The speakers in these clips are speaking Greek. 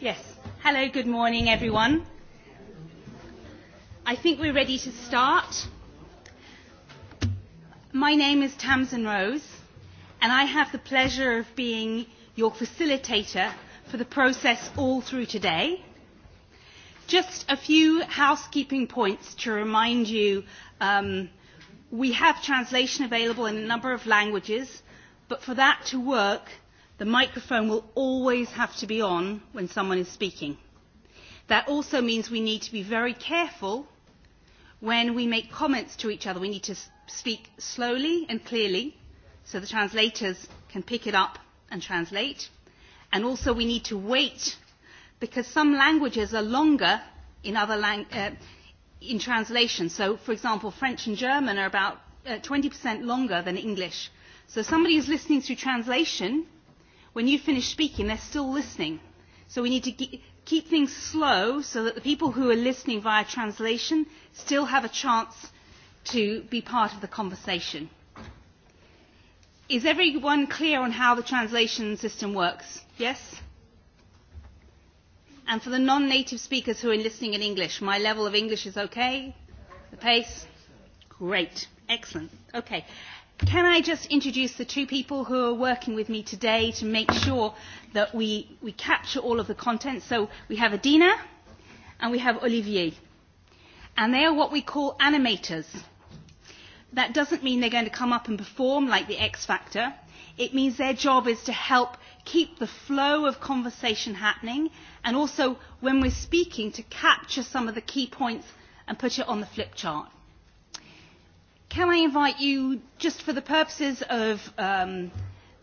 Yes. Hello, good morning, everyone. I think we're ready to start. My name is Tamsin Rose, and I have the pleasure of being your facilitator for the process all through today. Just a few housekeeping points to remind you. We have translation available in a number of languages, but for that to work, the microphone will always have to be on when someone is speaking. That also means we need to be very careful when we make comments to each other. We need to speak slowly and clearly so the translators can pick it up and translate. And also we need to wait because some languages are longer in other in translation. So, for example, French and German are about 20% longer than English. So somebody is listening through translation when you finish speaking they're still listening so we need to keep things slow so that the people who are listening via translation still have a chance to be part of the conversation is everyone clear on how the translation system works yes and for the non native speakers who are listening in english my level of english is okay the pace great excellent okay Can I just introduce the two people who are working with me today to make sure that we capture all of the content. So we have Adina and we have Olivier. And they are what we call animators. That doesn't mean they're going to come up and perform like the X Factor. It means their job is to help keep the flow of conversation happening and also when we're speaking to capture some of the key points and put it on the flip chart. Can I invite you, just for the purposes of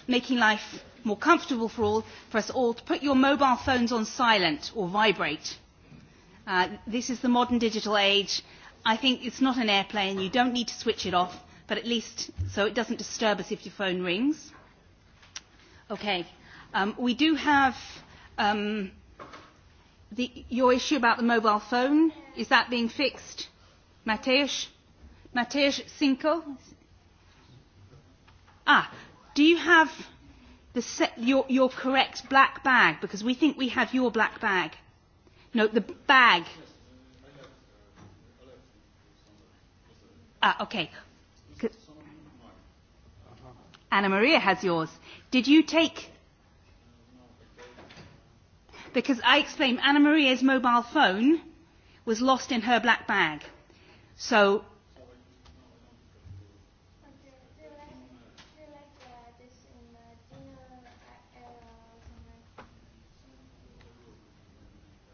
making life more comfortable for all, for us all, to put your mobile phones on silent or vibrate? This is the modern digital age. I think it's not an airplane. You don't need to switch it off, but at least so it doesn't disturb us if your phone rings. Okay. We do have the your issue about the mobile phone. Is that being fixed, Mateusz? Matej Cinco? Ah, do you have the your, your correct black bag? Because we think we have your black bag. No, the bag. Ah, okay. Anna Maria has yours. Did you take... Because I explained Anna Maria's mobile phone was lost in her black bag. So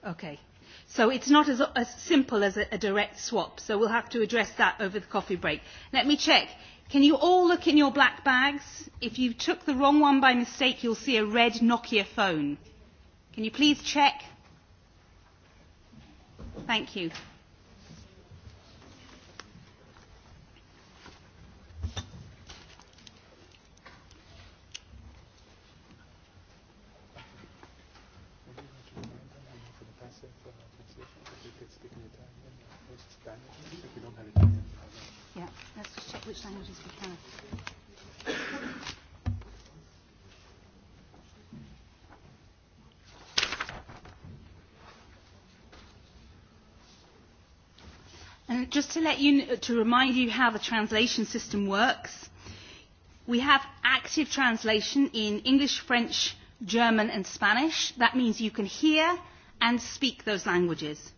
Okay. So it's not as simple as a direct swap, so we'll have to address that over the coffee break. Let me check. Can you all look in your black bags? If you took the wrong one by mistake, you'll see a red Nokia phone. Can you please check? Thank you. which languages we And just to let you, to remind you how the translation system works, we have active translation in English, French, German and Spanish. That means you can hear and speak those languages.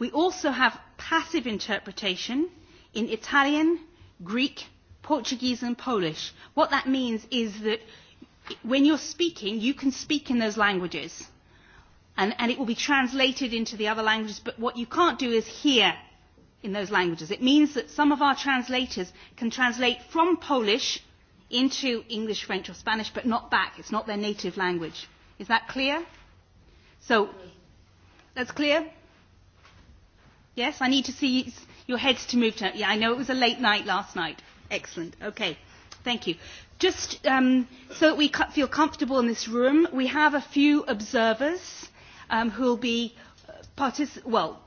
We also have passive interpretation in Italian, Greek, Portuguese and Polish. What that means is that when you're speaking, you can speak in those languages and it will be translated into the other languages, but what you can't do is hear in those languages. It means that some of our translators can translate from Polish into English, French or Spanish, but not back. It's not their native language. Is that clear? So, that's clear? Yes, I need to see Your heads to move to. Yeah, I know it was a late night last night. Excellent. Okay. Thank you. Just so that we feel comfortable in this room, we have a few observers who will be well,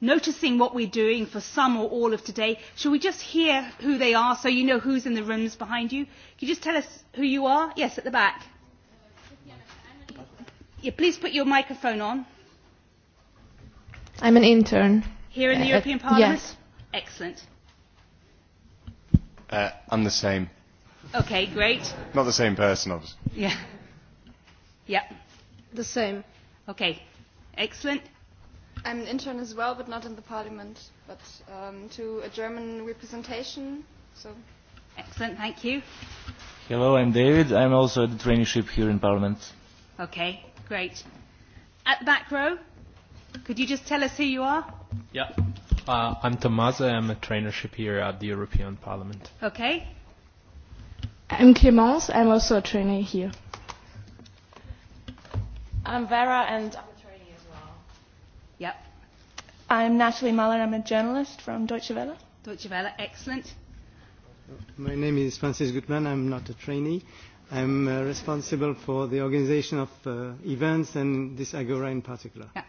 noticing what we're doing for some or all of today. Shall we just hear who they are so you know who's in the rooms behind you? Can you just tell us who you are? Yes, at the back. please put your microphone on. I'm an intern. Here in the European Parliament? Yes. Excellent. I'm the same. Okay, great. Not the same person, obviously. Yeah. Yeah. The same. Okay. Excellent. I'm an intern as well, but not in the parliament, but um, to a German representation. So. Excellent. Thank you. Hello, I'm David. I'm also at the traineeship here in parliament. Okay, great. At the back row. Could you just tell us who you are? Yeah. Uh, I'm Tomasa. I'm a trainership here at the European Parliament. Okay. I'm Clémence. I'm also a trainee here. I'm Vera and I'm a trainee as well. Yep. I'm Natalie Muller. I'm a journalist from Deutsche Welle. Deutsche Welle, excellent. My name is Francis Gutmann. I'm not a trainee. I'm responsible for the organization of events and this Agora in particular. Yeah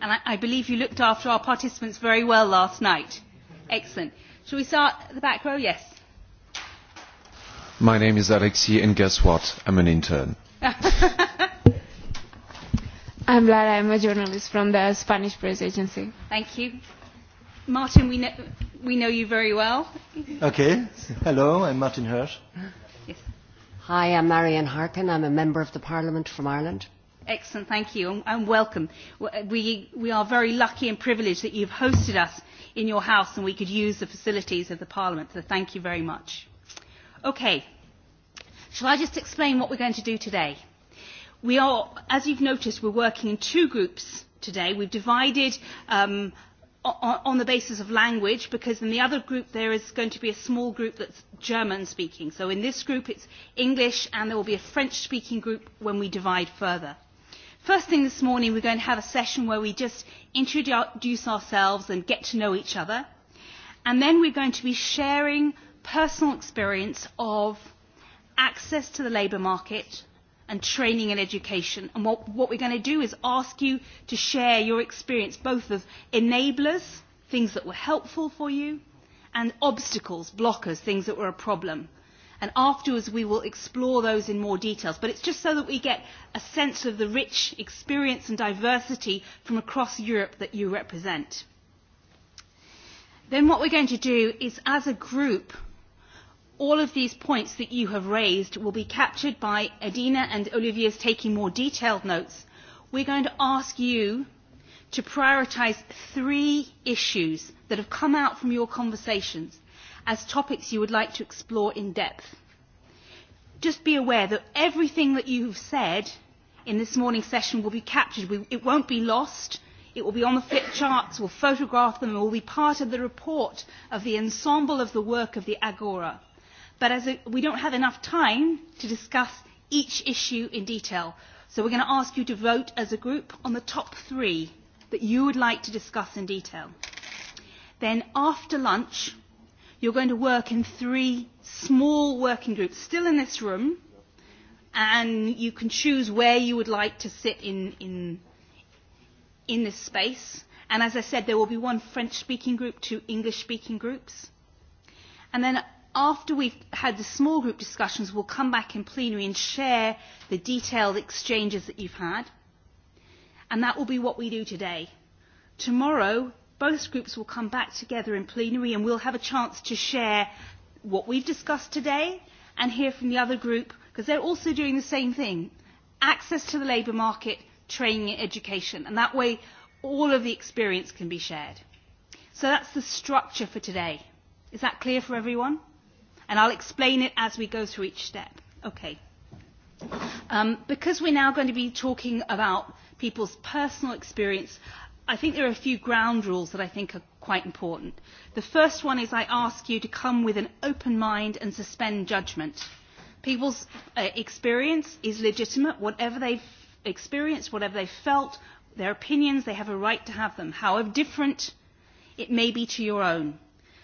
and I I believe you looked after our participants very well last night. Excellent. Shall we start the back row? Yes. My name is Alexi and guess what? I'm an intern. I'm Lara. I'm a journalist from the Spanish press agency. Thank you. Martin, we know, we know you very well. Okay. Hello, I'm Martin Hirsch. Yes. Hi, I'm Marianne Harkin. I'm a member of the Parliament from Ireland. Excellent, thank you, and welcome. We are very lucky and privileged that you've hosted us in your house and we could use the facilities of the Parliament, so thank you very much. Okay, shall I just explain what we're going to do today? We are, as you've noticed, we're working in two groups today. We've divided on the basis of language because in the other group there is going to be a small group that's German speaking. So in this group it's English and there will be a French speaking group when we divide further. First thing this morning, we're going to have a session where we just introduce ourselves and get to know each other. And then we're going to be sharing personal experience of access to the labour market and training and education. And what, what we're going to do is ask you to share your experience both of enablers, things that were helpful for you, and obstacles, blockers, things that were a problem and afterwards we will explore those in more detail but it's just so that we get a sense of the rich experience and diversity from across europe that you represent then what we're going to do is as a group all of these points that you have raised will be captured by edina and olivier's taking more detailed notes We are going to ask you to prioritise three issues that have come out from your conversations as topics you would like to explore in depth. Just be aware that everything that you have said in this morning's session will be captured. It won't be lost. It will be on the flip charts. We'll photograph them. It will be part of the report of the ensemble of the work of the Agora. But as we don't have enough time to discuss each issue in detail, so we're going to ask you to vote as a group on the top three that you would like to discuss in detail. Then after lunch, you're going to work in three small working groups, still in this room, and you can choose where you would like to sit in this space. And as I said, there will be one French-speaking group, two English-speaking groups. And then after we've had the small group discussions, we'll come back in plenary and share the detailed exchanges that you've had. And that will be what we do today. Tomorrow, both groups will come back together in plenary and we'll have a chance to share what we've discussed today and hear from the other group because they're also doing the same thing access to the labour market training and education and that way all of the experience can be shared so that's the structure for today is that clear for everyone and i'll explain it as we go through each step okay um because we're now going to be talking about people's personal experience I think there are a few ground rules that I think are quite important. The first one is I ask you to come with an open mind and suspend judgment. People's experience is legitimate. Whatever they've experienced, whatever they've felt, their opinions, they have a right to have them, however different it may be to your own.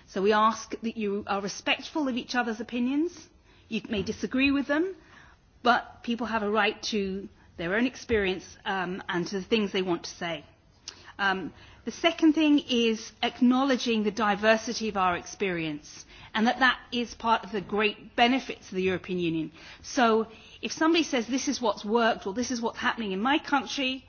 So we ask that you are respectful of each other's opinions. You may disagree with them, but people have a right to their own experience and to the things they want to say. The second thing is acknowledging the diversity of our experience and that that is part of the great benefits of the European Union. So if somebody says this is what's worked or this is what's happening in my country,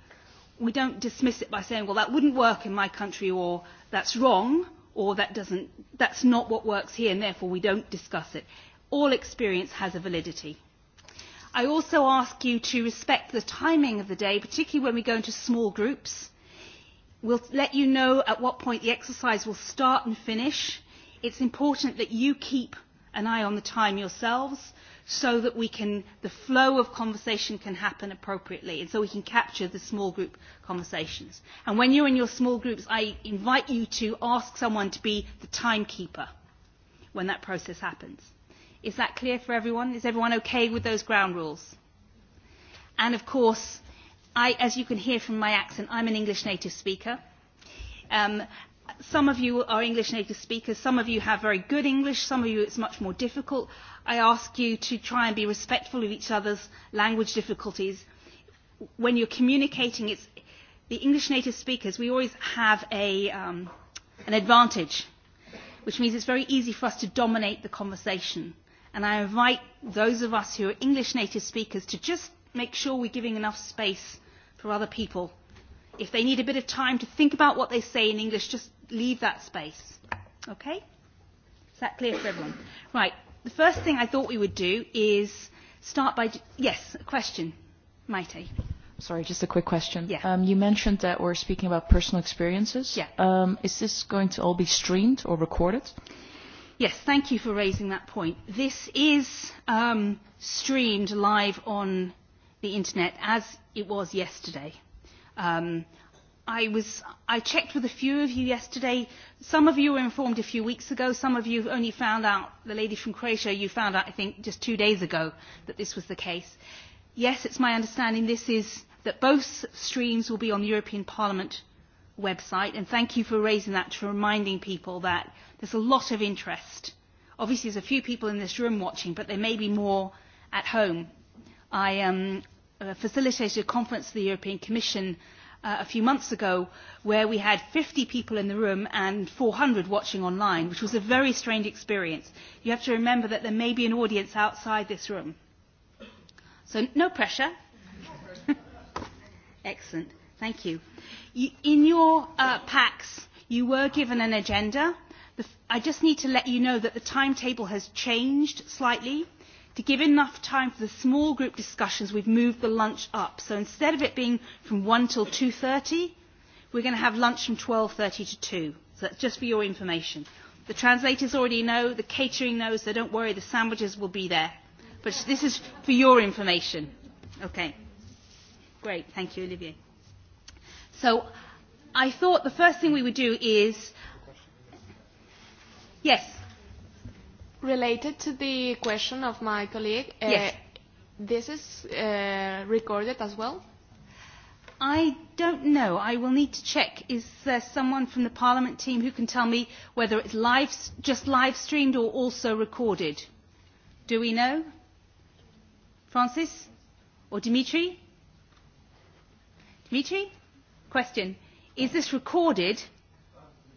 we don't dismiss it by saying, well, that wouldn't work in my country or that's wrong or that doesn't, that's not what works here and therefore we don't discuss it. All experience has a validity. I also ask you to respect the timing of the day, particularly when we go into small groups We'll let you know at what point the exercise will start and finish. It's important that you keep an eye on the time yourselves so that we can the flow of conversation can happen appropriately and so we can capture the small group conversations. And when you're in your small groups, I invite you to ask someone to be the timekeeper when that process happens. Is that clear for everyone? Is everyone okay with those ground rules? And of course, as you can hear from my accent, I'm an English native speaker. Some of you are English native speakers, some of you have very good English, some of you it's much more difficult. I ask you to try and be respectful of each other's language difficulties. When you're communicating, the English native speakers, we always have an advantage, which means it's very easy for us to dominate the conversation. And I invite those of us who are English native speakers to just make sure we're giving enough space for other people. If they need a bit of time to think about what they say in English, just leave that space. Okay? Is that clear for everyone? Right. The first thing I thought we would do is start by... Yes, a question. Maite. Sorry, just a quick question. You mentioned that we're speaking about personal experiences. Is this going to all be streamed or recorded? Yes, thank you for raising that point. This is streamed live on the internet as it was yesterday. I was I checked with a few of you yesterday. Some of you were informed a few weeks ago. Some of you only found out, the lady from Croatia, you found out, I think, just two days ago that this was the case. Yes, it's my understanding this is that both streams will be on the European Parliament website, and thank you for raising that, for reminding people that there's a lot of interest. Obviously, there's a few people in this room watching, but there may be more at home. I facilitated a conference of the European Commission a few months ago where we had 50 people in the room and 400 watching online, which was a very strange experience. You have to remember that there may be an audience outside this room. So no pressure. Excellent. Thank you. In your packs, you were given an agenda. I just need to let you know that the timetable has changed slightly. To give enough time for the small group discussions, we've moved the lunch up. So instead of it being from 1 till 2.30, we're going to have lunch from 12.30 to 2. So that's just for your information. The translators already know, the catering knows, so don't worry, the sandwiches will be there. But this is for your information. Okay. Great. Thank you, Olivier. So I thought the first thing we would do is... Yes. Related to the question of my colleague, this is recorded as well? I don't know. I will need to check. Is there someone from the Parliament team who can tell me whether it's live, just live streamed or also recorded? Do we know? Francis? Or Dimitri? Dimitri? Question. Is this recorded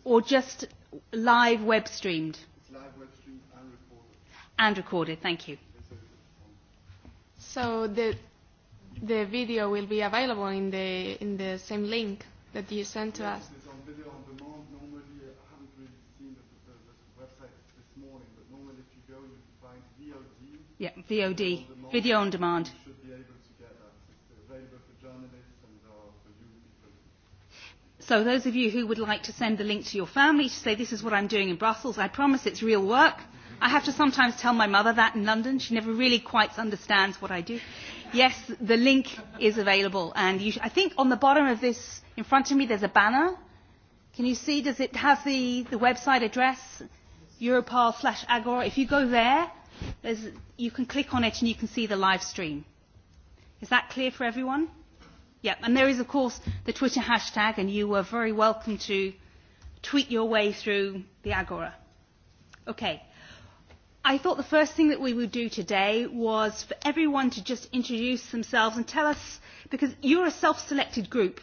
or just live web streamed? live web streamed and recorded. Thank you. So the, the video will be available in the, in the same link that you sent to yes, us. It's on video on demand. Normally, I haven't really seen the, the, the website this morning, but normally if you go, you can find VOD. Yeah, VOD, video on demand. Video on demand. So those of you who would like to send the link to your family to say this is what I'm doing in Brussels, I promise it's real work. I have to sometimes tell my mother that in London. She never really quite understands what I do. Yes, the link is available. And you I think on the bottom of this, in front of me, there's a banner. Can you see? Does it have the, the website address? Europol slash Agora. If you go there, there's, you can click on it and you can see the live stream. Is that clear for everyone? Yeah, and there is, of course, the Twitter hashtag, and you are very welcome to tweet your way through the Agora. Okay. I thought the first thing that we would do today was for everyone to just introduce themselves and tell us, because you're a self-selected group.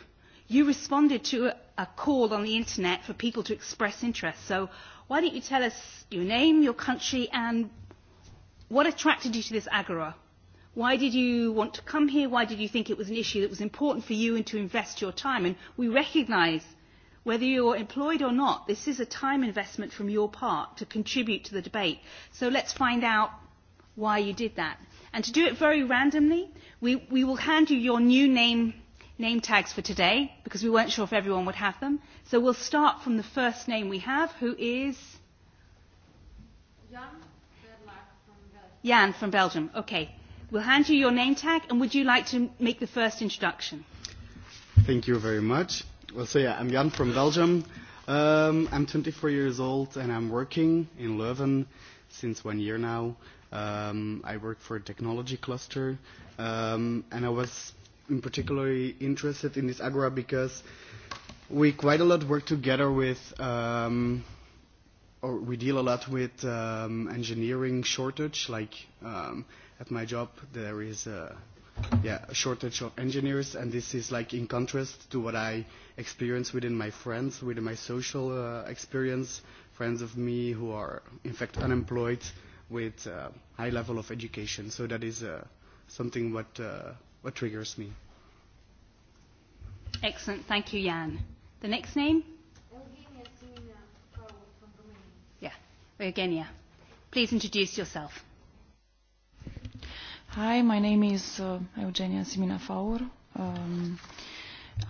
You responded to a call on the internet for people to express interest. So why don't you tell us your name, your country, and what attracted you to this Agora? Why did you want to come here? Why did you think it was an issue that was important for you and to invest your time? And we recognize. Whether you are employed or not, this is a time investment from your part to contribute to the debate. So let's find out why you did that. And to do it very randomly, we will hand you your new name tags for today, because we weren't sure if everyone would have them. So we'll start from the first name we have, who is. Jan from Belgium. Okay. We'll hand you your name tag, and would you like to make the first introduction? Thank you very much. Well, so yeah, I'm Jan from Belgium. Um, I'm 24 years old and I'm working in Leuven since one year now. Um, I work for a technology cluster um, and I was in particularly interested in this Agora because we quite a lot work together with um, or we deal a lot with um, engineering shortage. Like um, at my job, there is a yeah, a shortage of engineers, and this is like in contrast to what I experience within my friends, within my social experience, friends of me who are in fact unemployed with uh high level of education. So that is something what, what triggers me. Excellent. Thank you, Jan. The next name? Yeah, Eugenia. Please introduce yourself. Hi, my name is Eugenia Simina Faur.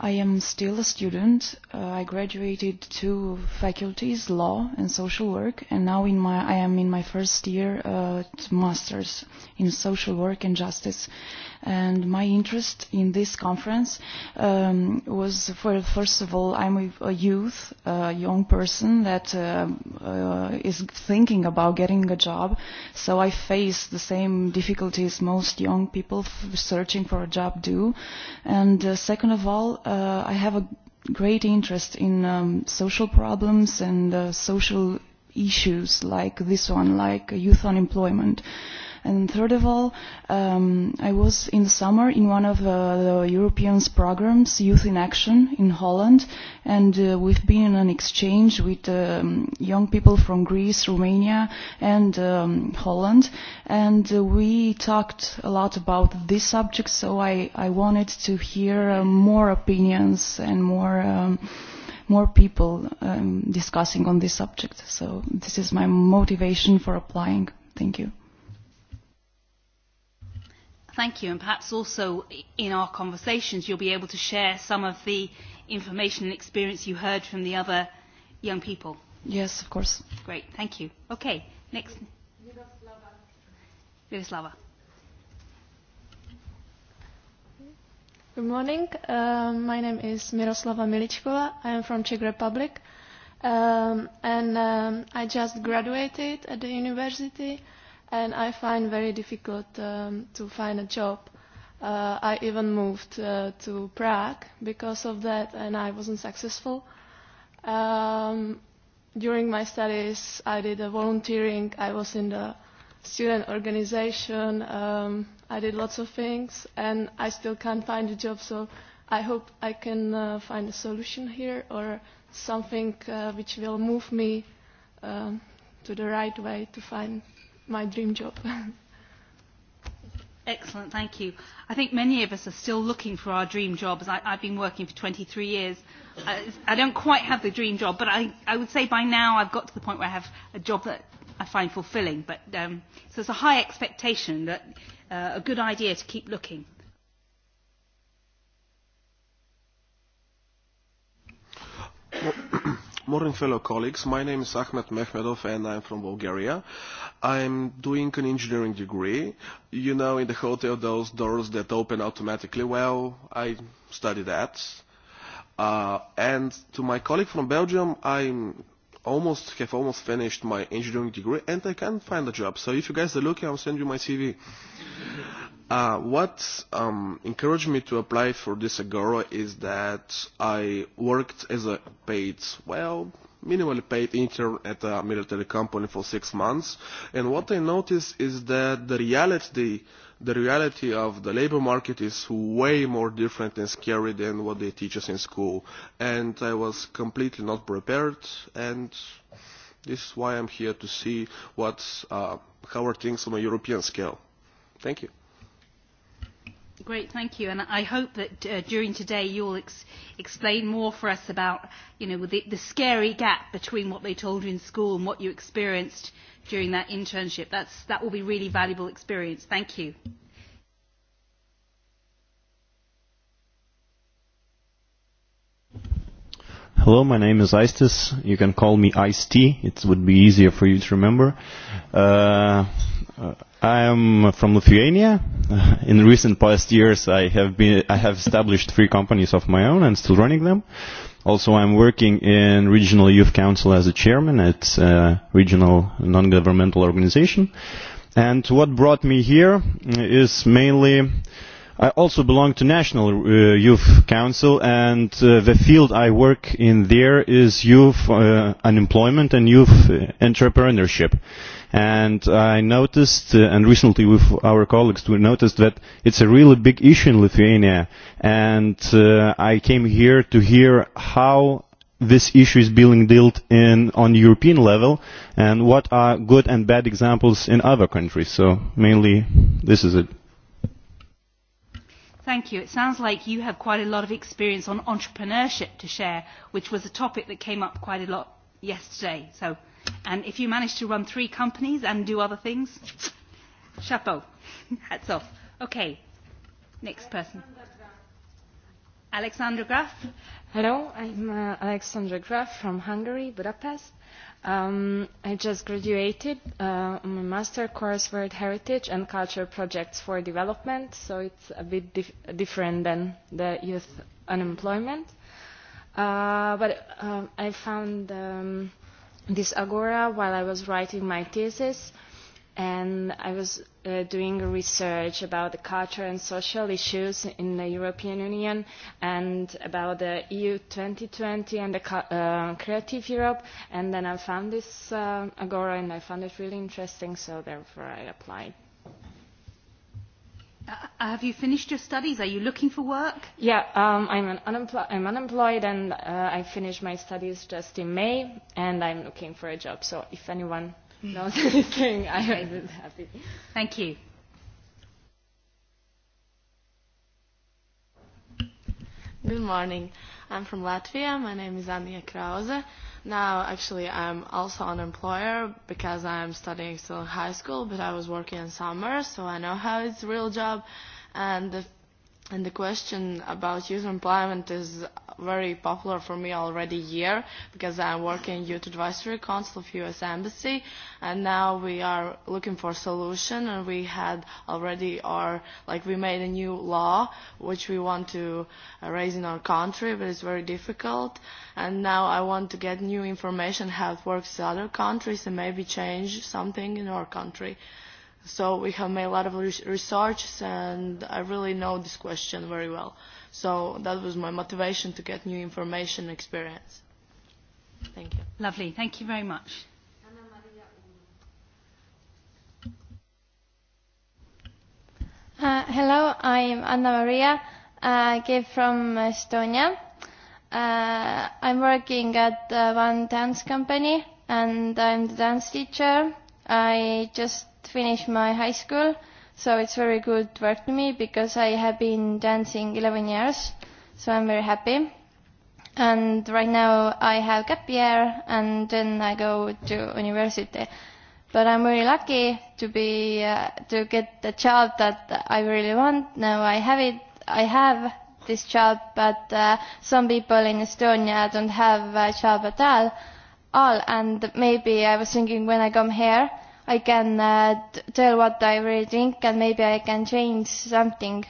I am still a student. I graduated two faculties, law and social work, and now in my I am in my first year at masters in social work and justice. And my interest in this conference was, first of all, I'm a youth, a young person that is thinking about getting a job, so I face the same difficulties most young people searching for a job do. And second of all, I have a great interest in social problems and social issues like this one, like youth unemployment. And third of all, I was in the summer in one of the Europeans' programs, Youth in Action, in Holland, and we've been in an exchange with young people from Greece, Romania, and Holland, and we talked a lot about this subject, so I wanted to hear more opinions and more more people discussing on this subject. So this is my motivation for applying. Thank you thank you. And perhaps also in our conversations you'll be able to share some of the information and experience you heard from the other young people. Yes, of course. Great, thank you. Okay, next. Miroslava. Good morning. my name is Miroslava Miličkova. I am from Czech Republic. Um, and um, I just graduated at the university and I find very difficult to find a job. I even moved to Prague because of that, and I wasn't successful. During my studies, I did a volunteering. I was in the student organization. I did lots of things, and I still can't find a job. So I hope I can find a solution here or something which will move me to the right way to find my dream job. Excellent, thank you. I think many of us are still looking for our dream jobs. I, I've been working for 23 years. I, I don't quite have the dream job, but I, I would say by now I've got to the point where I have a job that I find fulfilling. But, um, so it's a high expectation, that, uh, a good idea to keep looking. Morning, fellow colleagues. My name is Ahmed Mehmedov, and I'm from Bulgaria. I'm doing an engineering degree. You know, in the hotel, those doors that open automatically. Well, I study that. And to my colleague from Belgium, I almost have almost finished my engineering degree, and I can't find a job. So if you guys are looking, I'll send you my CV. What encouraged me to apply for this Agora is that I worked as a paid, well, minimally paid intern at a military company for six months, and what I noticed is that the reality, the reality of the labor market is way more different and scary than what they teach us in school, and I was completely not prepared, and this is why I'm here to see what, how are things on a European scale. Thank you. Great, thank you. And I hope that during today you'll explain more for us about, you know, the scary gap between what they told you in school and what you experienced during that internship. That will be really valuable experience. Thank you. Hello, my name is Istis. You can call me Ice-T. It would be easier for you to remember. Uh, I am from Lithuania. In recent past years, I have been I have established three companies of my own and still running them. Also, I'm working in regional youth council as a chairman. at a regional non-governmental organization. And what brought me here is mainly I also belong to National Youth Council and the field I work in there is youth unemployment and youth entrepreneurship. And I noticed, and recently with our colleagues, we noticed that it's a really big issue in Lithuania. And I came here to hear how this issue is being dealt in on European level and what are good and bad examples in other countries. So mainly this is it. Thank you. It sounds like you have quite a lot of experience on entrepreneurship to share, which was a topic that came up quite a lot yesterday. So, and if you manage to run three companies and do other things, chapeau. Hats off. Okay. Next person. Alexandra Graf. Hello, I'm Alexandra Graf from Hungary, Budapest. I just graduated my master course World Heritage and Culture Projects for Development, so it's a bit different than the youth unemployment. But I found this Agora while I was writing my thesis and I was doing research about the culture and social issues in the European Union and about the EU 2020 and the Creative Europe, and then I found this Agora and I found it really interesting, so therefore I applied. Have you finished your studies? Are you looking for work? Yeah, I'm unemployed and I finished my studies just in May, and I'm looking for a job, so if anyone No, anything. I was happy. Thank you. Good morning. I'm from Latvia. My name is Anja Krause. Now, actually, I'm also an employer because I'm studying still in high school, but I was working in summer, so I know how it's a real job. And the And the question about youth employment is very popular for me already here, year because I'm working in Youth Advisory Council of U.S. Embassy and now we are looking for a solution and we had already our, like we made a new law which we want to raise in our country but it's very difficult and now I want to get new information how it works in other countries and maybe change something in our country. So we have made a lot of research and I really know this question very well. So that was my motivation to get new information and experience. Thank you. Lovely. Thank you very much. Hello, I'm Anna Maria. I came from Estonia. I'm working at one dance company and I'm the dance teacher. I just finished my high school, so it's very good work to me because I have been dancing 11 years, so I'm very happy. And right now I have gap year and then I go to university. But I'm very lucky to be to get the job that I really want. Now I have it. I have this job, but some people in Estonia don't have a job at all. All and maybe I was thinking when I come here I can tell what I really think and maybe I can change something.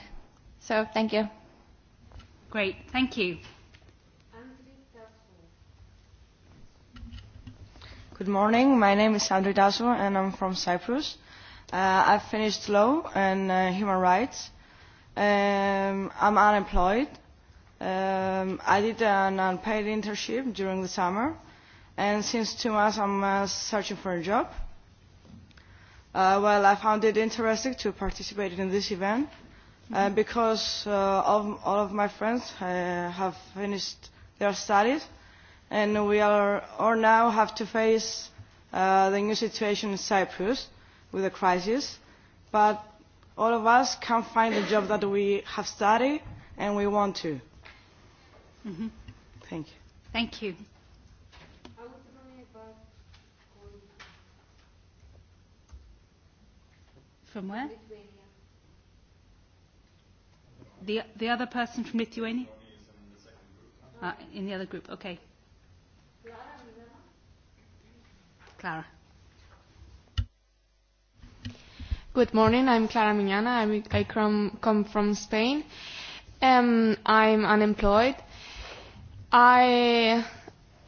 So thank you. Great, thank you. Good morning, my name is Andri Dasso and I'm from Cyprus. Uh, I've finished law and uh, human rights. Um, I'm unemployed. Um, I did an unpaid internship during the summer and since two months I'm uh, searching for a job Well, I found it interesting to participate in this event because all of my friends have finished their studies and we are or now have to face the new situation in Cyprus with the crisis. But all of us can find the job that we have studied and we want to. Thank you. Thank you. From where? The the other person from Lithuania? In the other group. Okay. Clara. Good morning. I'm Clara Miñana. I come from Spain. I'm unemployed. I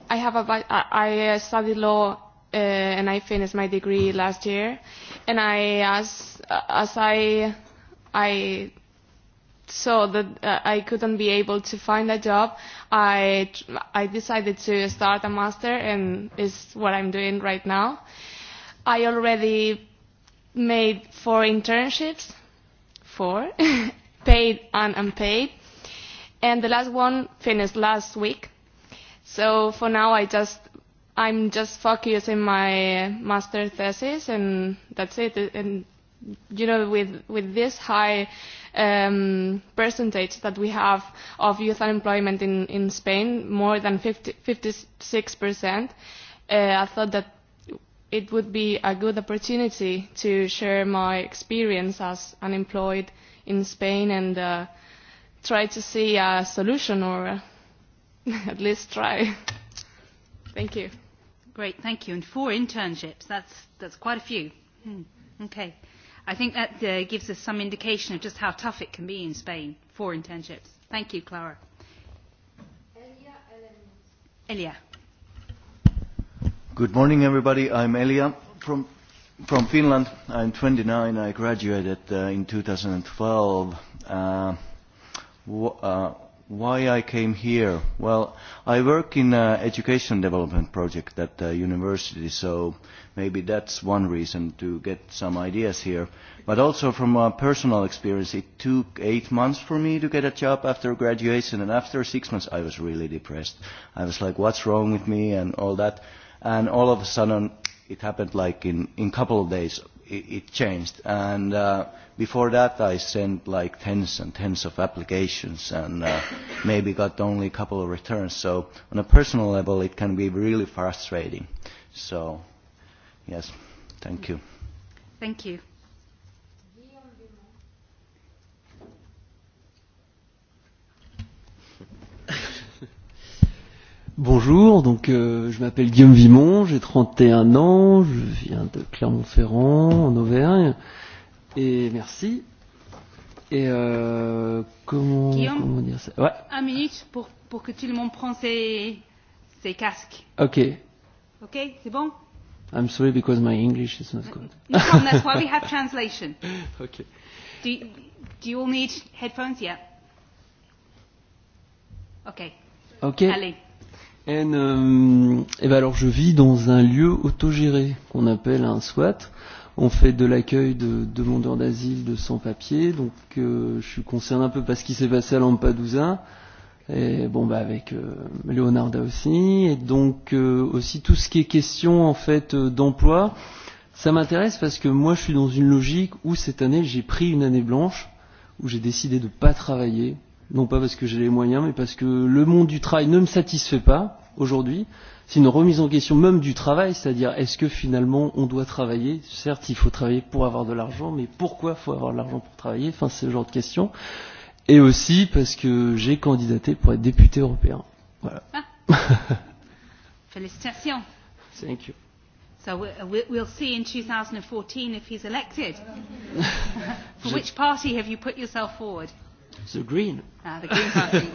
I have a I studied law and I finished my degree last year. And I asked as I I saw that I couldn't be able to find a job, I I decided to start a master and is what I'm doing right now. I already made four internships, four, paid and unpaid, and the last one finished last week. So for now I just I'm just focusing my master thesis and that's it. And you know, with, with this high um, percentage that we have of youth unemployment in, in Spain, more than 56%, I thought that it would be a good opportunity to share my experience as unemployed in Spain and try to see a solution or at least try. Thank you. Great, thank you. And four internships, that's, that's quite a few. Okay. I think that gives us some indication of just how tough it can be in Spain for internships. Thank you, Clara. Elia. Good morning, everybody. I'm Elia from from Finland. I'm 29. I graduated in 2012. Why I came here? Well, I work in an education development project at the university, so maybe that's one reason to get some ideas here. But also from my personal experience, it took eight months for me to get a job after graduation, and after six months I was really depressed. I was like, what's wrong with me and all that. And all of a sudden, it happened like in a couple of days it changed. And before that I sent like tens and tens of applications and maybe got only a couple of returns. So on a personal level it can be really frustrating. So yes, thank you. Thank you. Bonjour, donc euh, je m'appelle Guillaume Vimon, j'ai 31 ans, je viens de Clermont-Ferrand, en Auvergne, et merci. Et euh, comment, Guillaume, comment dire ça ouais. Un minute pour, pour que tout le monde prenne ses, ses casques. Ok. Ok, c'est bon I'm sorry because my English is not good. No, that's why we have translation. ok. Do you, do you all need headphones? Yeah. Ok. Ok. Allez euh, et ben alors je vis dans un lieu autogéré qu'on appelle un SWAT. On fait de l'accueil de demandeurs d'asile de sans-papiers, donc je suis concerné un peu par ce qui s'est passé à Lampedusa, et bon bah avec Leonardo, aussi, et donc aussi tout ce qui est question en fait d'emploi. Ça m'intéresse parce que moi je suis dans une logique où cette année j'ai pris une année blanche, où j'ai décidé de ne pas travailler, non pas parce que j'ai les moyens, mais parce que le monde du travail ne me satisfait pas aujourd'hui. C'est une remise en question même du travail, c'est-à-dire est-ce que finalement on doit travailler Certes, il faut travailler pour avoir de l'argent, mais pourquoi il faut avoir de l'argent pour travailler Enfin, c'est ce genre de question. Et aussi parce que j'ai candidaté pour être député européen. Voilà. Félicitations. Thank you. So we'll see in 2014 if he's elected. For which party have you put yourself forward The green. Ah, the green party.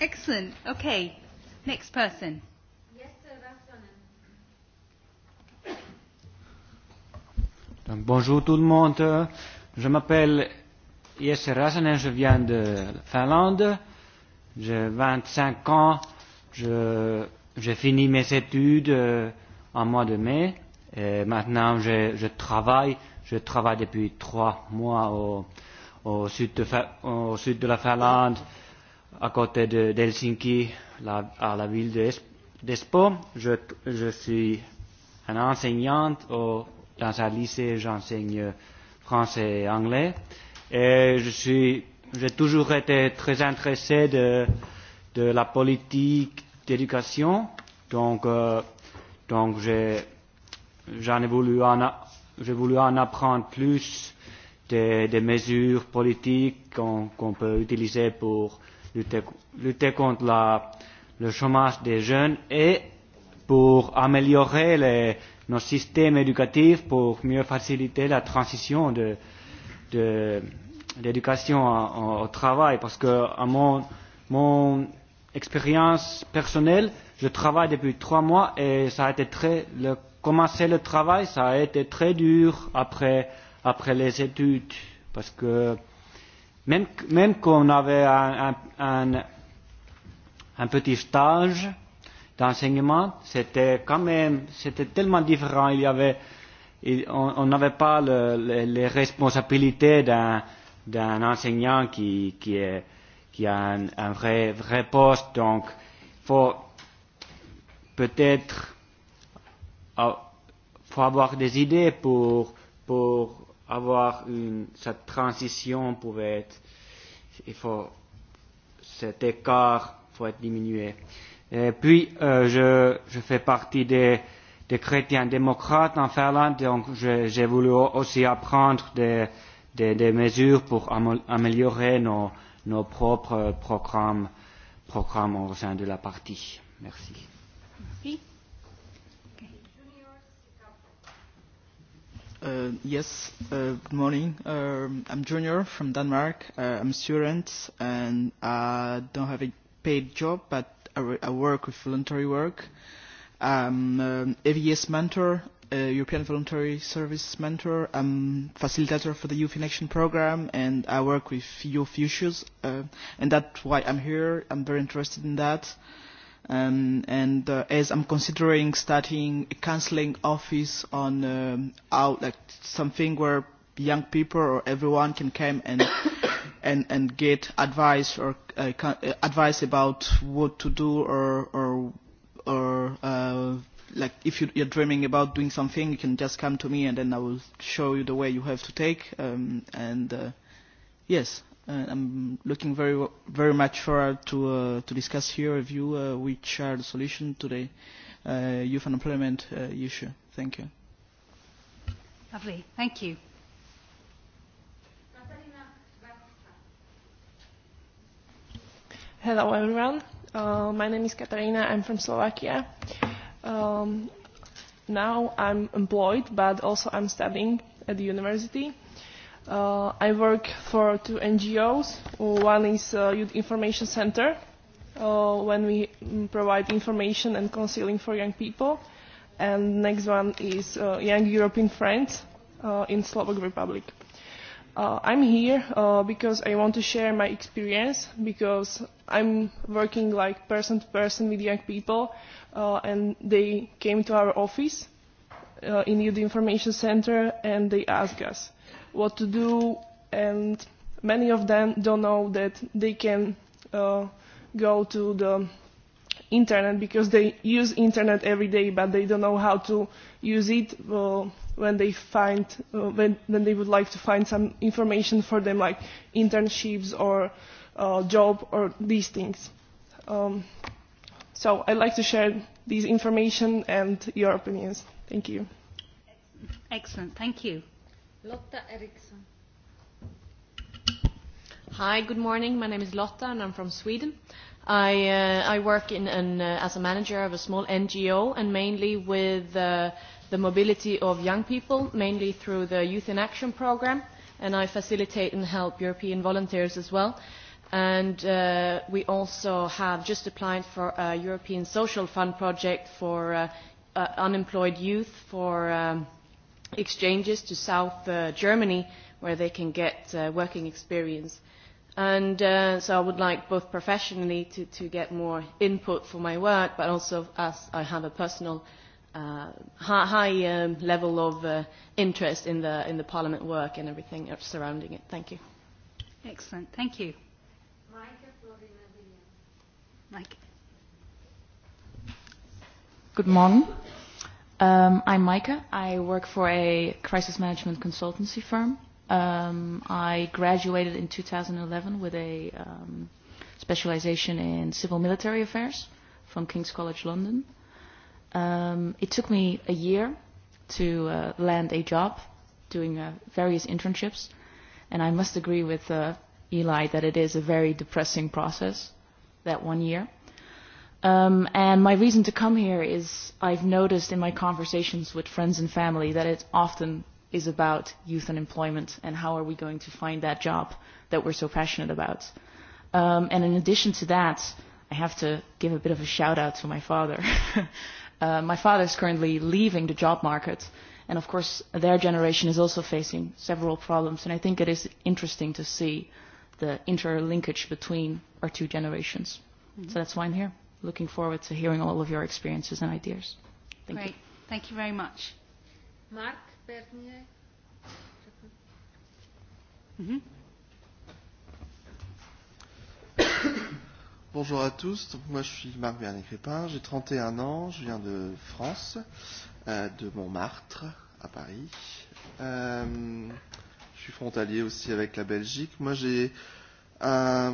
Excellent. Okay. Next person. Donc, bonjour tout le monde. Je m'appelle Jesse Rasanen, je viens de Finlande. J'ai 25 ans. j'ai fini mes études en mois de mai. Et maintenant, je, je travaille Je travaille depuis trois mois au, au, sud, de, au sud de la Finlande, à côté de Helsinki, la, à la ville de Je, je suis un enseignante au, dans un lycée, j'enseigne français et anglais. Et je suis, j'ai toujours été très intéressé de, de la politique d'éducation. Donc, euh, donc j'ai, j'en ai voulu en, j'ai voulu en apprendre plus des mesures politiques qu'on peut utiliser pour lutter contre le chômage des jeunes et pour améliorer nos systèmes éducatifs pour mieux faciliter la transition de l'éducation au travail. Parce que, à mon expérience personnelle, je travaille depuis trois mois et ça a été très le commencer le travail, ça a été très dur après, après les études, parce que même, même qu'on avait un, un, petit stage d'enseignement, c'était quand même, c'était tellement différent, il y avait, on n'avait pas le, les responsabilités d'un, d'un enseignant qui, qui, est, qui a un, un vrai, vrai poste, donc il faut peut-être faut avoir des idées, pour, pour avoir une, cette transition pour être, il faut, cet écart faut être diminué. Et puis, euh, je, je fais partie des, des chrétiens démocrates en Finlande, donc j'ai voulu aussi apprendre des, des, des mesures pour améliorer nos, nos propres programmes, programmes au sein de la partie. Merci. Merci. Yes, good morning. I'm Junior from Denmark. I'm a student and I don't have a paid job, but I work with voluntary work. I'm AVS mentor, European Voluntary Service mentor. I'm facilitator for the Youth in Action program and I work with youth issues and that's why I'm here. I'm very interested in that and as I'm considering starting a counselling office on out like something where young people or everyone can come and and and get advice or advice about what to do or or or like if you're dreaming about doing something you can just come to me and then I will show you the way you have to take and yes I'm looking very very much forward to to discuss here with you which are the solution to the youth unemployment issue. Thank you. Lovely. Thank you. Hello everyone. My name is Katarina. I'm from Slovakia. Now I'm employed, but also I'm studying at the university I work for two NGOs. One is Youth Information Center, when we provide information and counseling for young people. And next one is Young European Friends in Slovak Republic. I'm here because I want to share my experience, because I'm working like person to person with young people, and they came to our office in Youth Information Center and they asked us what to do and many of them don't know that they can go to the internet because they use internet every day but they don't know how to use it when they find when they would like to find some information for them like internships or job or these things so i'd like to share this information and your opinions thank you excellent thank you Lotta Eriksson. Hi, good morning. My name is Lotta and I'm from Sweden. I I work in an as a manager of a small NGO and mainly with the mobility of young people, mainly through the Youth in Action program, and I facilitate and help European volunteers as well. And we also have just applied for a European Social Fund project for unemployed youth for exchanges to South Germany where they can get working experience. And so I would like both professionally to, to get more input for my work, but also as I have a personal high, level of interest in the, in the Parliament work and everything surrounding it. Thank you. Excellent. Thank you. Mike. Good morning. I'm Micah. I work for a crisis management consultancy firm. Um, I graduated in 2011 with a um, specialization in civil military affairs from King's College London. Um, it took me a year to uh, land a job doing uh, various internships, and I must agree with uh, Eli that it is a very depressing process, that one year And my reason to come here is I've noticed in my conversations with friends and family that it often is about youth unemployment and how are we going to find that job that we're so passionate about. And in addition to that, I have to give a bit of a shout out to my father. My father is currently leaving the job market and of course their generation is also facing several problems and I think it is interesting to see the interlinkage between our two generations. So that's why I'm here looking forward to hearing all of your experiences and ideas. Thank Great. you. Thank you very much. Mark Bernier. Bonjour à tous, donc moi je suis Marc Bernier Crépin, j'ai 31 ans, je viens de France, euh, de Montmartre à Paris. Euh, je suis frontalier aussi avec la Belgique. Moi j'ai un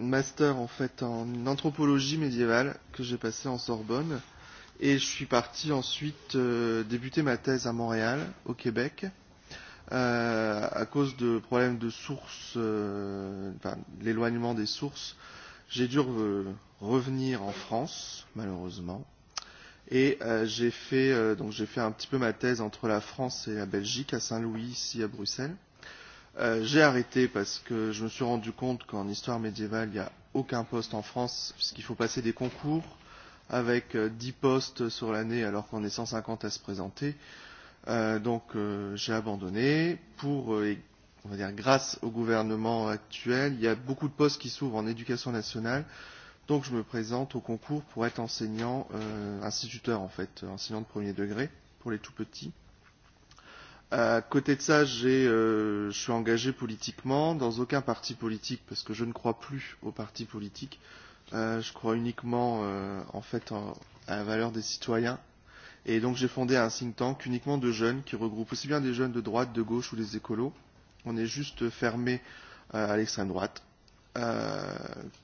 master en fait en anthropologie médiévale que j'ai passé en Sorbonne et je suis parti ensuite débuter ma thèse à Montréal au Québec euh à cause de problèmes de sources enfin l'éloignement des sources j'ai dû revenir en France malheureusement et j'ai fait donc j'ai fait un petit peu ma thèse entre la France et la Belgique à Saint-Louis ici à Bruxelles J'ai arrêté parce que je me suis rendu compte qu'en histoire médiévale, il n'y a aucun poste en France, puisqu'il faut passer des concours avec 10 postes sur l'année alors qu'on est 150 à se présenter. Donc j'ai abandonné. Pour, on va dire, grâce au gouvernement actuel, il y a beaucoup de postes qui s'ouvrent en éducation nationale. Donc je me présente au concours pour être enseignant, instituteur en fait, enseignant de premier degré pour les tout petits. À côté de ça, je suis engagé politiquement, dans aucun parti politique, parce que je ne crois plus aux partis politiques. Je crois uniquement en fait à la valeur des citoyens. Et donc j'ai fondé un think tank uniquement de jeunes, qui regroupe aussi bien des jeunes de droite, de gauche ou des écolos. On est juste fermé à l'extrême droite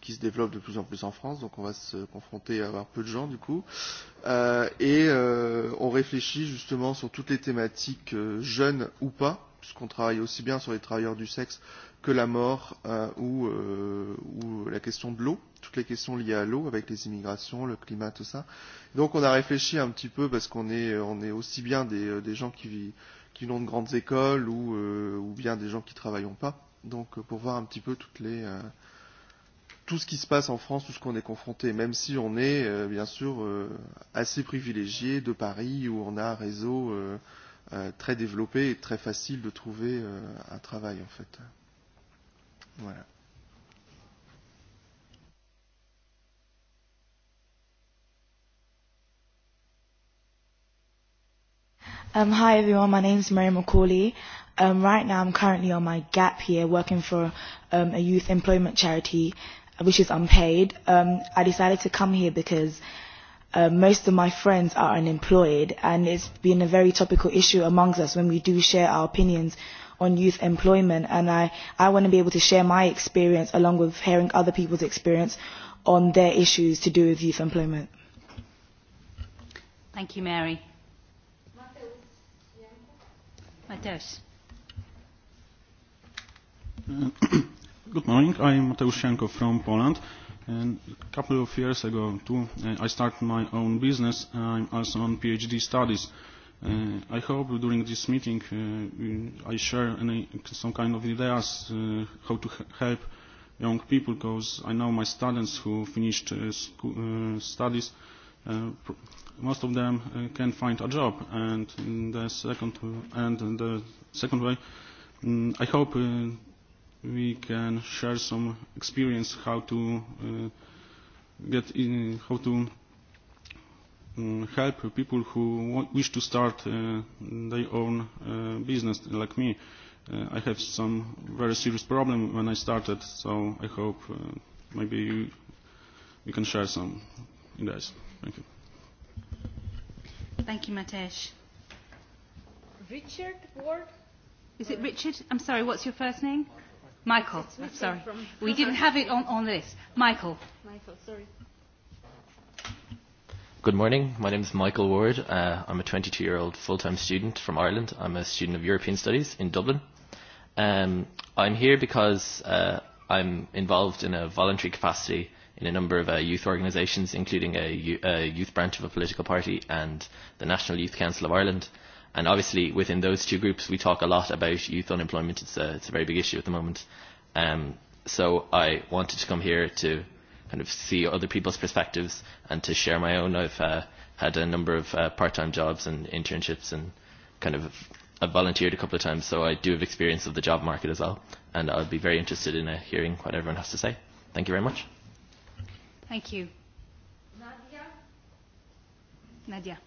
qui se développe de plus en plus en France, donc on va se confronter à avoir peu de gens du coup. Et on réfléchit justement sur toutes les thématiques jeunes ou pas, puisqu'on travaille aussi bien sur les travailleurs du sexe que la mort ou la question de l'eau, toutes les questions liées à l'eau avec les immigrations, le climat, tout ça. Donc on a réfléchi un petit peu parce qu'on est on est aussi bien des gens qui vivent qui n'ont de grandes écoles ou bien des gens qui ne travaillent pas donc pour voir un petit peu toutes les tout ce qui se passe en France, tout ce qu'on est confronté, même si on est bien sûr assez privilégié de Paris où on a un réseau très développé et très facile de trouver un travail en fait. Voilà. Um, hi everyone, my name is Mary McCauley. Um, right now, I'm currently on my gap here, working for um, a youth employment charity, which is unpaid. Um, I decided to come here because most of my friends are unemployed, and it's been a very topical issue amongst us when we do share our opinions on youth employment. And I, I want to be able to share my experience along with hearing other people's experience on their issues to do with youth employment. Thank you, Mary. Mateus. Good morning. I am Mateusz Sienko from Poland. And A couple of years ago, too, I started my own business. I'm also on PhD studies. I hope during this meeting I share some kind of ideas how to help young people, because I know my students who finished studies, most of them can find a job. And in the second, and the second way, I hope we can share some experience how to get in, how to help people who wish to start their own business like me. I have some very serious problem when I started, so I hope maybe you, can share some ideas. Thank you. Thank you, Matej. Richard Ward? Is it Richard? I'm sorry, what's your first name? Michael, sorry. We didn't have it on, on this. Michael. Michael, sorry. Good morning. My name is Michael Ward. Uh, I'm a 22-year-old full-time student from Ireland. I'm a student of European Studies in Dublin. Um, I'm here because uh, I'm involved in a voluntary capacity in a number of youth organisations, including a, a youth branch of a political party and the National Youth Council of Ireland And obviously within those two groups we talk a lot about youth unemployment. It's a, it's a very big issue at the moment. Um, so I wanted to come here to kind of see other people's perspectives and to share my own. I've uh, had a number of uh, part-time jobs and internships and kind of I've volunteered a couple of times, so I do have experience of the job market as well. And I'd be very interested in uh, hearing what everyone has to say. Thank you very much. Thank you. Nadia? Nadia.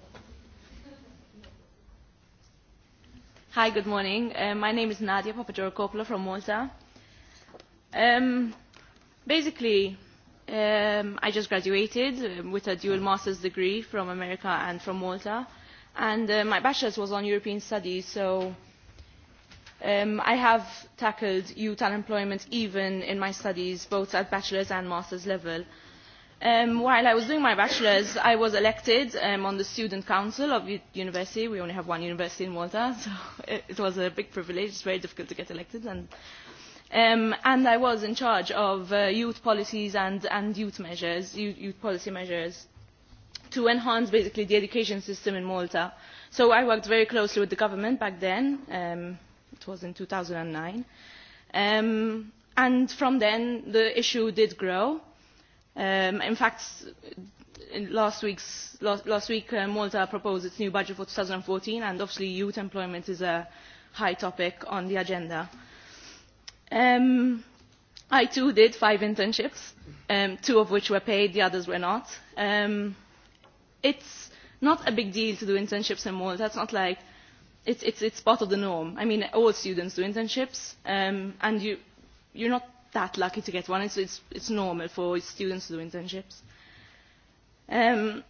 Hi, good morning. My name is Nadia Papagiorgopoulou from Malta. Basically, I just graduated with a dual master's degree from America and from Malta, and my bachelor's was on European studies, so I have tackled youth unemployment even in my studies, both at bachelor's and master's level While I was doing my bachelor's, I was elected on the student council of the university. We only have one university in Malta, so it was a big privilege. It's very difficult to get elected. And I was in charge of youth policies and youth measures, youth policy measures, to enhance basically the education system in Malta. So I worked very closely with the government back then. It was in 2009. And from then, the issue did grow In fact, last week Malta proposed its new budget for 2014 and obviously youth employment is a high topic on the agenda. I too did five internships, two of which were paid, the others were not. It's not a big deal to do internships in Malta. It's not like it's it's part of the norm. I mean, all students do internships and you you're not that lucky to get one. It's, it's, it's normal for students to do internships. Um,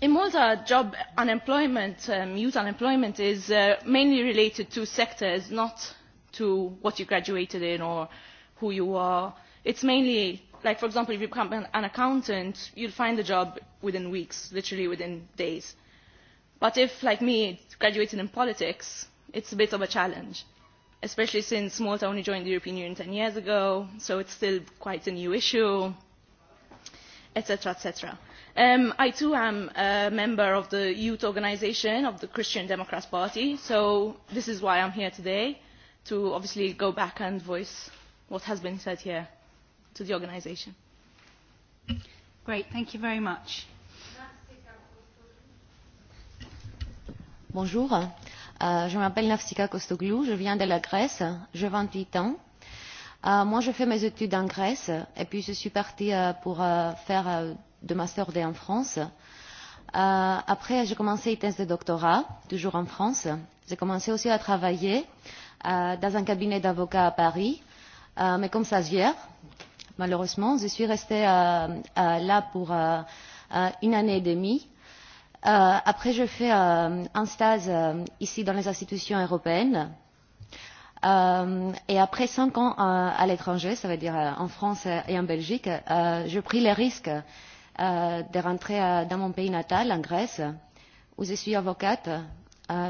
in Malta, job unemployment, youth unemployment is mainly related to sectors, not to what you graduated in or who you are. It's mainly, like for example, if you become an, an accountant, you'll find a job within weeks, literally within days. But if, like me, graduated in politics, it's a bit of a challenge especially since Malta only joined the European Union 10 years ago, so it's still quite a new issue, etc., etc. I too am a member of the youth organization of the Christian Democrats Party, so this is why I'm here today, to obviously go back and voice what has been said here to the organisation. Great, thank you very much. Bonjour. Je m'appelle Nafsika Kostoglou, je viens de la Grèce, j'ai huit ans. Moi, je fais mes études en Grèce et puis je suis partie pour faire de Master D en France. Après, j'ai commencé une thèse de doctorat, toujours en France. J'ai commencé aussi à travailler dans un cabinet d'avocats à Paris, mais comme stagiaire, malheureusement. Je suis restée là pour une année et demie Après, je fais un stage ici dans les institutions européennes. Et après cinq ans à l'étranger, ça veut dire en France et en Belgique, je pris le risque de rentrer dans mon pays natal, en Grèce, où je suis avocate,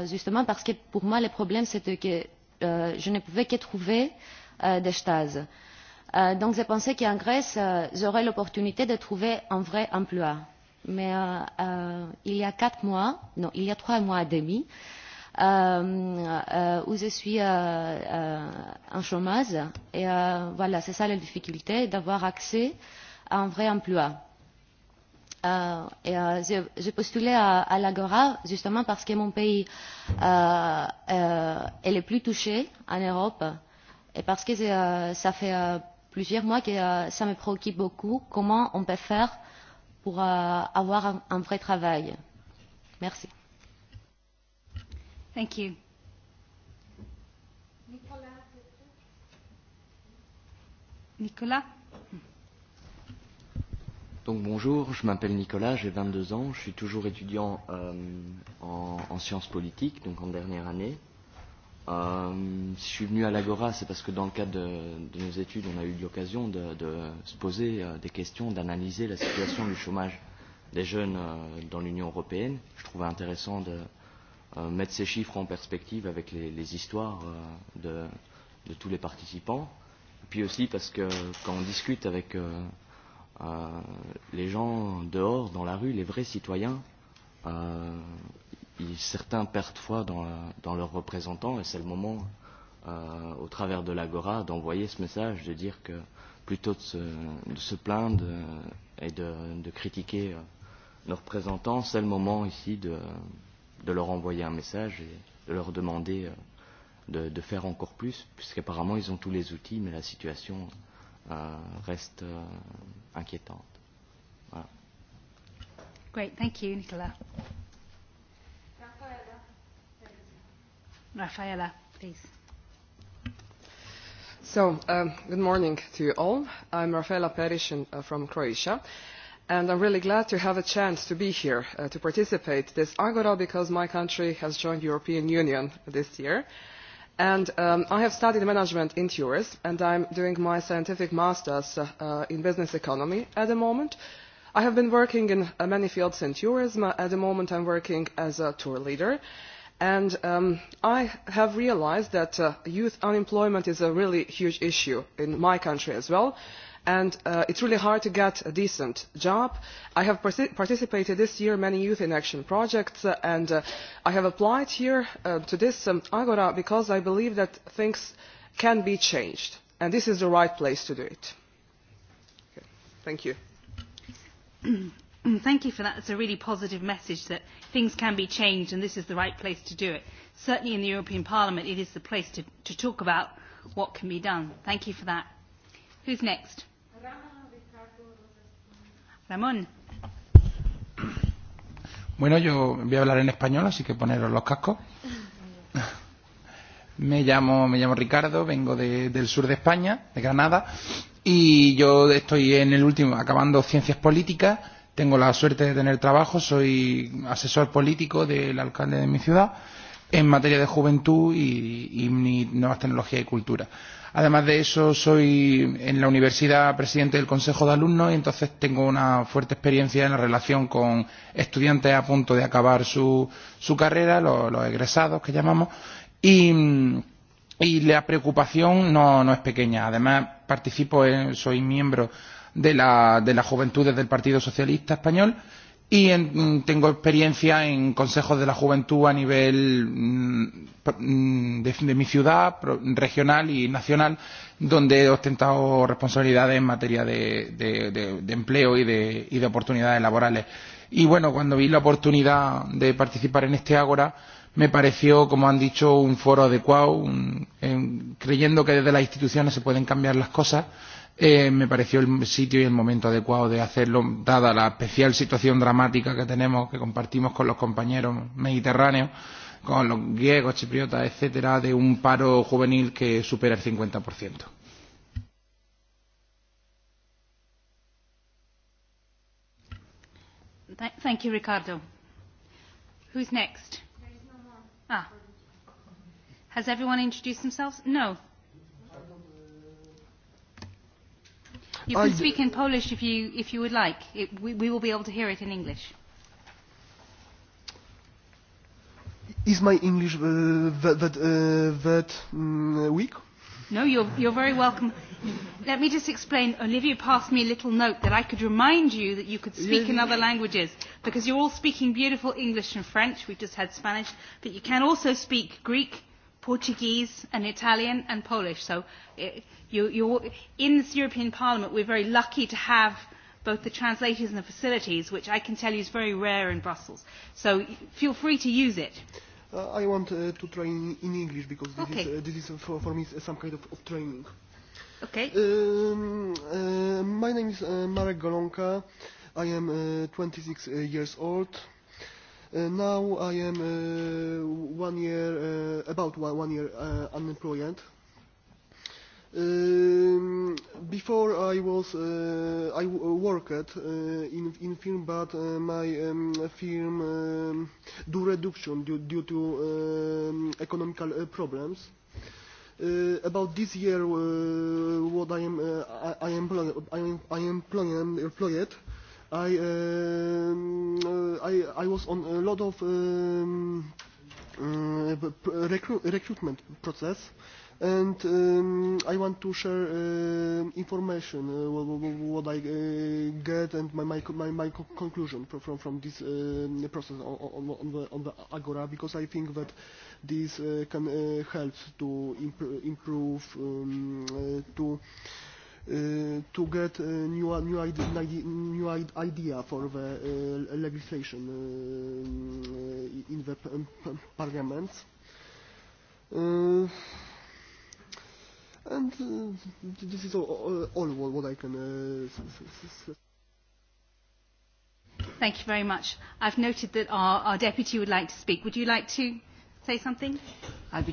justement parce que pour moi, le problème, c'était que je ne pouvais que trouver des stages. Donc, je pensais qu'en Grèce, j'aurais l'opportunité de trouver un vrai emploi mais il y a quatre mois, non, il y a trois mois et demi, où je suis en chômage. Et voilà, c'est ça la difficulté, d'avoir accès à un vrai emploi. Et j'ai postulé à l'Agora justement parce que mon pays est le plus touché en Europe et parce que ça fait plusieurs mois que ça me préoccupe beaucoup comment on peut faire pour avoir un vrai travail. Merci. Thank you. Nicolas. Donc bonjour, je m'appelle Nicolas, j'ai 22 ans, je suis toujours étudiant en, en sciences politiques, donc en dernière année. Si je suis venu à l'Agora, c'est parce que dans le cadre de nos études, on a eu l'occasion de se poser des questions, d'analyser la situation du chômage des jeunes dans l'Union européenne. Je trouvais intéressant de mettre ces chiffres en perspective avec les histoires de tous les participants. Et puis aussi parce que quand on discute avec les gens dehors, dans la rue, les vrais citoyens, certains perdent foi dans, dans leurs représentants et c'est le moment, euh, au travers de l'Agora, d'envoyer ce message, de dire que plutôt de se, de se plaindre et de, de critiquer nos représentants, c'est le moment ici de, de leur envoyer un message et de leur demander de, de faire encore plus, puisqu'apparemment ils ont tous les outils, mais la situation euh, reste inquiétante. Great, thank you, Nicola Rafaela, please. So, good morning to you all. I'm Rafaela Perishin from Croatia, and I'm really glad to have a chance to be here to participate this Agora because my country has joined the European Union this year. And I have studied management in tourism, and I'm doing my scientific master's in business economy at the moment. I have been working in many fields in tourism. At the moment, I'm working as a tour leader And I have realised that youth unemployment is a really huge issue in my country as well, and it's really hard to get a decent job. I have participated this year in many youth in action projects, and I have applied here to this Agora because I believe that things can be changed, and this is the right place to do it. Thank you. Thank you for that. It's a really positive message that things can be changed and this is the right place to do it. Certainly in the European Parliament it is the place to talk about what can be done. Thank you for that. Who's next? Ramón. Bueno, yo voy a hablar en español, así que poneros los cascos. Me llamo, me llamo Ricardo, vengo de, del sur de España, de Granada, y yo estoy en el último, acabando Ciencias Políticas, tengo la suerte de tener trabajo, soy asesor político del alcalde de mi ciudad en materia de juventud y nuevas tecnologías y cultura. Además de eso, soy en la universidad presidente del Consejo de Alumnos y entonces tengo una fuerte experiencia en la relación con estudiantes a punto de acabar su su carrera, los egresados que llamamos, y la preocupación no es pequeña. Además, participo, soy miembro de la de las juventudes del Partido Socialista Español y tengo experiencia en consejos de la juventud a nivel de mi ciudad regional y nacional donde he ostentado responsabilidades en materia de de empleo y de y de oportunidades laborales y bueno cuando vi la oportunidad de participar en este ágora me pareció como han dicho un foro adecuado creyendo que desde las instituciones se pueden cambiar las cosas Eh, me pareció el sitio y el momento adecuado de hacerlo, dada la especial situación dramática que tenemos, que compartimos con los compañeros mediterráneos, con los griegos, chipriotas, etcétera, de un paro juvenil que supera el 50%. Thank you, Ricardo. Who's next? Has everyone introduced themselves? No. You can speak in Polish if you, if you would like. we, will be able to hear it in English. Is my English uh, that, weak? No, you're, you're very welcome. Let me just explain. Olivia passed me a little note that I could remind you that you could speak in other languages because you're all speaking beautiful English and French. We've just had Spanish. But you can also speak Greek, Portuguese and Italian and Polish. So You in this European Parliament, we're very lucky to have both the translators and the facilities, which I can tell you is very rare in Brussels. So feel free to use it. I want to train in English because this is for me some kind of training. Okay. My name is Marek Golonka. I am 26 years old. Now I am one year, about one year unemployed Before I was I worked in in film, but my film do reduction due to economical problems. About this year, what I am I am I am employed. I I I was on a lot of recruitment process And I want to share information, what I get and my my conclusion from from this process on the on the Agora, because I think that this can help to improve to to get new new idea for the legislation in the parliament. And this is all what I can. Thank you very much. I've noted that our deputy would like to speak. Would you like to say something? I'll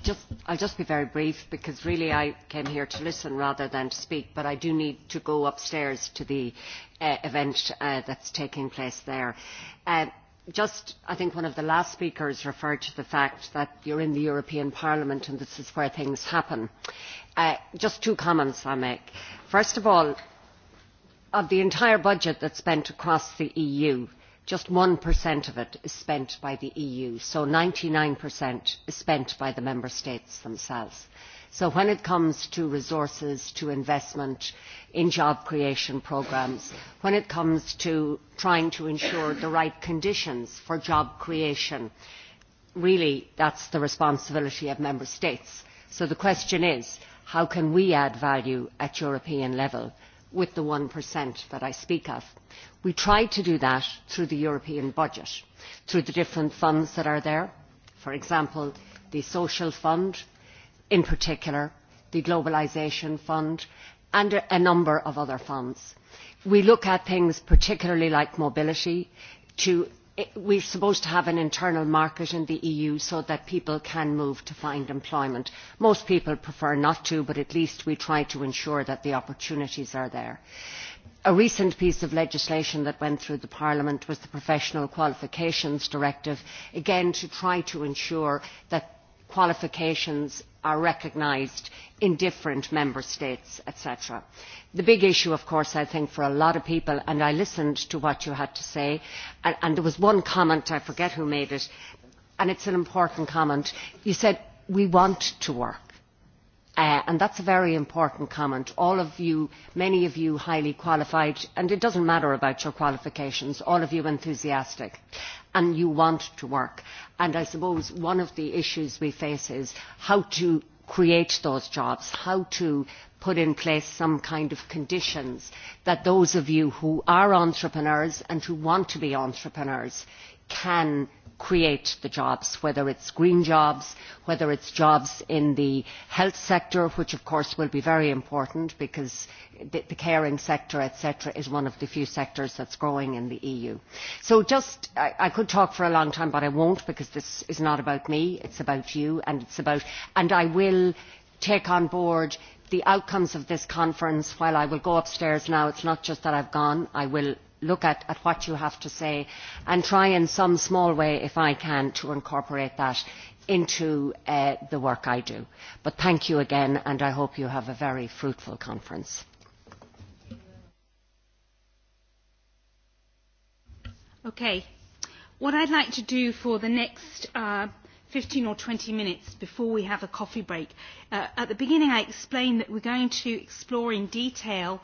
just be very brief because really I came here to listen rather than to speak, but I do need to go upstairs to the event that's taking place there just i think one of the last speakers referred to the fact that you are in the european parliament and this is where things happen. just two comments i make. first of all of the entire budget that is spent across the eu just one of it is spent by the eu so ninety nine is spent by the member states themselves. So when it comes to resources, to investment in job creation programmes, when it comes to trying to ensure the right conditions for job creation, really that's the responsibility of Member States. So the question is, how can we add value at European level with the 1% that I speak of? We try to do that through the European budget, through the different funds that are there. For example, the Social Fund in particular the globalisation fund and a number of other funds. we look at things particularly like mobility we are supposed to have an internal market in the eu so that people can move to find employment. most people prefer not to but at least we try to ensure that the opportunities are there. a recent piece of legislation that went through the parliament was the professional qualifications directive again to try to ensure that qualifications are recognised in different member states etc. the big issue of course i think for a lot of people and i listened to what you had to say and there was one comment i forget who made it and it is an important comment you said we want to work and that's a very important comment. All of you, many of you highly qualified, and it doesn't matter about your qualifications, all of you enthusiastic and you want to work. And I suppose one of the issues we face is how to create those jobs, how to put in place some kind of conditions that those of you who are entrepreneurs and who want to be entrepreneurs can create the jobs, whether it's green jobs, whether it's jobs in the health sector, which of course will be very important because the caring sector, etc., is one of the few sectors that's growing in the EU. So just, I could talk for a long time, but I won't because this is not about me, it's about you, and it's about, and I will take on board the outcomes of this conference while I will go upstairs now. It's not just that I've gone, I will look at what you have to say and try in some small way, if I can, to incorporate that into the work I do. But thank you again and I hope you have a very fruitful conference. Okay. What I'd like to do for the next 15 or 20 minutes before we have a coffee break, at the beginning I explained that we're going to explore in detail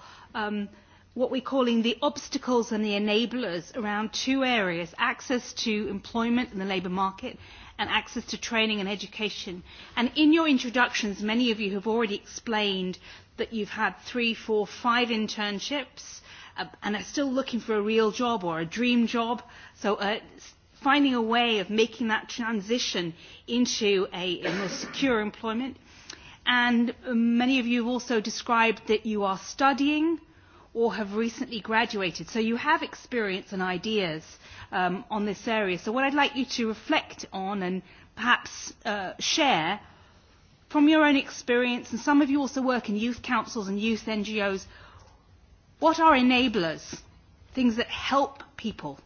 what we're calling the obstacles and the enablers around two areas, access to employment in the labour market and access to training and education. And in your introductions, many of you have already explained that you've had three, four, five internships and are still looking for a real job or a dream job. So finding a way of making that transition into a more secure employment. And many of you have also described that you are studying or have recently graduated. So you have experience and ideas on this area. So what I'd like you to reflect on and perhaps share from your own experience, and some of you also work in youth councils and youth NGOs, what are enablers, things that help people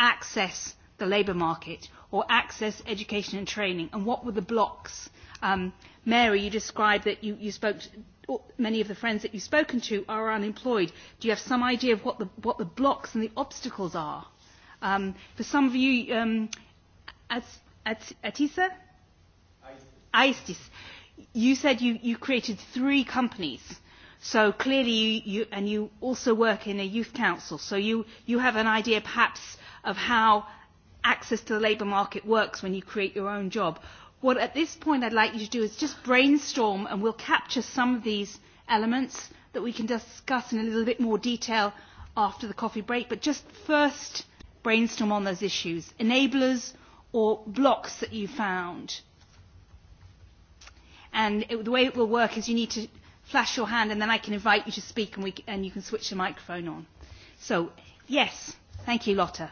access the labour market or access education and training, and what were the blocks Mary, you described that you spoke many of the friends that you've spoken to are unemployed. Do you have some idea of what the blocks and the obstacles are? For some of you, Atisa? Aistis. You said you created three companies. So clearly, you and you also work in a youth council. So you have an idea perhaps of how access to the labour market works when you create your own job. What at this point I'd like you to do is just brainstorm and we'll capture some of these elements that we can discuss in a little bit more detail after the coffee break, but just first brainstorm on those issues, enablers or blocks that you found. And the way it will work is you need to flash your hand and then I can invite you to speak and you can switch the microphone on. So, yes, thank you, Lotta.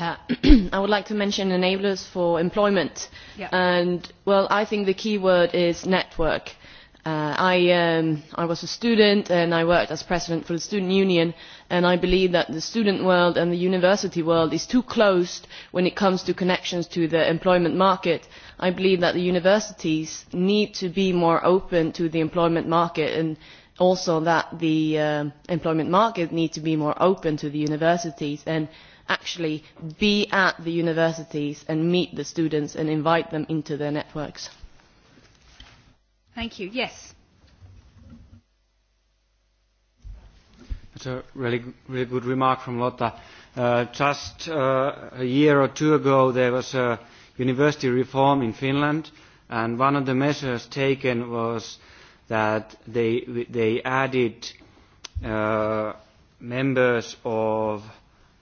I would like to mention enablers for employment. And, well, I think the key word is network. I was a student and I worked as president for the student union and I believe that the student world and the university world is too closed when it comes to connections to the employment market. I believe that the universities need to be more open to the employment market and also that the employment market needs to be more open to the universities and actually be at the universities and meet the students and invite them into their networks. Thank you. Yes. That's a really, really good remark from Lotta. just a year or two ago, there was a university reform in Finland, and one of the measures taken was that they, they added members of,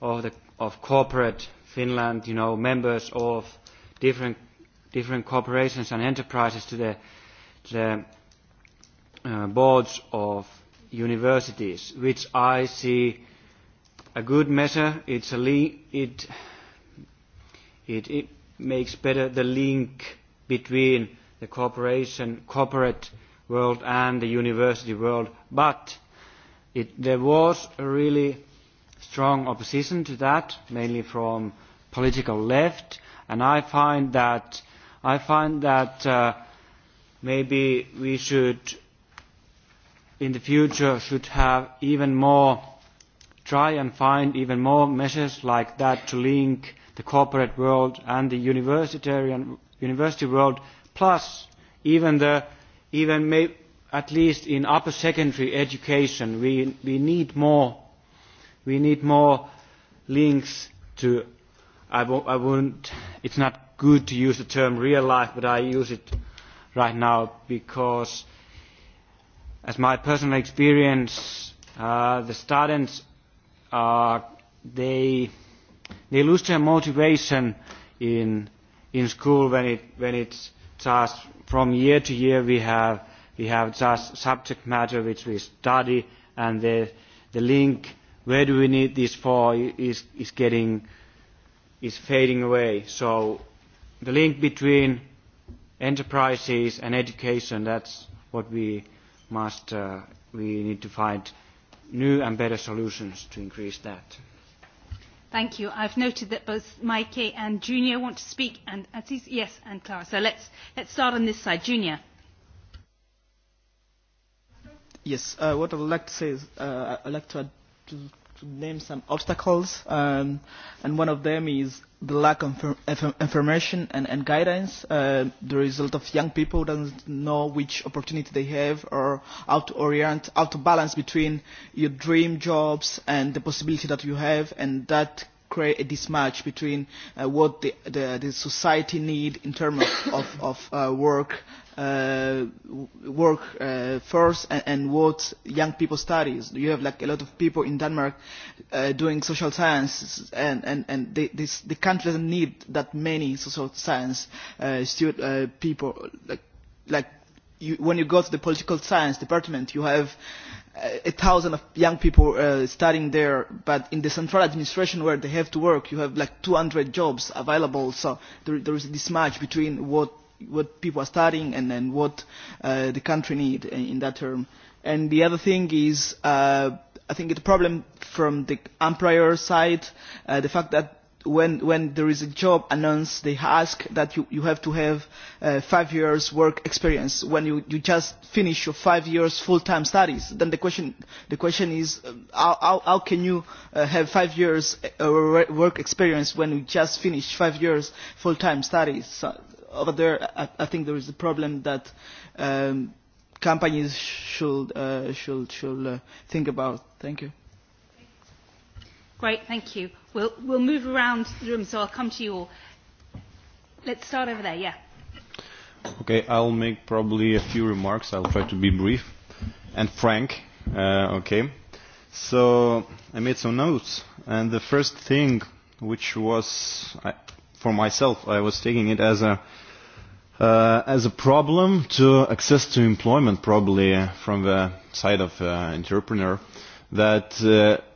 of the of corporate Finland, you know, members of different different corporations and enterprises to the the boards of universities, which I see a good measure. It's a it it it makes better the link between the corporation corporate world and the university world. But it there was a really strong opposition to that, mainly from political left, and I find that I find that maybe we should, in the future, should have even more, try and find even more measures like that to link the corporate world and the university world, plus even the, even at least in upper secondary education, we we need more we need more links to i wouldn't it's not good to use the term real life but i use it right now because as my personal experience the students they they lose their motivation in in school when it when it's just from year to year we have we have just subject matter which we study and the the link where do we need this for is is getting is fading away so the link between enterprises and education that's what we must we need to find new and better solutions to increase that Thank you. I've noted that both Mike and Junior want to speak, and yes, and Clara. So let's let's start on this side, Junior. Yes, what I would like to say is I'd like to to name some obstacles, and one of them is the lack of information and guidance. The result of young people don't know which opportunity they have or how to orient, how to balance between your dream jobs and the possibility that you have, and that create a mismatch between what the society need in terms of work work first and what young people studies. You have like a lot of people in Denmark doing social science and and the country doesn't need that many social science people. Like when you go to the political science department, you have a thousand of young people studying there, but in the central administration where they have to work, you have like 200 jobs available. So there is a mismatch between what what people are studying and then what the country need in that term. And the other thing is I think the problem from the employer side, the fact that when when there is a job announced they ask that you you have to have five years work experience when you you just finish your five years full time studies then the question the question is how how can you have five years work experience when you just finish five years full time studies over there, I think there is a problem that companies should should should think about. Thank you. Great, thank you. We'll we'll move around the room, so I'll come to you all. Let's start over there. Yeah. Okay, I'll make probably a few remarks. I'll try to be brief and frank. Okay. So I made some notes, and the first thing which was for myself, I was taking it as a as a problem to access to employment, probably from the side of an entrepreneur, that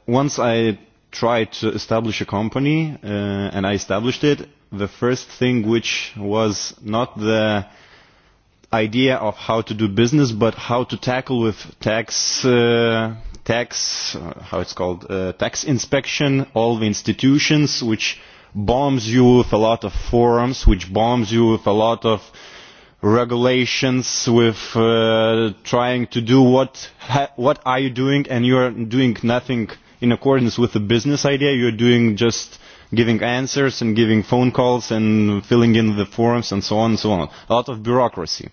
once I tried to establish a company and I established it, the first thing which was not the idea of how to do business, but how to tackle with tax, tax, how it's called, tax inspection, all the institutions which bombs you with a lot of forums, which bombs you with a lot of regulations, with trying to do what what are you doing and you are doing nothing in accordance with the business idea. You are doing just giving answers and giving phone calls and filling in the forums and so on and so on. A lot of bureaucracy.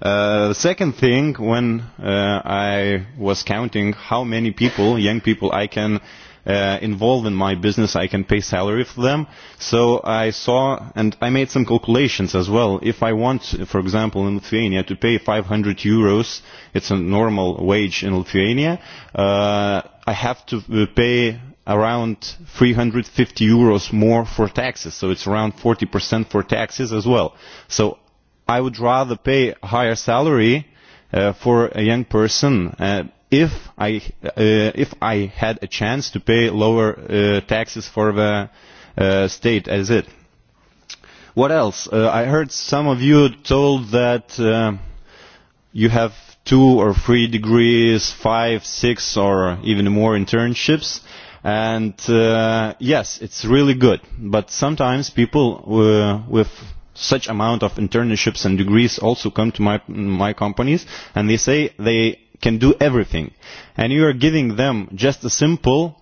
The second thing, when I was counting how many people, young people, I can involved in my business, I can pay salary for them. So I saw and I made some calculations as well. If I want, for example, in Lithuania to pay 500 euros, it's a normal wage in Lithuania, I have to pay around 350 euros more for taxes. So it's around 40% for taxes as well. So I would rather pay a higher salary for a young person if I uh if I had a chance to pay lower uh taxes for the uh state as it. What else? I heard some of you told that you have two or three degrees, five, six or even more internships. And uh yes, it's really good. But sometimes people with such amount of internships and degrees also come to my my companies and they say they can do everything and you are giving them just a simple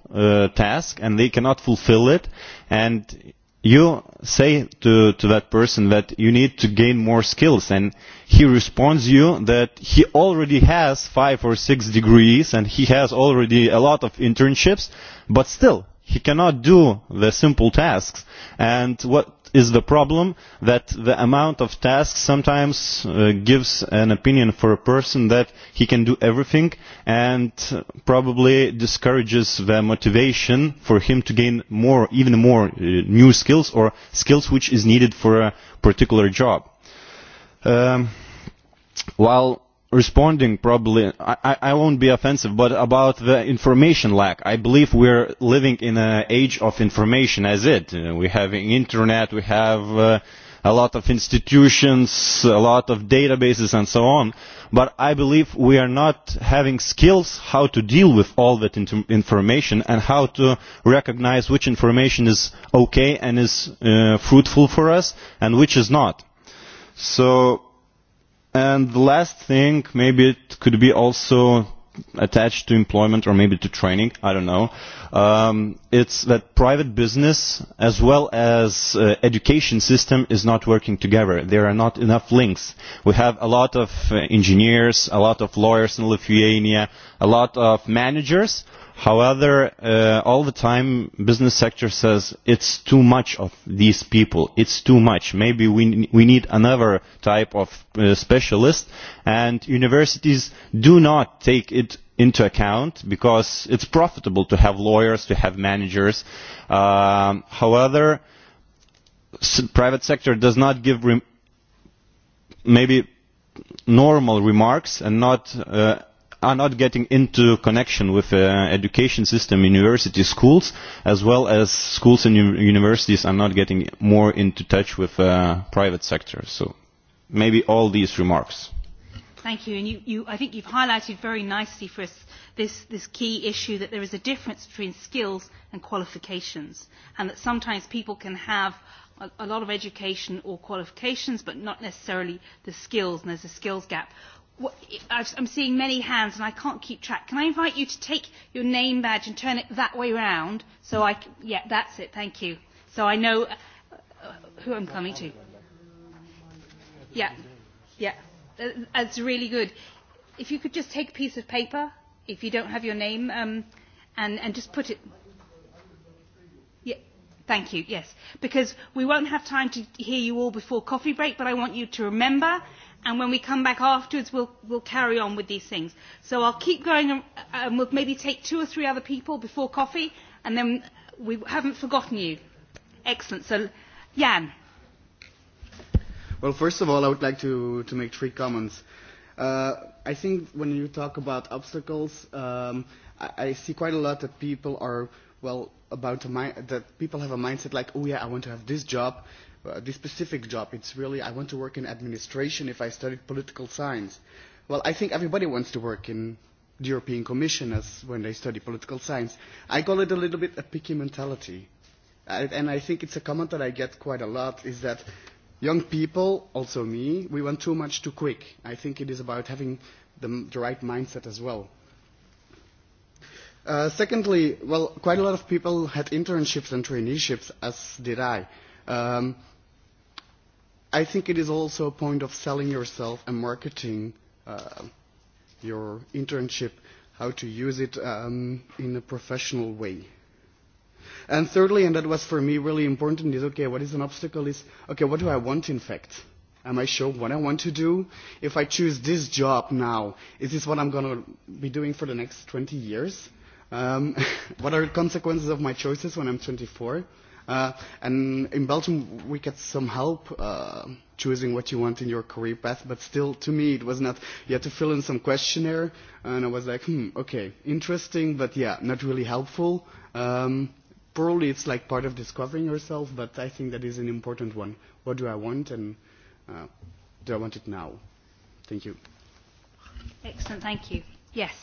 task and they cannot fulfill it and you say to to that person that you need to gain more skills and he responds you that he already has five or six degrees and he has already a lot of internships but still he cannot do the simple tasks and what is the problem that the amount of tasks sometimes gives an opinion for a person that he can do everything and probably discourages the motivation for him to gain more even more new skills or skills which is needed for a particular job while responding probably i i won't be offensive but about the information lack i believe we're living in an age of information as it we have internet we have a lot of institutions a lot of databases and so on but i believe we are not having skills how to deal with all that information and how to recognize which information is okay and is fruitful for us and which is not so And the last thing, maybe it could be also attached to employment or maybe to training, I don't know. It's that private business as well as education system is not working together. There are not enough links. We have a lot of engineers, a lot of lawyers in Lithuania, a lot of managers However, all the time business sector says it's too much of these people. It's too much. Maybe we we need another type of specialist. And universities do not take it into account because it's profitable to have lawyers, to have managers. However, private sector does not give maybe normal remarks and not are not getting into connection with the education system, university schools, as well as schools and universities are not getting more into touch with private sector. So maybe all these remarks. Thank you. And you, you, I think you've highlighted very nicely for us this, this key issue that there is a difference between skills and qualifications, and that sometimes people can have a lot of education or qualifications, but not necessarily the skills, and there's a skills gap. I'm seeing many hands and I can't keep track. Can I invite you to take your name badge and turn it that way round? So I, yeah, that's it. Thank you. So I know who I'm coming to. Yeah, yeah, that's really good. If you could just take a piece of paper, if you don't have your name, um, and and just put it. Yeah, thank you. Yes, because we won't have time to hear you all before coffee break, but I want you to remember and when we come back afterwards we'll we'll carry on with these things so i'll keep going and we'll maybe take two or three other people before coffee and then we haven't forgotten you excellent so jan well first of all i would like to to make three comments i think when you talk about obstacles i see quite a lot that people are well about that people have a mindset like oh yeah i want to have this job this specific job. It's really, I want to work in administration if I studied political science. Well, I think everybody wants to work in the European Commission as when they study political science. I call it a little bit a picky mentality. And I think it's a comment that I get quite a lot is that young people, also me, we want too much too quick. I think it is about having the, the right mindset as well. secondly, well, quite a lot of people had internships and traineeships, as did I. I think it is also a point of selling yourself and marketing your internship, how to use it in a professional way. And thirdly, and that was for me really important, is okay, what is an obstacle is, okay, what do I want in fact? Am I sure what I want to do? If I choose this job now, is this what I'm going to be doing for the next 20 years? What are the consequences of my choices when I'm 24? And in Belgium, we get some help choosing what you want in your career path, but still, to me, it was not. You had to fill in some questionnaire, and I was like, hmm, okay, interesting, but yeah, not really helpful. Probably it's like part of discovering yourself, but I think that is an important one. What do I want, and do I want it now? Thank you. Excellent, thank you. Yes,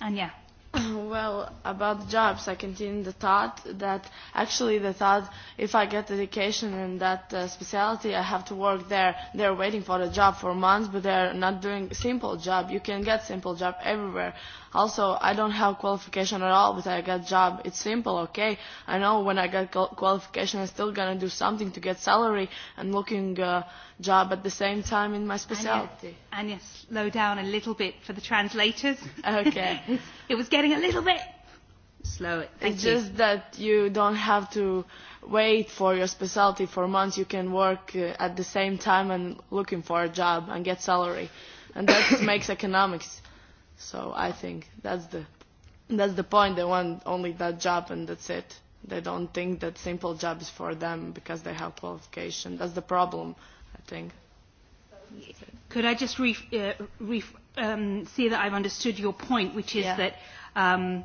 yeah. Well, about jobs, I continue the thought that actually the thought if I get education in that specialty, I have to work there. They are waiting for the job for months, but they are not doing simple job. You can get simple job everywhere. Also, I don't have qualification at all, but I got job. It's simple, okay? I know when I got qualification, I'm still gonna do something to get salary and looking uh, job at the same time in my specialty. And yes, slow down a little bit for the translators. Okay. it was getting a little bit slow. It. It's just that you don't have to wait for your specialty for months. You can work at the same time and looking for a job and get salary. And that makes economics So I think that's the that's the point. They want only that job and that's it. They don't think that simple job is for them because they have qualification. That's the problem, I think. Could I just re, uh, re, um, see that I've understood your point, which is that um,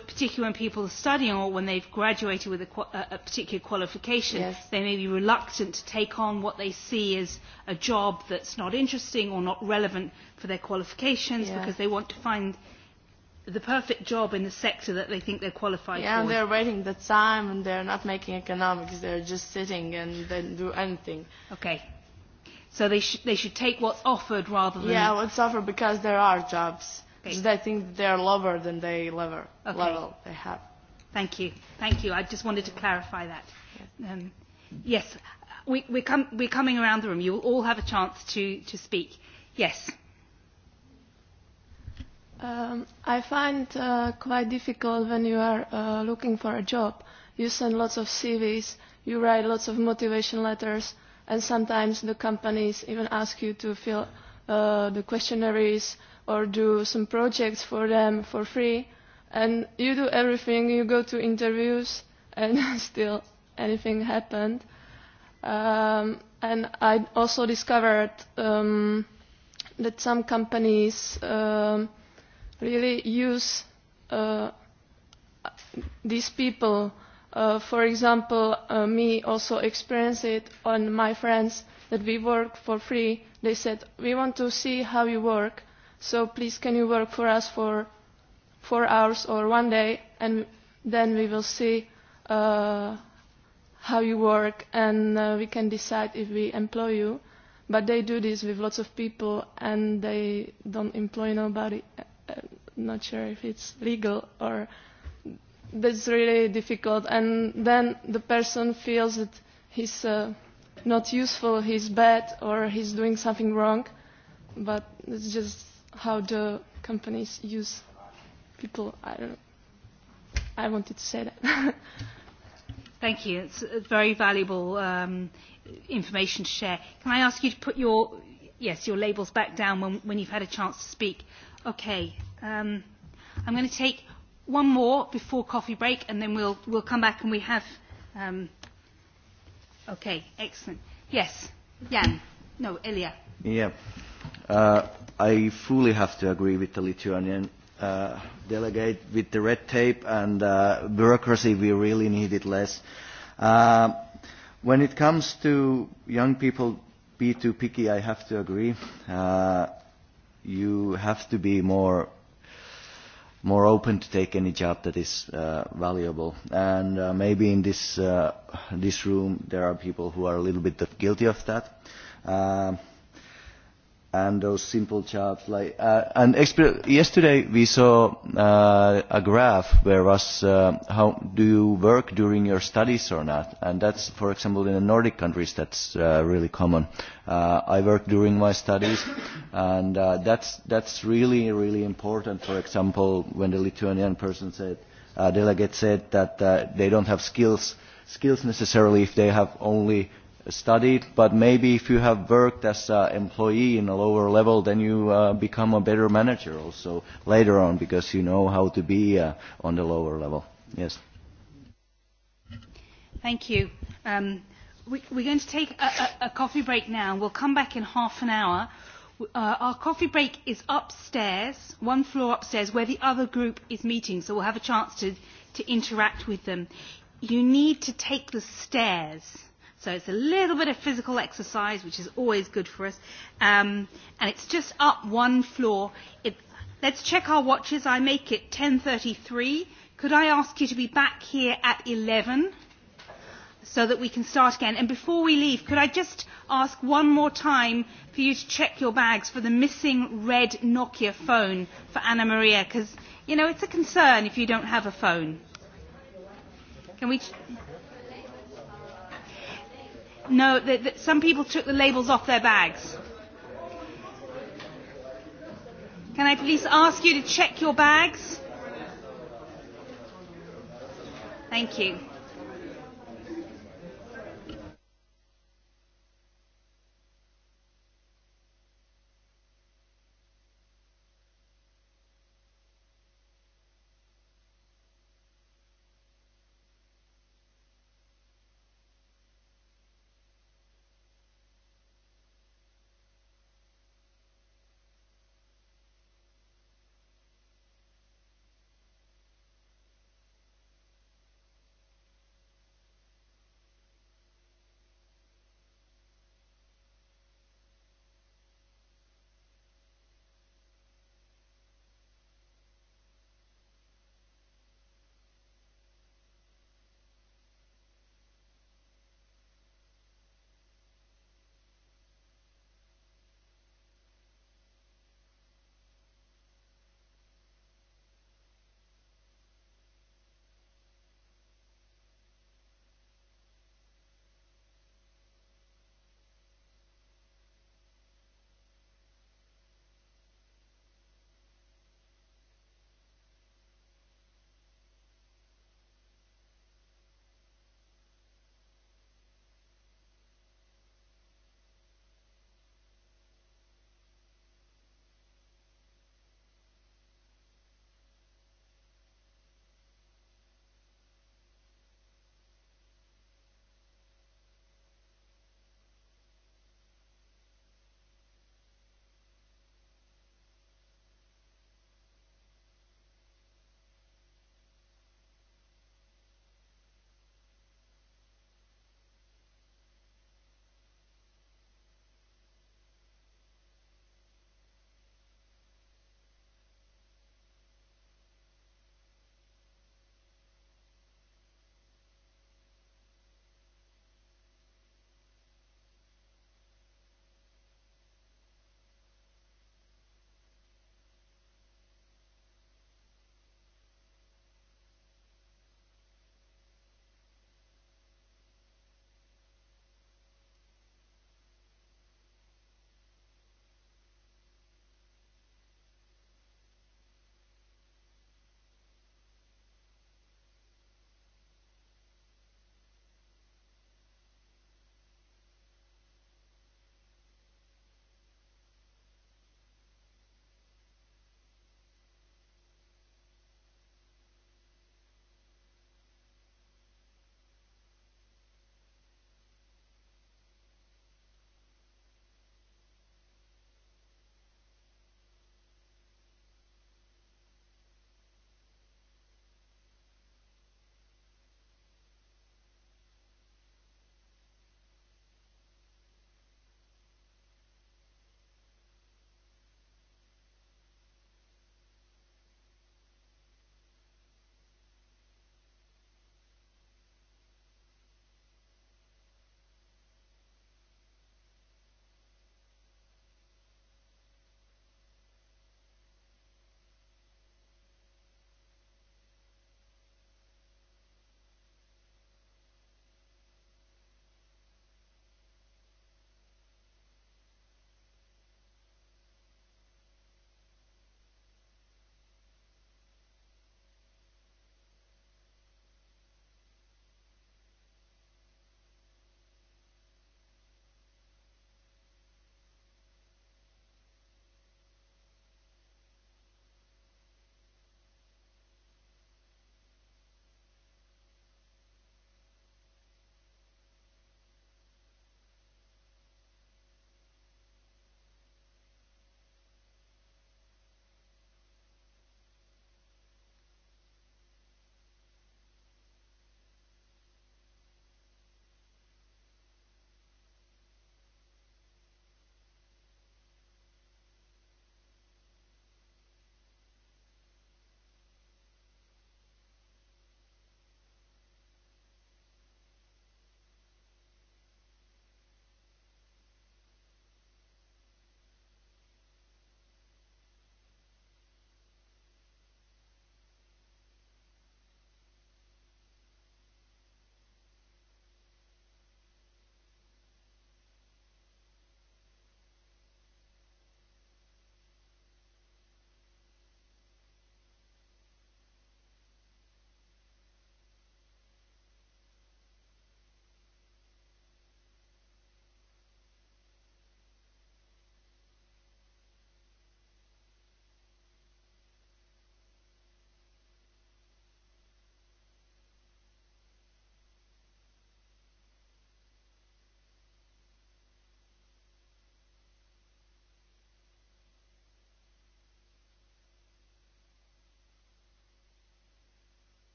particularly when people are studying or when they've graduated with a particular qualification, they may be reluctant to take on what they see as a job that's not interesting or not relevant for their qualifications because they want to find the perfect job in the sector that they think they're qualified for. Yeah, and they're waiting the time and they're not making economics. They're just sitting and they do anything. Okay. So they, should they should take what's offered rather than... Yeah, what's offered because there are jobs. Because I think they are lower than they level level they have. Thank you, thank you. I just wanted to clarify that. Yes, we we're coming around the room. You all have a chance to to speak. Yes. I find quite difficult when you are looking for a job. You send lots of CVs, you write lots of motivation letters, and sometimes the companies even ask you to fill the questionnaires or do some projects for them for free and you do everything you go to interviews and still anything happened um, and I also discovered um, that some companies um, really use uh, these people for example me also experienced it on my friends that we work for free they said we want to see how you work so please can you work for us for four hours or one day and then we will see how you work and we can decide if we employ you. But they do this with lots of people and they don't employ nobody. Not sure if it's legal or that's really difficult. And then the person feels that he's not useful, he's bad or he's doing something wrong. But it's just how the companies use people. I don't know. I wanted to say that. Thank you. It's very valuable um, information to share. Can I ask you to put your, yes, your labels back down when, when you've had a chance to speak? Okay. Um, I'm going to take one more before coffee break and then we'll, we'll come back and we have... Um, okay, excellent. Yes, Jan. No, Elia. Yeah. I fully have to agree with the Lithuanian delegate with the red tape and bureaucracy. We really need it less. When it comes to young people be too picky, I have to agree. You have to be more more open to take any job that is valuable. And maybe in this this room there are people who are a little bit guilty of that and those simple jobs Like, uh, and yesterday we saw uh, a graph where was uh, how do you work during your studies or not, and that's for example in the Nordic countries that's uh, really common. Uh, I work during my studies, and uh, that's that's really really important. For example, when the Lithuanian person said, uh, delegate said that uh, they don't have skills skills necessarily if they have only studied, but maybe if you have worked as an employee in a lower level, then you become a better manager also later on because you know how to be on the lower level. Yes. Thank you. Um, we, we're going to take a, a, coffee break now. We'll come back in half an hour. our coffee break is upstairs, one floor upstairs, where the other group is meeting, so we'll have a chance to, to interact with them. You need to take the stairs So it's a little bit of physical exercise, which is always good for us. Um, and it's just up one floor. It, let's check our watches. I make it 10.33. Could I ask you to be back here at 11 so that we can start again? And before we leave, could I just ask one more time for you to check your bags for the missing red Nokia phone for Anna Maria? Because, you know, it's a concern if you don't have a phone. Can we... No, some people took the labels off their bags. Can I please ask you to check your bags? Thank you.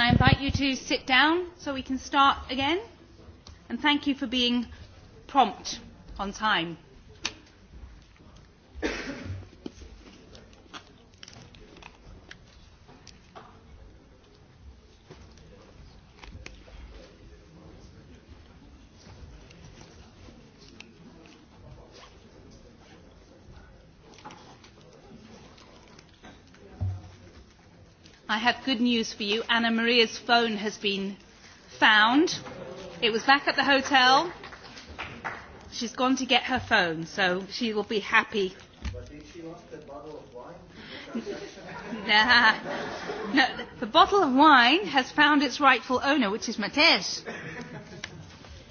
I invite you to sit down so we can start again. And thank you for being prompt on time. I have good news for you. Anna Maria's phone has been found. It was back at the hotel. She's gone to get her phone, so she will be happy. But did she bottle of wine? No, the bottle of wine has found its rightful owner, which is Matej.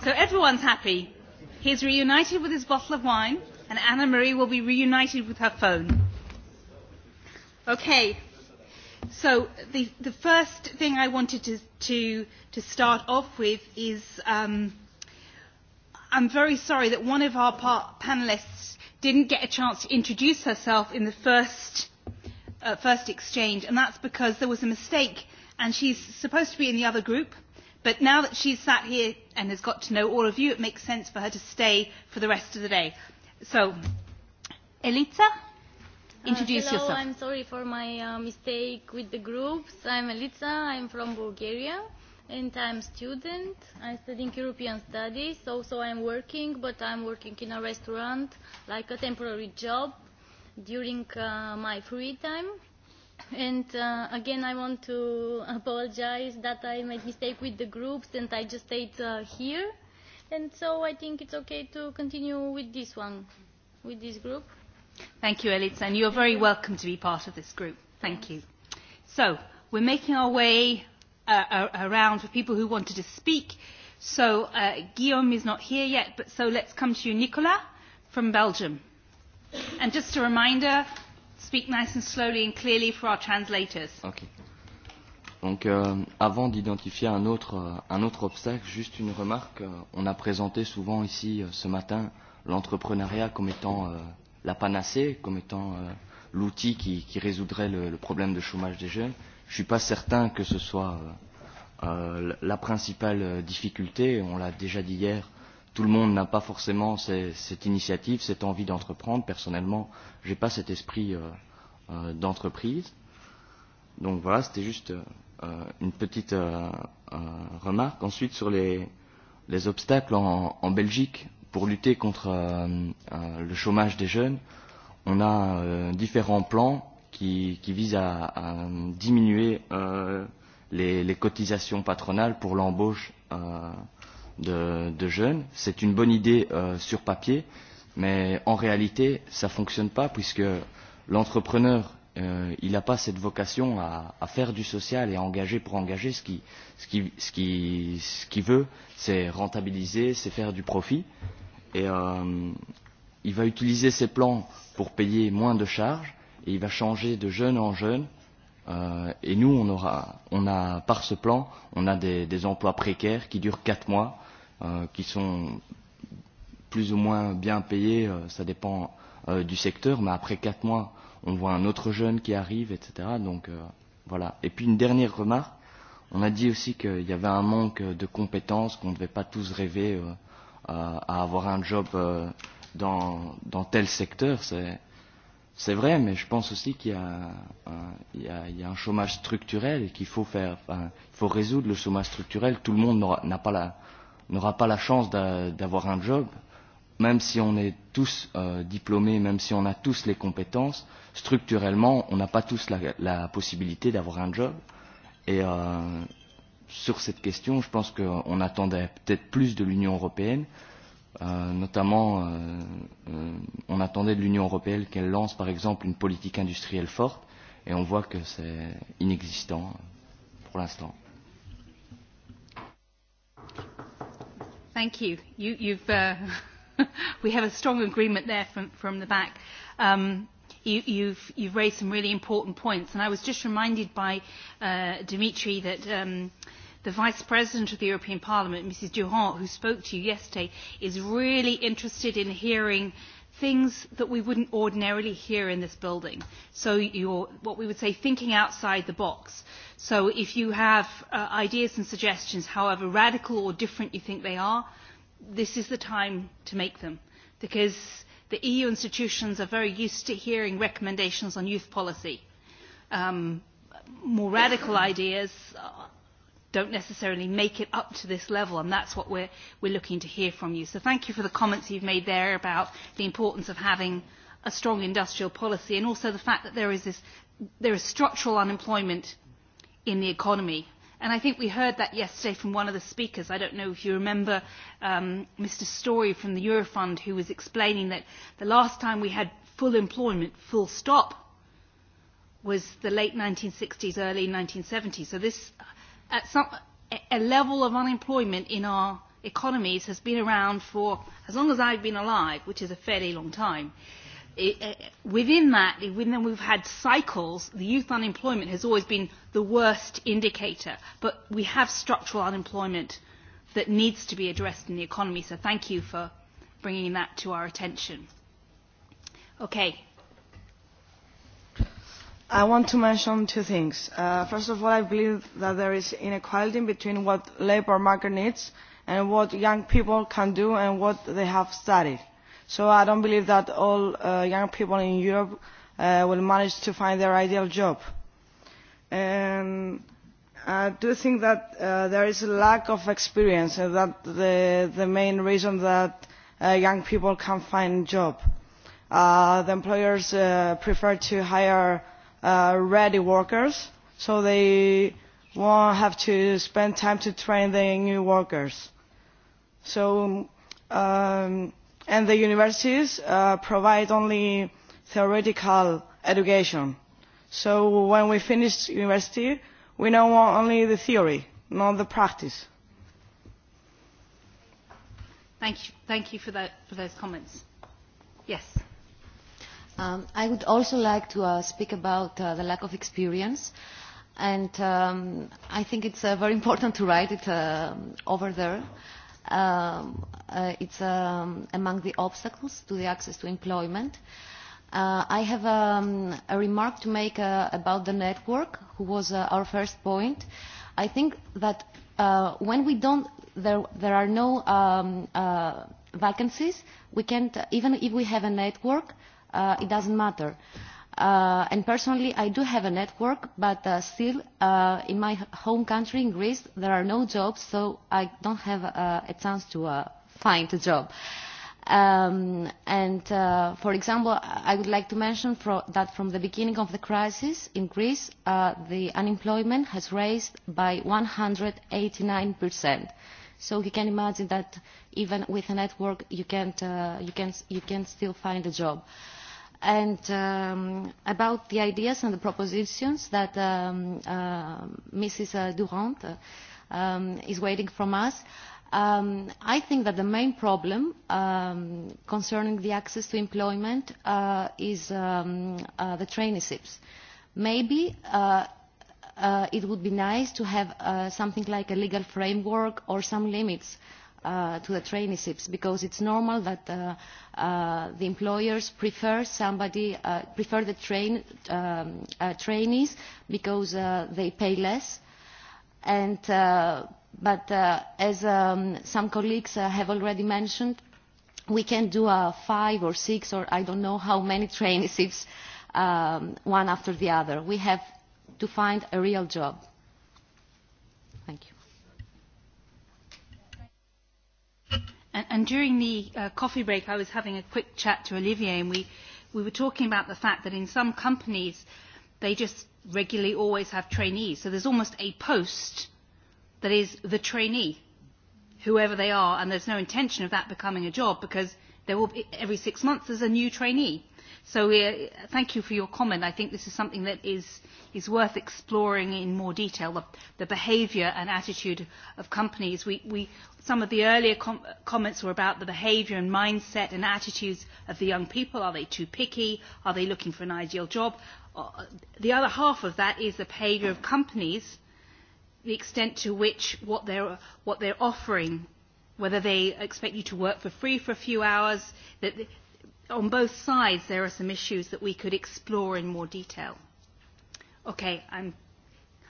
So everyone's happy. He's reunited with his bottle of wine, and Anna Marie will be reunited with her phone. Okay, So the the first thing I wanted to to to start off with is um I'm very sorry that one of our panelists didn't get a chance to introduce herself in the first first exchange and that's because there was a mistake and she's supposed to be in the other group but now that she's sat here and has got to know all of you it makes sense for her to stay for the rest of the day. So Elita Introduce yourself. Hello, I'm sorry for my mistake with the groups. I'm Elitsa, I'm from Bulgaria, and I'm a student. I'm studying European studies, also I'm working, but I'm working in a restaurant, like a temporary job, during my free time. And again, I want to apologize that I made mistake with the groups, and I just stayed here. And so I think it's okay to continue with this one, with this group. Thank you, Elitsa, and you're very welcome to be part of this group. Thank you. So, we're making our way around for people who wanted to speak. So, Guillaume is not here yet, but so let's come to you, Nicola, from Belgium. And just a reminder, speak nice and slowly and clearly for our translators. Okay. Donc, avant d'identifier un autre, un autre obstacle, juste une remarque. On a présenté souvent ici, ce matin, l'entrepreneuriat comme étant la panacée, comme étant l'outil qui, qui résoudrait le, problème de chômage des jeunes, je ne suis pas certain que ce soit la principale difficulté. On l'a déjà dit hier, tout le monde n'a pas forcément cette initiative, cette envie d'entreprendre. Personnellement, je n'ai pas cet esprit d'entreprise. Donc voilà, c'était juste une petite remarque. Ensuite, sur les, les obstacles en, en Belgique, pour lutter contre le chômage des jeunes, on a différents plans qui visent à diminuer les cotisations patronales pour l'embauche de jeunes. C'est une bonne idée sur papier, mais en réalité, ça ne fonctionne pas puisque l'entrepreneur il n'a pas cette vocation à faire du social et à engager pour engager. Ce qu'il veut, c'est rentabiliser, c'est faire du profit et il va utiliser ses plans pour payer moins de charges et il va changer de jeune en jeune et nous on aura on a par ce plan on a des des emplois précaires qui durent quatre mois qui sont plus ou moins bien payés ça dépend du secteur mais après quatre mois on voit un autre jeune qui arrive etc donc voilà et puis une dernière remarque on a dit aussi qu'il y avait un manque de compétences qu'on ne devait pas tous rêver à avoir un job dans dans tel secteur c'est vrai mais je pense aussi qu'il y a y a y a un chômage structurel et qu'il faut faut résoudre le chômage structurel tout le monde n'a pas n'aura pas la chance d'avoir un job même si on est tous diplômés même si on a tous les compétences structurellement on n'a pas tous la possibilité d'avoir un job et sur cette question, je pense qu'on attendait peut-être plus de l'Union européenne. Notamment, on attendait de l'Union européenne qu'elle lance, par exemple, une politique industrielle forte, et on voit que c'est inexistant pour l'instant. Thank you. you You've we have a strong agreement there from from the back. Um, You've you've raised some really important points, and I was just reminded by Dimitri that the Vice President of the European Parliament, Mrs. Durand, who spoke to you yesterday, is really interested in hearing things that we wouldn't ordinarily hear in this building. So you're, what we would say, thinking outside the box. So if you have ideas and suggestions, however radical or different you think they are, this is the time to make them. Because the EU institutions are very used to hearing recommendations on youth policy. um More radical ideas don't necessarily make it up to this level, and that's what we're looking to hear from you. So thank you for the comments you've made there about the importance of having a strong industrial policy and also the fact that there is this there is structural unemployment in the economy. And I think we heard that yesterday from one of the speakers. I don't know if you remember Mr. Story from the Eurofund who was explaining that the last time we had full employment, full stop, was the late 1960s, early 1970s. So this at some a level of unemployment in our economies has been around for as long as I've been alive, which is a fairly long time. Within that, within we've had cycles, the youth unemployment has always been the worst indicator. But we have structural unemployment that needs to be addressed in the economy. So thank you for bringing that to our attention. Okay, I want to mention two things. First of all, I believe that there is inequality between what the labour market needs and what young people can do and what they have studied. So I don't believe that all young people in Europe will manage to find their ideal job. And I do think that there is a lack of experience and that the main reason that young people can't find a job. The employers prefer to hire ready workers so they won't have to spend time to train the new workers. So and the universities provide only theoretical education. So when we finish university we know only the theory, not the practice. Thank you for those comments. Yes. I would also like to speak about the lack of experience and I think it's very important to write it over there. It's among the obstacles to the access to employment. I have a remark to make about the network, who was our first point. I think that when we don't, there are no vacancies, we can't, even if we have a network, it doesn't matter. And personally, I do have a network, but still, in my home country, in Greece, there are no jobs, so I don't have a chance to find a job. And, for example, I would like to mention that from the beginning of the crisis in Greece, the unemployment has raised by 189%. So you can imagine that even with a network, you can still find a job. And about the ideas and the propositions that Mrs. Durand is waiting from us, I think that the main problem concerning the access to employment is the traineeships. Maybe it would be nice to have something like a legal framework or some limits to the traineeships because it's normal that the employers prefer somebody prefer the train trainees because they pay less and but as some colleagues have already mentioned we can do five or six or I don't know how many traineeships one after the other we have to find a real job And during the coffee break, I was having a quick chat to Olivier, and we we were talking about the fact that in some companies, they just regularly always have trainees. So there's almost a post that is the trainee, whoever they are, and there's no intention of that becoming a job because there will every six months there's a new trainee. So thank you for your comment. I think this is something that is is worth exploring in more detail, the behaviour and attitude of companies. We Some of the earlier comments were about the behaviour and mindset and attitudes of the young people. Are they too picky? Are they looking for an ideal job? The other half of that is the behaviour of companies, the extent to which what they're offering, whether they expect you to work for free for a few hours, that on both sides there are some issues that we could explore in more detail. Okay, I'm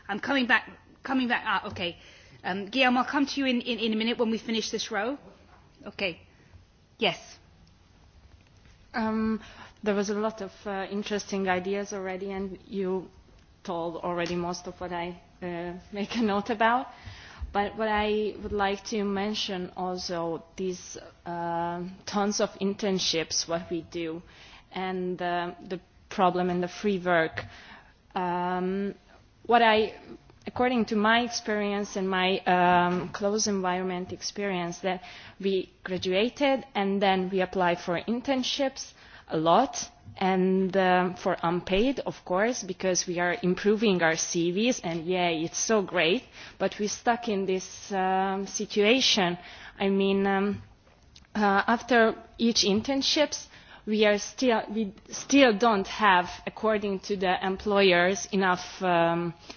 I'm coming back coming back ah okay. Um Guillaume, I'll come to you in in a minute when we finish this row. Okay. Yes. Um there was a lot of interesting ideas already and you told already most of what I make a note about. But what I would like to mention also these tons of internships, what we do, and the problem in the free work. What I, according to my experience and my close environment experience, that we graduated and then we apply for internships a lot and for unpaid of course because we are improving our cvs and yeah it's so great but we're stuck in this situation i mean after each internships we are still we still don't have according to the employers enough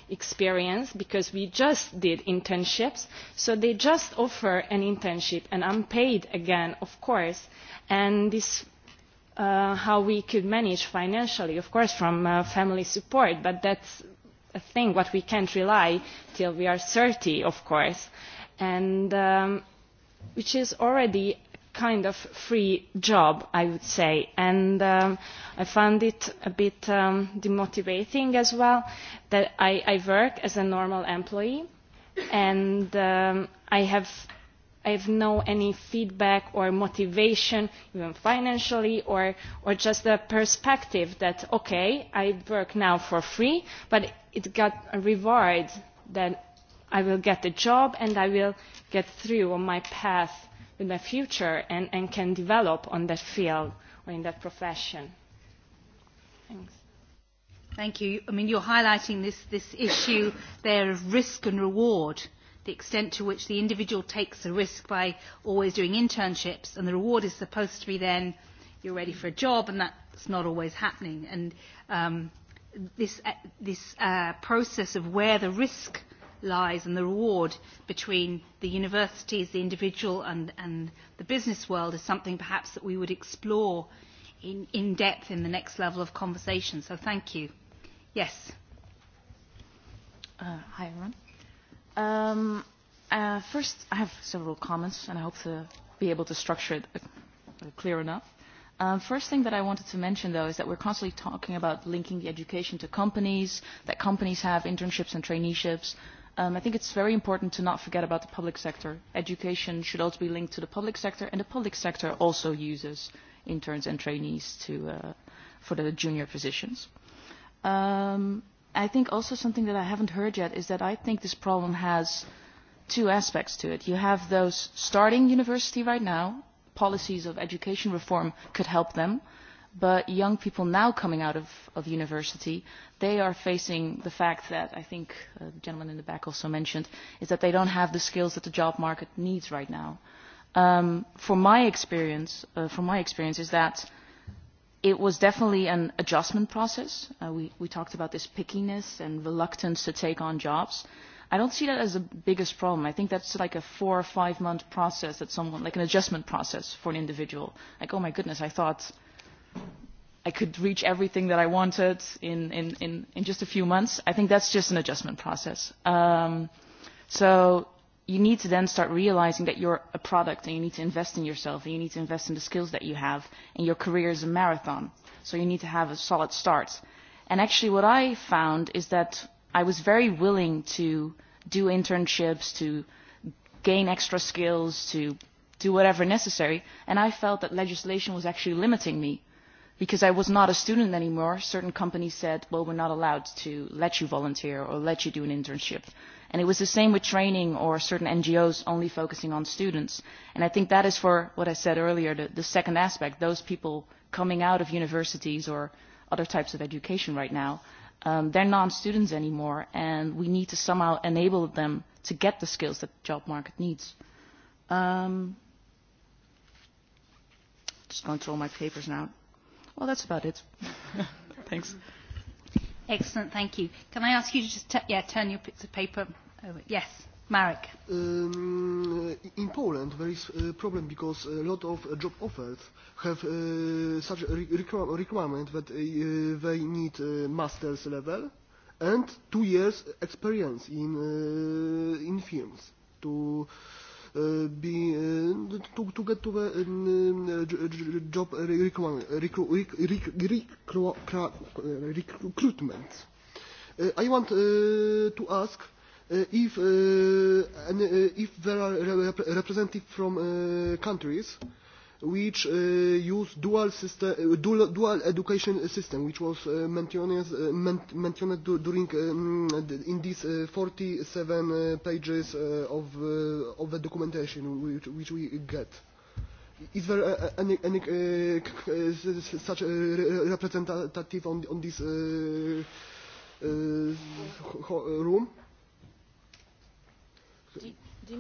experience because we just did internships so they just offer an internship and unpaid again of course and this how we could manage financially, of course from family support, but that's a thing what we can't rely till we are 30, of course, and which is already a kind of free job, I would say, and I found it a bit demotivating as well that I work as a normal employee and I have I have no any feedback or motivation, even financially, or or just the perspective that, okay, I work now for free, but it got a reward that I will get a job and I will get through on my path in my future and and can develop on that field or in that profession. Thanks. Thank you. I mean, you're highlighting this issue there of risk and reward the extent to which the individual takes a risk by always doing internships and the reward is supposed to be then you're ready for a job and that's not always happening and um this this process of where the risk lies and the reward between the universities the individual and and the business world is something perhaps that we would explore in in depth in the next level of conversation so thank you yes hi everyone First, I have several comments, and I hope to be able to structure it clear enough. First thing that I wanted to mention, though, is that we're constantly talking about linking the education to companies, that companies have internships and traineeships. I think it's very important to not forget about the public sector. Education should also be linked to the public sector, and the public sector also uses interns and trainees to for the junior positions. Um I think also something that I haven't heard yet is that I think this problem has two aspects to it. You have those starting university right now, policies of education reform could help them, but young people now coming out of university, they are facing the fact that, I think the gentleman in the back also mentioned, is that they don't have the skills that the job market needs right now. From my experience, is that It was definitely an adjustment process. We we talked about this pickiness and reluctance to take on jobs. I don't see that as the biggest problem. I think that's like a four or five month process that someone, like an adjustment process for an individual. Like, oh my goodness, I thought I could reach everything that I wanted in in in just a few months. I think that's just an adjustment process. Um So you need to then start realizing that you're a product and you need to invest in yourself and you need to invest in the skills that you have and your career is a marathon so you need to have a solid start and actually what i found is that i was very willing to do internships to gain extra skills to do whatever necessary and i felt that legislation was actually limiting me because i was not a student anymore certain companies said well we're not allowed to let you volunteer or let you do an internship And it was the same with training or certain NGOs only focusing on students. And I think that is for what I said earlier, the, the second aspect, those people coming out of universities or other types of education right now, they're non-students anymore, and we need to somehow enable them to get the skills that the job market needs. Um, just going through all my papers now. Well, that's about it. Thanks. Excellent, thank you. Can I ask you to just yeah, turn your piece of paper over? Yes. Marek. In Poland there is a problem because a lot of job offers have such a requirement that they need master's level and two years experience in in films to to get to the job recruitment. I want to ask if there are representatives from countries which use dual dual education system, which was mentioned during in these 47 pages of of the documentation which we get. Is there any such representative on this room?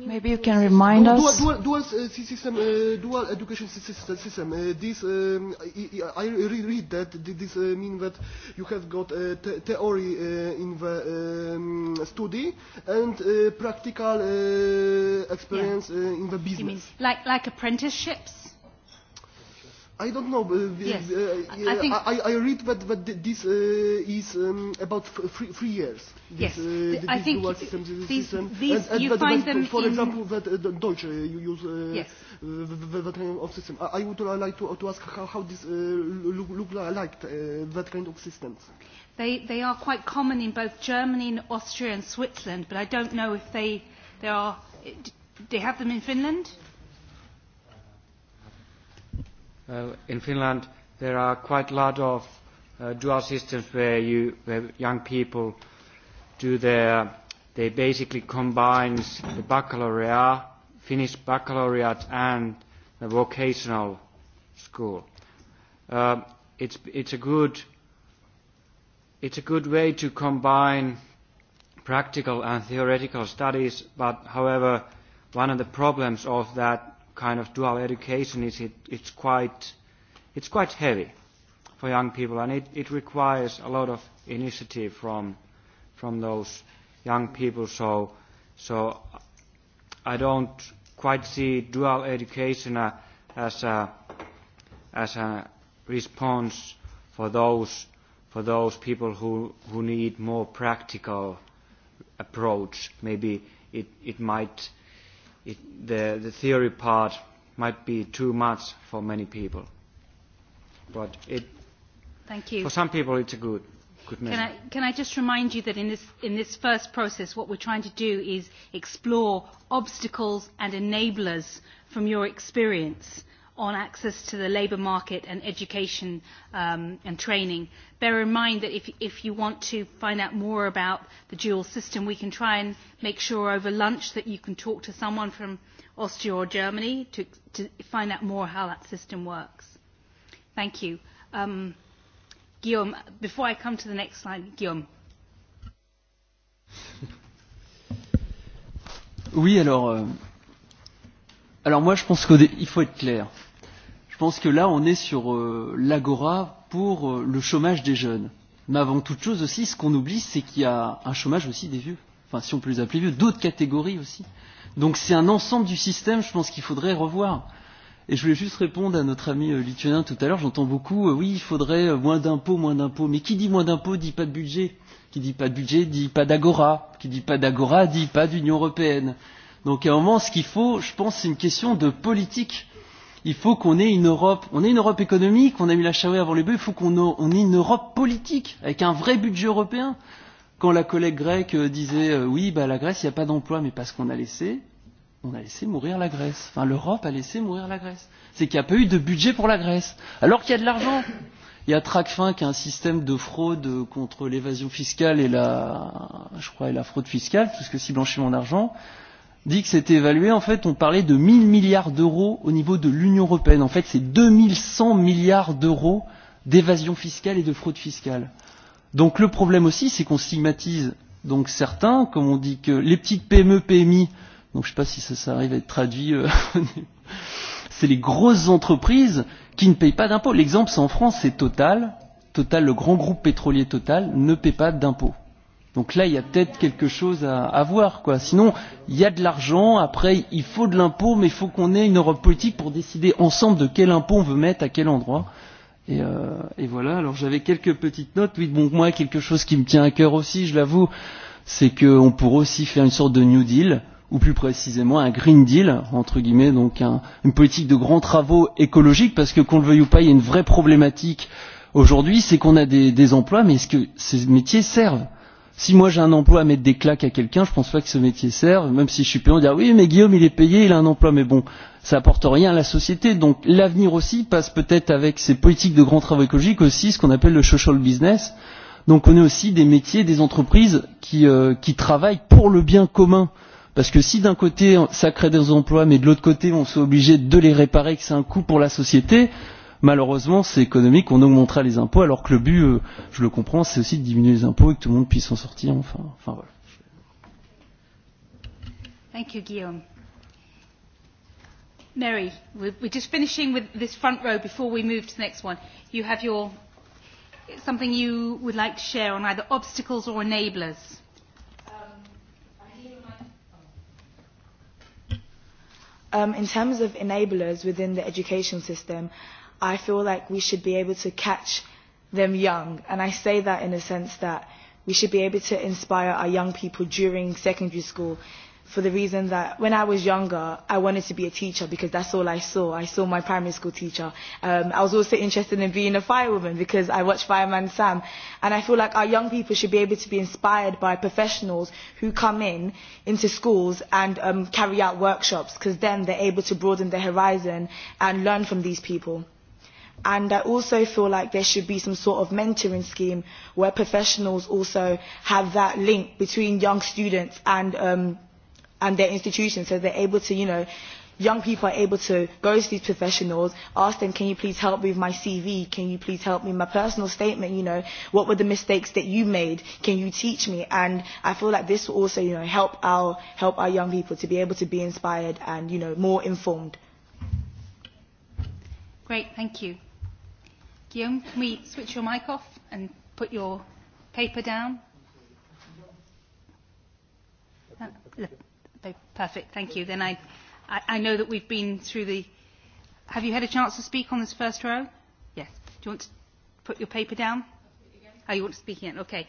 Maybe you can remind us. Dual dual education system. This I read that this means that you have got theory in the study and practical experience in the business. Like like apprenticeships I don't know. Yes. I, think I, I read that, that this is about three, three years. Yes. I think these, you find them For example, that Deutsche you use yes. that kind of system. I would like to, to ask how, how this look, look like, that kind of systems. They, they are quite common in both Germany and Austria and Switzerland, but I don't know if they, they are... They have them in Finland? in Finland there are quite a lot of dual systems where you where young people do their they basically combine the baccalaureate, Finnish baccalaureate and the vocational school. It's it's a good it's a good way to combine practical and theoretical studies, but however one of the problems of that kind of dual education is it, it's quite it's quite heavy for young people and it, it requires a lot of initiative from from those young people so so I don't quite see dual education as a as a response for those for those people who who need more practical approach maybe it it might the theory part might be too much for many people. But it, Thank you. for some people it's a good, good measure. Can I, can I just remind you that in this, in this first process what we're trying to do is explore obstacles and enablers from your experience on access to the labour market and education and training. Bear in mind that if if you want to find out more about the dual system, we can try and make sure over lunch that you can talk to someone from Austria or Germany to find out more how that system works. Thank you. Guillaume, before I come to the next slide, Guillaume. Oui, alors. Alors moi je pense qu'il faut être clair pense que là, on est sur l'agora pour le chômage des jeunes. Mais avant toute chose aussi, ce qu'on oublie, c'est qu'il y a un chômage aussi des vieux. Enfin, si on peut les appeler vieux, d'autres catégories aussi. Donc c'est un ensemble du système, je pense qu'il faudrait revoir. Et je voulais juste répondre à notre ami lituanien tout à l'heure. J'entends beaucoup, oui, il faudrait moins d'impôts, moins d'impôts. Mais qui dit moins d'impôts dit pas de budget. Qui dit pas de budget dit pas d'agora. Qui dit pas d'agora dit pas d'Union européenne. Donc à un moment, ce qu'il faut, je pense, c'est une question de politique il faut qu'on ait une Europe, on ait une Europe économique, on a mis la charrue avant les bœufs, il faut qu'on ait une Europe politique, avec un vrai budget européen. Quand la collègue grecque disait oui, bah, la Grèce, il n'y a pas d'emploi, mais parce qu'on a laissé, on a laissé mourir la Grèce. Enfin, l'Europe a laissé mourir la Grèce. C'est qu'il n'y a pas eu de budget pour la Grèce. Alors qu'il y a de l'argent. Il y a Tracfin qui a un système de fraude contre l'évasion fiscale et la, je crois, et la fraude fiscale, tout ce que si blanchiment d'argent dit que c'était évalué, en fait, on parlait de 1000 milliards d'euros au niveau de l'Union européenne. En fait, c'est 2 milliards d'euros d'évasion fiscale et de fraude fiscale. Donc le problème aussi, c'est qu'on stigmatise donc certains, comme on dit que les petites PME, PMI, donc je ne sais pas si ça, ça arrive à être traduit, c'est les grosses entreprises qui ne payent pas d'impôts. L'exemple, c'est en France, c'est Total. Total, le grand groupe pétrolier Total, ne paie pas d'impôts. Donc là, il y a peut-être quelque chose à, voir. Quoi. Sinon, il y a de l'argent, après, il faut de l'impôt, mais il faut qu'on ait une Europe politique pour décider ensemble de quel impôt on veut mettre à quel endroit. Et, et voilà, alors j'avais quelques petites notes. Oui, bon, moi, quelque chose qui me tient à cœur aussi, je l'avoue, c'est qu'on pourrait aussi faire une sorte de New Deal, ou plus précisément un Green Deal, entre guillemets, donc une politique de grands travaux écologiques, parce que qu'on le veuille ou pas, il y a une vraie problématique aujourd'hui, c'est qu'on a des, des emplois, mais est-ce que ces métiers servent Si moi j'ai un emploi à mettre des claques à quelqu'un, je pense pas que ce métier serve, même si je suis payé, on dira oui mais Guillaume il est payé, il a un emploi, mais bon, ça apporte rien à la société. Donc l'avenir aussi passe peut-être avec ces politiques de grands travaux écologiques aussi, ce qu'on appelle le social business. Donc on est aussi des métiers, des entreprises qui, qui travaillent pour le bien commun. Parce que si d'un côté ça crée des emplois, mais de l'autre côté on soit obligé de les réparer, que c'est un coût pour la société, malheureusement c'est économique on augmentera les impôts alors que le but je le comprends c'est aussi de diminuer les impôts et que tout le monde puisse en sortir enfin enfin voilà thank you guillaume mary we're just finishing with this front row before we move to the next one you have your something you would like to share on either obstacles or enablers Um in terms of enablers within the education system I feel like we should be able to catch them young. And I say that in a sense that we should be able to inspire our young people during secondary school for the reason that when I was younger, I wanted to be a teacher because that's all I saw. I saw my primary school teacher. Um, I was also interested in being a firewoman because I watched Fireman Sam. And I feel like our young people should be able to be inspired by professionals who come in into schools and um, carry out workshops because then they're able to broaden their horizon and learn from these people and i also feel like there should be some sort of mentoring scheme where professionals also have that link between young students and and their institutions so they're able to you know young people are able to go to these professionals ask them can you please help me with my cv can you please help me with my personal statement you know what were the mistakes that you made can you teach me and i feel like this will also you know help our help our young people to be able to be inspired and you know more informed great thank you Guillaume, can we switch your mic off and put your paper down? Perfect, thank you. Then I, I know that we've been through the. Have you had a chance to speak on this first row? Yes. Do you want to put your paper down? Oh, you want to speak again? Okay.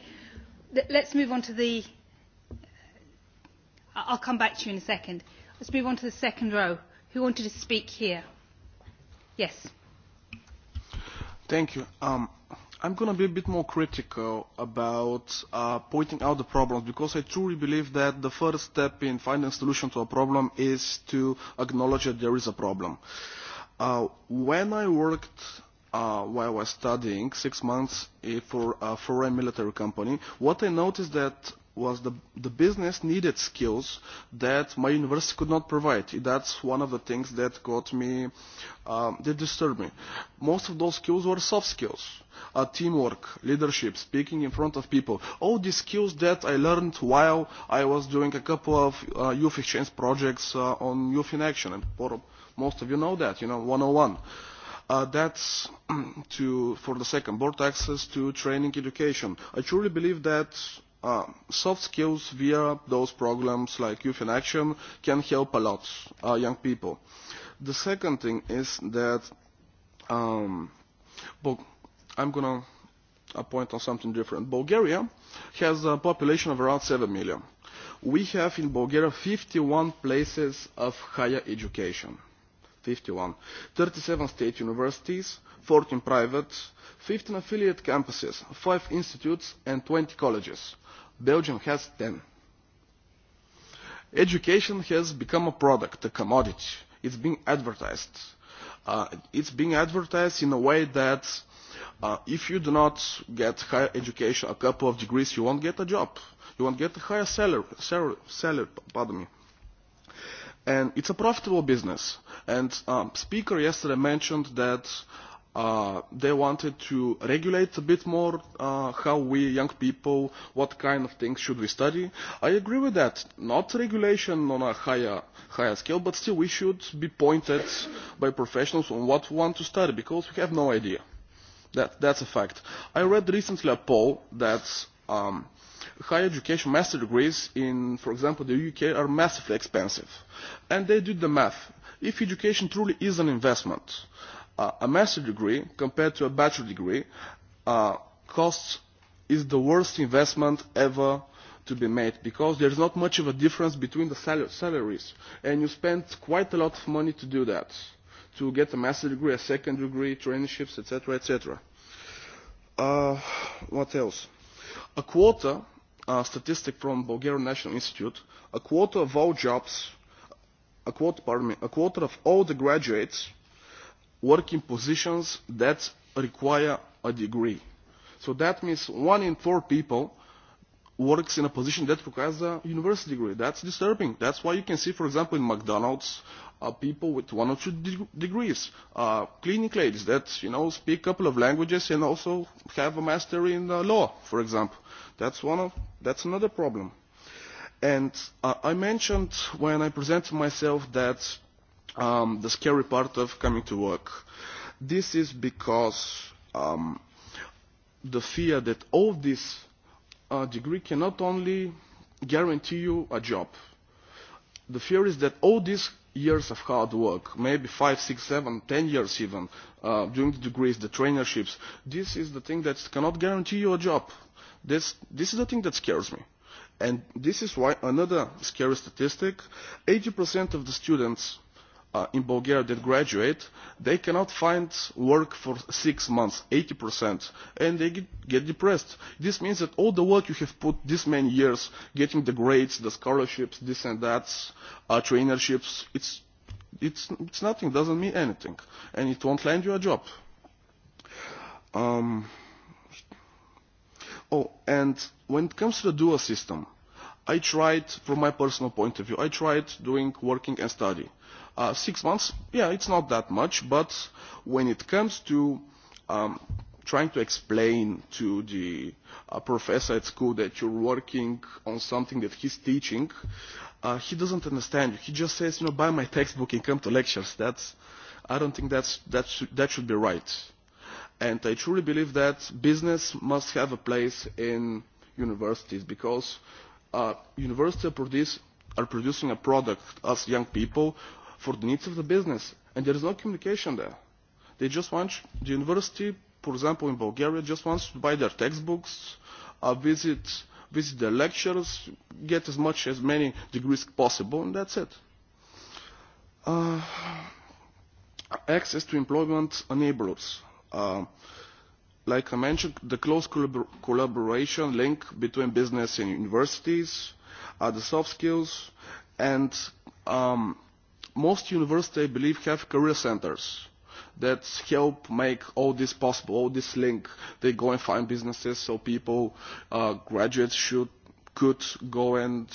Let's move on to the. I'll come back to you in a second. Let's move on to the second row. Who wanted to speak here? Yes. Thank you. I'm going to be a bit more critical about pointing out the problems because I truly believe that the first step in finding a solution to a problem is to acknowledge that there is a problem. when I worked while I was studying six months for a foreign military company, what I noticed that was the, the business needed skills that my university could not provide. That's one of the things that got me, um, that disturbed me. Most of those skills were soft skills. Uh, teamwork, leadership, speaking in front of people. All these skills that I learned while I was doing a couple of uh, youth exchange projects uh, on youth in action. And most of you know that, you know, 101. Uh, that's to, for the second, board access to training education. I truly believe that soft skills via those programs like Youth in Action can help a lot young people. The second thing is that um, I'm going to point on something different. Bulgaria has a population of around 7 million. We have in Bulgaria 51 places of higher education. 51. 37 state universities, 14 private, 15 affiliate campuses, 5 institutes and 20 colleges. Belgium has 10. Education has become a product, a commodity. It's being advertised. It's being advertised in a way that if you do not get higher education, a couple of degrees, you won't get a job. You won't get a higher salary. salary pardon me. And it's a profitable business. And speaker yesterday mentioned that They wanted to regulate a bit more how we young people, what kind of things should we study. I agree with that. Not regulation on a higher higher scale, but still we should be pointed by professionals on what we want to study because we have no idea. That that's a fact. I read recently a poll that higher education master degrees in, for example, the UK are massively expensive, and they did the math. If education truly is an investment a master's degree compared to a bachelor's degree costs is the worst investment ever to be made because there's not much of a difference between the salaries and you spend quite a lot of money to do that to get a master's degree, a second degree, traineeships, etc., etc. What else? A quota, a statistic from Bulgarian National Institute, a quarter of all jobs, a pardon me, a quarter of all the graduates work in positions that require a degree. So that means one in four people works in a position that requires a university degree. That's disturbing. That's why you can see, for example, in McDonald's, people with one or two degrees, clinic ladies that, you know, speak a couple of languages and also have a master in law, for example. That's one of, that's another problem. And I mentioned when I presented myself that the scary part of coming to work. This is because the fear that all this degree cannot only guarantee you a job. The fear is that all these years of hard work, maybe five, six, seven, ten years even, doing the degrees, the trainerships, this is the thing that cannot guarantee you a job. This is the thing that scares me. And this is why another scary statistic, 80% of the students in Bulgaria that graduate, they cannot find work for six months, 80%, and they get depressed. This means that all the work you have put this many years, getting the grades, the scholarships, this and that, trainerships, it's, it's, it's nothing, doesn't mean anything, and it won't land you a job. Um, oh, and when it comes to the dual system, I tried, from my personal point of view, I tried doing working and study. Six months, yeah, it's not that much, but when it comes to trying to explain to the professor at school that you're working on something that he's teaching, he doesn't understand you. He just says, you know, buy my textbook and come to lectures. That's, I don't think that's, that, that should be right. And I truly believe that business must have a place in universities because uh universities are producing a product as young people for the needs of the business, and there is no communication there. They just want the university, for example, in Bulgaria, just wants to buy their textbooks, visit visit their lectures, get as much as many degrees possible, and that's it. Access to employment enablers like I mentioned, the close collaboration link between business and universities, are the soft skills, and most universities, I believe, have career centers that help make all this possible, all this link. They go and find businesses, so people, graduates should, could go and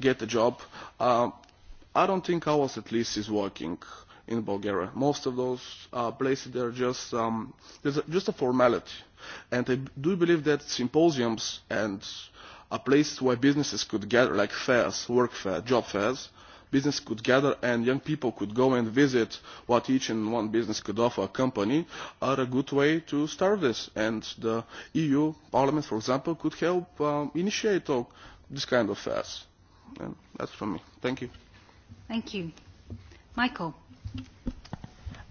get a job. I don't think ours, at least, is working in Bulgaria. Most of those places, are just just a formality. And I do believe that symposiums and a place where businesses could gather, like fairs, work fairs, job fairs, business could gather and young people could go and visit what each and one business could offer a company are a good way to start this. And the EU Parliament, for example, could help initiate this kind of fairs. And that's from me. Thank you. Thank you. Michael.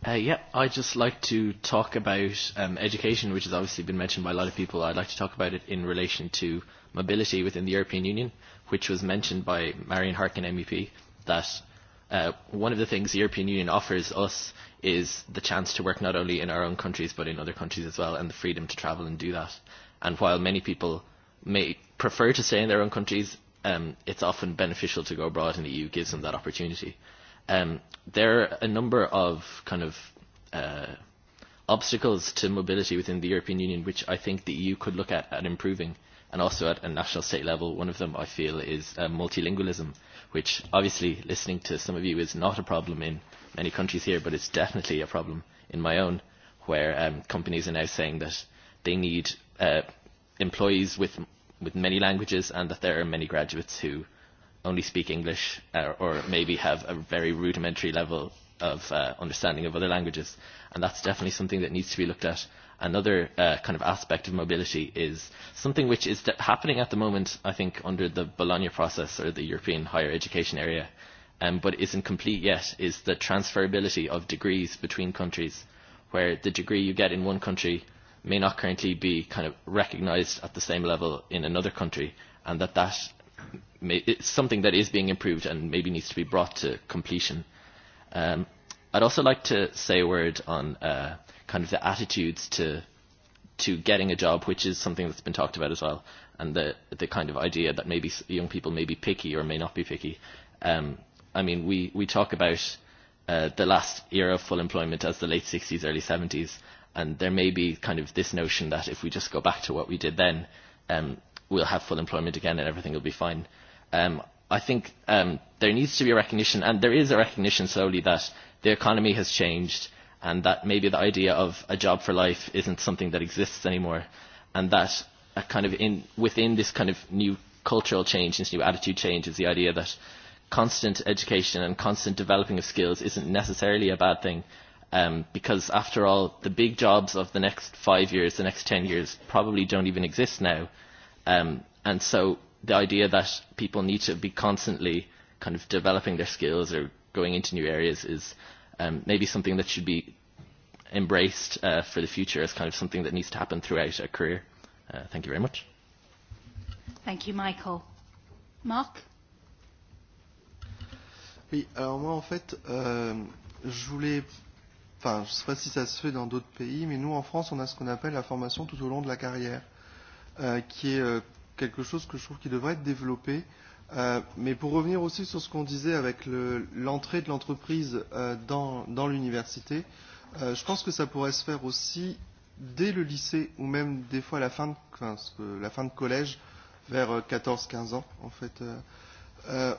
Yeah, I'd just like to talk about education, which has obviously been mentioned by a lot of people. I'd like to talk about it in relation to mobility within the European Union, which was mentioned by Marion Harkin, MEP, that one of the things the European Union offers us is the chance to work not only in our own countries but in other countries as well, and the freedom to travel and do that. And while many people may prefer to stay in their own countries, it's often beneficial to go abroad, and the EU gives them that opportunity. There are a number of kind of obstacles to mobility within the European Union, which I think the EU could look at at improving, and also at a national state level. One of them, I feel, is multilingualism, which obviously, listening to some of you, is not a problem in many countries here, but it's definitely a problem in my own, where companies are now saying that they need employees with with many languages and that there are many graduates who only speak English or maybe have a very rudimentary level of understanding of other languages. And that's definitely something that needs to be looked at. Another kind of aspect of mobility is something which is happening at the moment, I think, under the Bologna process or the European higher education area, but isn't complete yet, is the transferability of degrees between countries, where the degree you get in one country may not currently be kind of recognised at the same level in another country, and that that it's something that is being improved and maybe needs to be brought to completion. Um, I'd also like to say a word on uh, kind of the attitudes to to getting a job, which is something that's been talked about as well, and the the kind of idea that maybe young people may be picky or may not be picky. Um, I mean, we we talk about uh, the last era of full employment as the late 60s, early 70s, and there may be kind of this notion that if we just go back to what we did then, um, we'll have full employment again and everything will be fine. Um, I think there needs to be a recognition, and there is a recognition slowly that the economy has changed and that maybe the idea of a job for life isn't something that exists anymore and that a kind of in, within this kind of new cultural change, this new attitude change is the idea that constant education and constant developing of skills isn't necessarily a bad thing um, because after all, the big jobs of the next five years, the next ten years probably don't even exist now And so the idea that people need to be constantly kind of developing their skills or going into new areas is um maybe something that should be embraced uh for the future as kind of something that needs to happen throughout a career. Uh Thank you very much. Thank you, Michael. Mark? Oui, alors moi en fait, je voulais, enfin je sais pas si ça se fait dans d'autres pays, mais nous en France on a ce qu'on appelle la formation tout au long de la carrière qui est quelque chose que je trouve qui devrait être développé. Mais pour revenir aussi sur ce qu'on disait avec l'entrée de l'entreprise dans l'université, je pense que ça pourrait se faire aussi dès le lycée ou même des fois la fin de, la fin de collège, vers 14-15 ans en fait,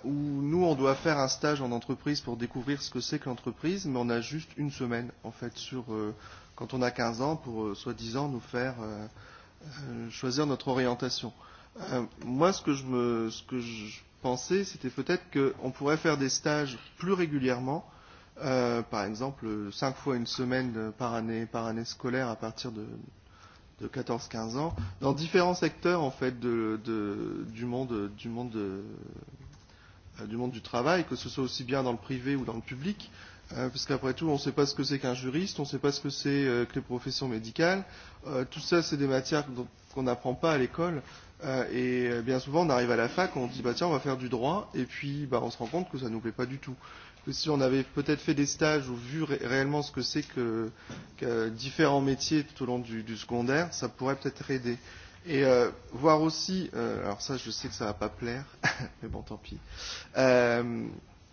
où nous on doit faire un stage en entreprise pour découvrir ce que c'est que l'entreprise, mais on a juste une semaine en fait sur quand on a 15 ans pour soi-disant nous faire choisir notre orientation. Moi, ce que je me ce que je pensais, c'était peut-être qu'on pourrait faire des stages plus régulièrement, par exemple cinq fois une semaine par année par année scolaire à partir de de 14-15 ans, dans différents secteurs en fait de, de, du monde du monde du monde du travail, que ce soit aussi bien dans le privé ou dans le public, parce qu'après tout, on ne sait pas ce que c'est qu'un juriste, on ne sait pas ce que c'est que les professions médicales. Tout ça, c'est des matières qu'on n'apprend pas à l'école. Et bien souvent, on arrive à la fac, on dit, bah, tiens, on va faire du droit, et puis bah, on se rend compte que ça ne nous plaît pas du tout. Que si on avait peut-être fait des stages ou vu réellement ce que c'est que, différents métiers tout au long du, secondaire, ça pourrait peut-être aider. Et euh, voir aussi, alors ça, je sais que ça ne va pas plaire, mais bon, tant pis. Euh,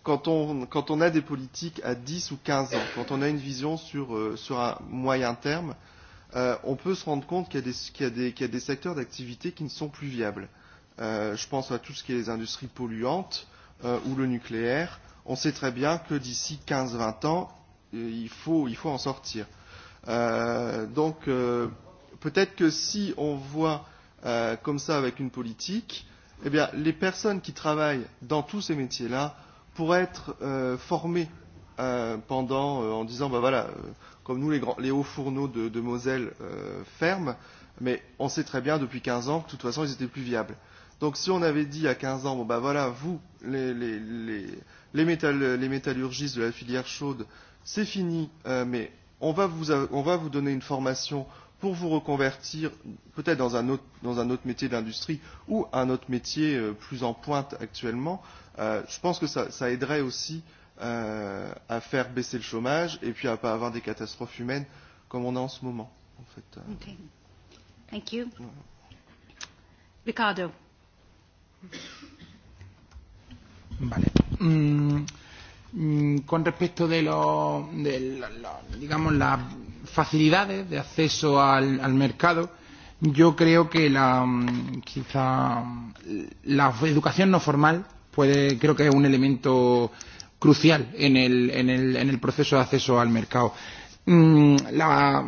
quand on, quand on a des politiques à 10 ou 15 ans, quand on a une vision sur, sur un moyen terme, on peut se rendre compte qu'il y, y, a des, y a des secteurs d'activité qui ne sont plus viables. je pense à tout ce qui est les industries polluantes ou le nucléaire. On sait très bien que d'ici 15-20 ans, il faut, il faut en sortir. donc, peut-être que si on voit comme ça avec une politique, eh bien, les personnes qui travaillent dans tous ces métiers-là, pour être formés pendant en disant ben voilà comme nous les grands les hauts fourneaux de de Moselle ferment mais on sait très bien depuis 15 ans que de toute façon ils étaient plus viables. Donc si on avait dit à 15 ans bon ben voilà vous les les les les les métallurgistes de la filière chaude c'est fini mais on va vous on va vous donner une formation pour vous reconvertir peut-être dans un autre dans un autre métier d'industrie ou un autre métier plus en pointe actuellement je pense que ça ça aiderait aussi à faire baisser le chômage et puis à ne pas avoir des catastrophes humaines comme on a en ce moment en fait thank you ricardo vale con respecto de lo de digamos la facilidades de acceso al, mercado, yo creo que la, quizá la educación no formal puede, creo que es un elemento crucial en el, en, el, en el proceso de acceso al mercado. La,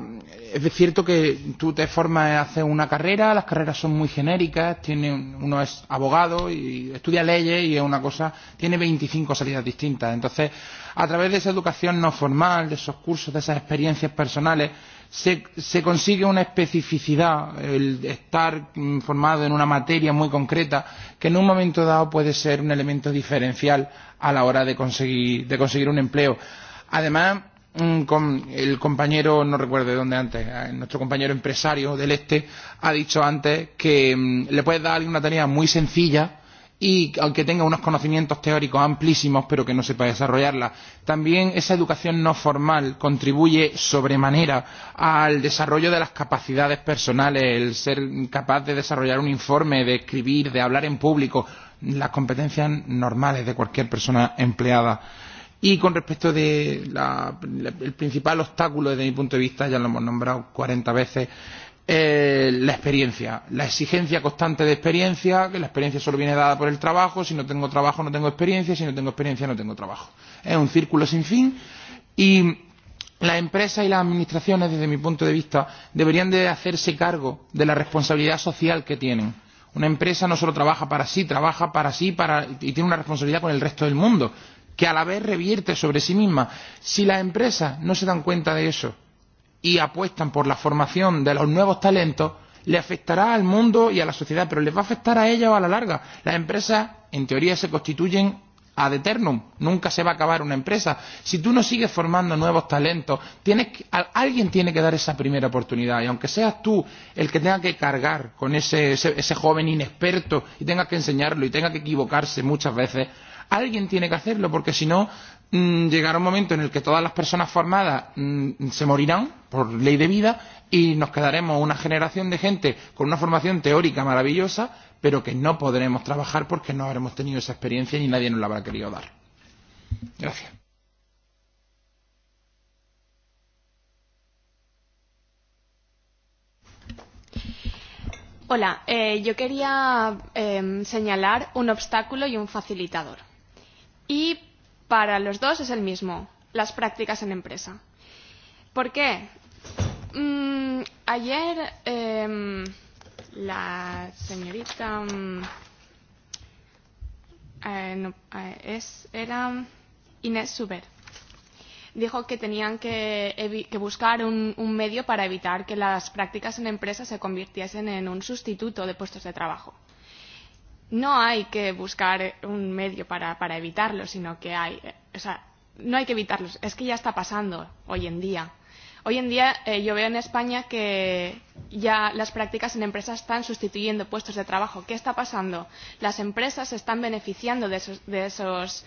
es cierto que tú te formas, haces una carrera, las carreras son muy genéricas, tiene, uno es abogado y estudia leyes y es una cosa, tiene 25 salidas distintas. Entonces, a través de esa educación no formal, de esos cursos, de esas experiencias personales, se, se consigue una especificidad, el estar formado en una materia muy concreta, que en un momento dado puede ser un elemento diferencial a la hora de conseguir, de conseguir un empleo. Además, con el compañero no recuerdo de dónde antes nuestro compañero empresario del este ha dicho antes que le puedes dar a alguien una tarea muy sencilla y aunque tenga unos conocimientos teóricos amplísimos pero que no sepa desarrollarla también esa educación no formal contribuye sobremanera al desarrollo de las capacidades personales el ser capaz de desarrollar un informe de escribir de hablar en público las competencias normales de cualquier persona empleada Y con respecto la, el principal obstáculo desde mi punto de vista, ya lo hemos nombrado 40 veces, la experiencia, la exigencia constante de experiencia, que la experiencia solo viene dada por el trabajo, si no tengo trabajo no tengo experiencia, si no tengo experiencia no tengo trabajo. Es un círculo sin fin y las empresas y las administraciones, desde mi punto de vista, deberían de hacerse cargo de la responsabilidad social que tienen. Una empresa no solo trabaja para sí, trabaja para sí para, y tiene una responsabilidad con el resto del mundo que a la vez revierte sobre sí misma. Si las empresas no se dan cuenta de eso y apuestan por la formación de los nuevos talentos, le afectará al mundo y a la sociedad, pero les va a afectar a ellas a la larga. Las empresas, en teoría, se constituyen a eternum. Nunca se va a acabar una empresa. Si tú no sigues formando nuevos talentos, tienes que, alguien tiene que dar esa primera oportunidad. Y aunque seas tú el que tenga que cargar con ese, ese, ese joven inexperto y tenga que enseñarlo y tenga que equivocarse muchas veces, alguien tiene que hacerlo porque si no llegará un momento en el que todas las personas formadas se morirán por ley de vida y nos quedaremos una generación de gente con una formación teórica maravillosa pero que no podremos trabajar porque no habremos tenido esa experiencia y nadie nos la habrá querido dar. Gracias. Hola, yo quería señalar un obstáculo y un facilitador y para los dos es el mismo, las prácticas en empresa. ¿Por qué? Ayer la señorita era Inés Suber dijo que tenían que buscar un medio para evitar que las prácticas en empresas se convirtiesen en un sustituto de puestos de trabajo no hay que buscar un medio para, para evitarlo, sino que hay, o sea, no hay que evitarlos, es que ya está pasando hoy en día. Hoy en día yo veo en España que ya las prácticas en empresas están sustituyendo puestos de trabajo. ¿Qué está pasando? Las empresas se están beneficiando de esos,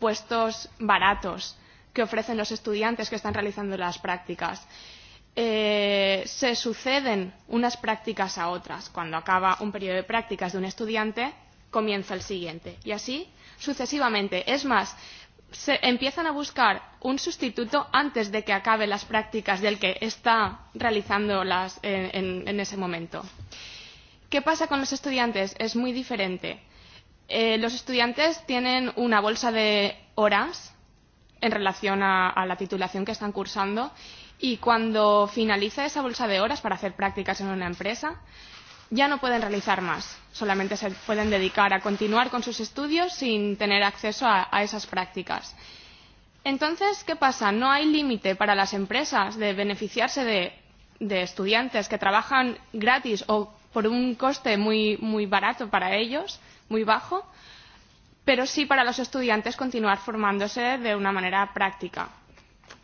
puestos baratos que ofrecen los estudiantes que están realizando las prácticas se suceden unas prácticas a otras. Cuando acaba un periodo de prácticas de un estudiante, comienza el siguiente. Y así sucesivamente. Es más, se empiezan a buscar un sustituto antes de que acabe las prácticas del que está realizándolas en, en ese momento. ¿Qué pasa con los estudiantes? Es muy diferente. los estudiantes tienen una bolsa de horas en relación a la titulación que están cursando y cuando finaliza esa bolsa de horas para hacer prácticas en una empresa, ya no pueden realizar más. Solamente se pueden dedicar a continuar con sus estudios sin tener acceso a esas prácticas. Entonces, ¿qué pasa? No hay límite para las empresas de beneficiarse de estudiantes que trabajan gratis o por un coste muy muy barato para ellos, muy bajo, pero sí para los estudiantes continuar formándose de una manera práctica.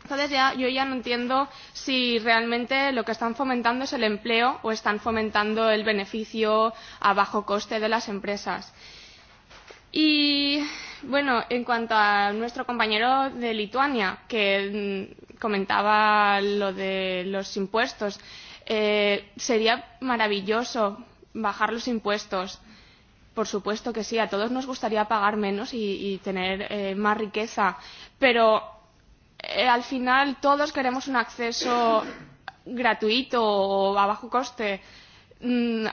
Entonces ya, yo ya no entiendo si realmente lo que están fomentando es el empleo o están fomentando el beneficio a bajo coste de las empresas. Y bueno, en cuanto a nuestro compañero de Lituania, que comentaba lo de los impuestos, eh, sería maravilloso bajar los impuestos. Por supuesto que sí, a todos nos gustaría pagar menos y, tener más riqueza, pero al final todos queremos un acceso gratuito o a bajo coste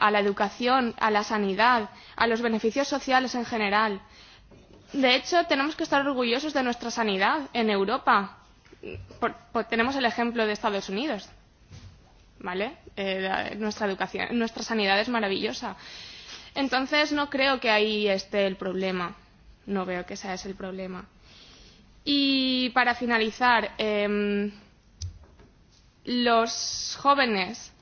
a la educación, a la sanidad, a los beneficios sociales en general. De hecho, tenemos que estar orgullosos de nuestra sanidad en Europa. Tenemos el ejemplo de Estados Unidos. ¿Vale? Nuestra educación, nuestra sanidad es maravillosa. Entonces, no creo que ahí esté el problema. No veo que ese es el problema. Y para finalizar, los jóvenes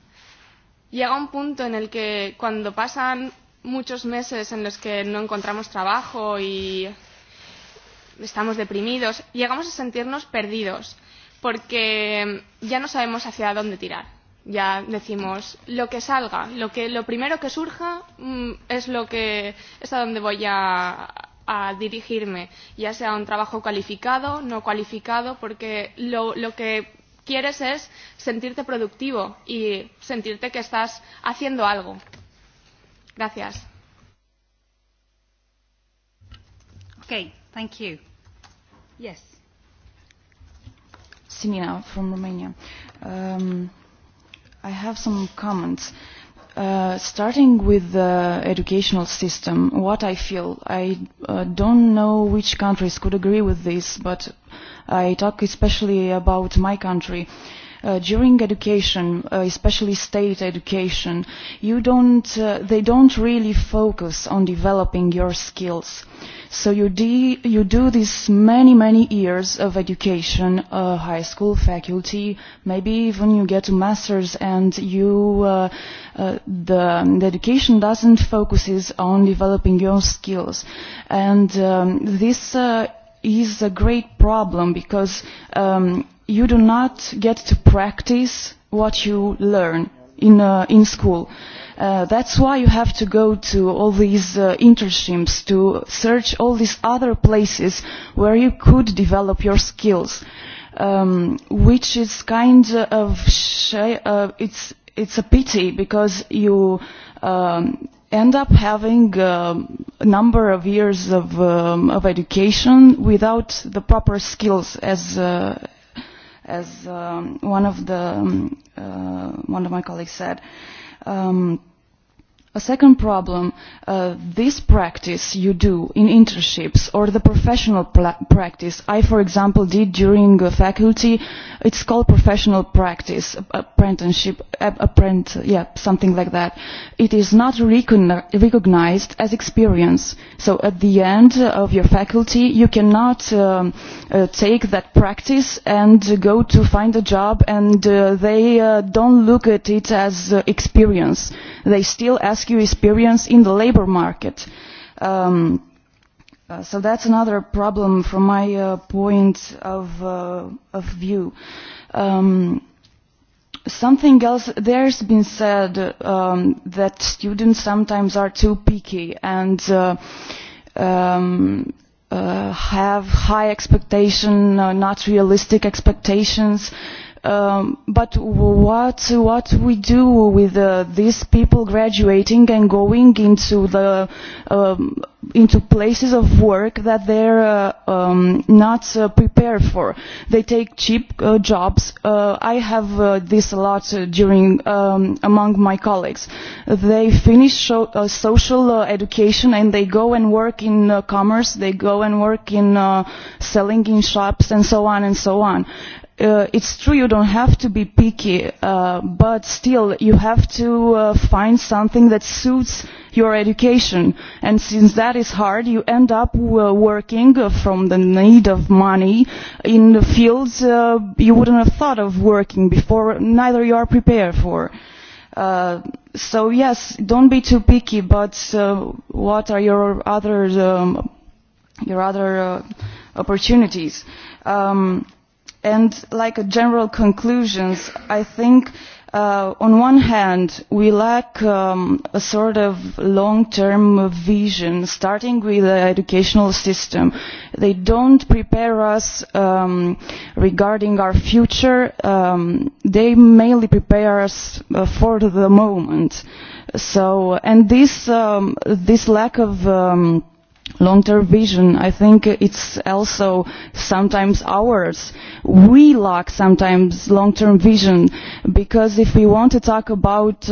llega un punto en el que cuando pasan muchos meses en los que no encontramos trabajo y estamos deprimidos, llegamos a sentirnos perdidos porque ya no sabemos hacia dónde tirar. Ya decimos lo que salga, lo que lo primero que surja es lo que es a donde voy a a dirigirme, ya sea un trabajo cualificado, no cualificado, porque lo, lo que quieres es sentirte productivo y sentirte que estás haciendo algo. Gracias. Okay, thank you. Yes. Simina from Romania. Um, I have some comments. Starting with the educational system, what I feel, I don't know which countries could agree with this, but I talk especially about my country during education, especially state education, you don't they don't really focus on developing your skills. So you you do this many many years of education, high school faculty, maybe even you get a master's and you the education doesn't focus on developing your skills, and this is a great problem because you do not get to practice what you learn in in school. That's why you have to go to all these internships, to search all these other places where you could develop your skills, which is kind of it's it's a pity because you end up having a number of years of education without the proper skills as as one of the one of my colleagues said. A second problem, this practice you do in internships or the professional practice, I, for example, did during faculty, it's called professional practice, apprenticeship, yeah, something like that. It is not recognized as experience. So at the end of your faculty, you cannot take that practice and go to find a job and they don't look at it as experience they still ask you experience in the labor market. So that's another problem from my point of view. Something else, there's been said that students sometimes are too picky and have high expectations, not realistic expectations But what what we do with these people graduating and going into the into places of work that they're not prepared for? They take cheap jobs. I have this a lot during among my colleagues. They finish social education and they go and work in commerce. They go and work in selling in shops and so on and so on It's true you don't have to be picky, but still you have to find something that suits your education. And since that is hard, you end up working from the need of money in the fields you wouldn't have thought of working before, neither you are prepared for. So yes, don't be too picky, but what are your other your other opportunities? and like a general conclusions i think on one hand we lack a sort of long term vision starting with the educational system they don't prepare us regarding our future they mainly prepare us for the moment so and this this lack of long term vision i think it's also sometimes ours we lack sometimes long term vision because if we want to talk about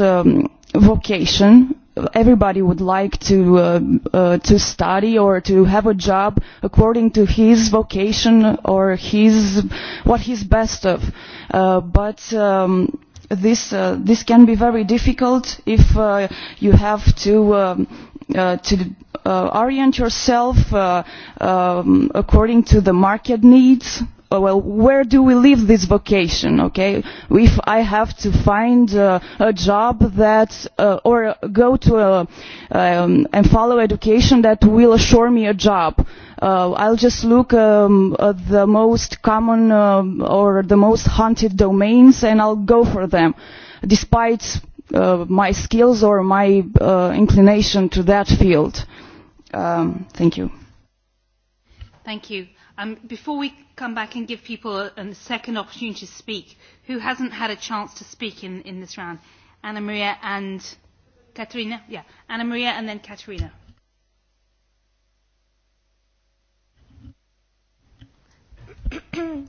vocation everybody would like to to study or to have a job according to his vocation or his what he's best of but this this can be very difficult if you have to to orient yourself according to the market needs well where do we leave this vocation okay if i have to find a job that or go to and follow education that will assure me a job i'll just look at the most common or the most haunted domains and i'll go for them despite my skills or my inclination to that field Thank you. Thank you. Before we come back and give people a second opportunity to speak, who hasn't had a chance to speak in this round? Anna Maria and Katerina. Yeah, Anna Maria and then Katerina.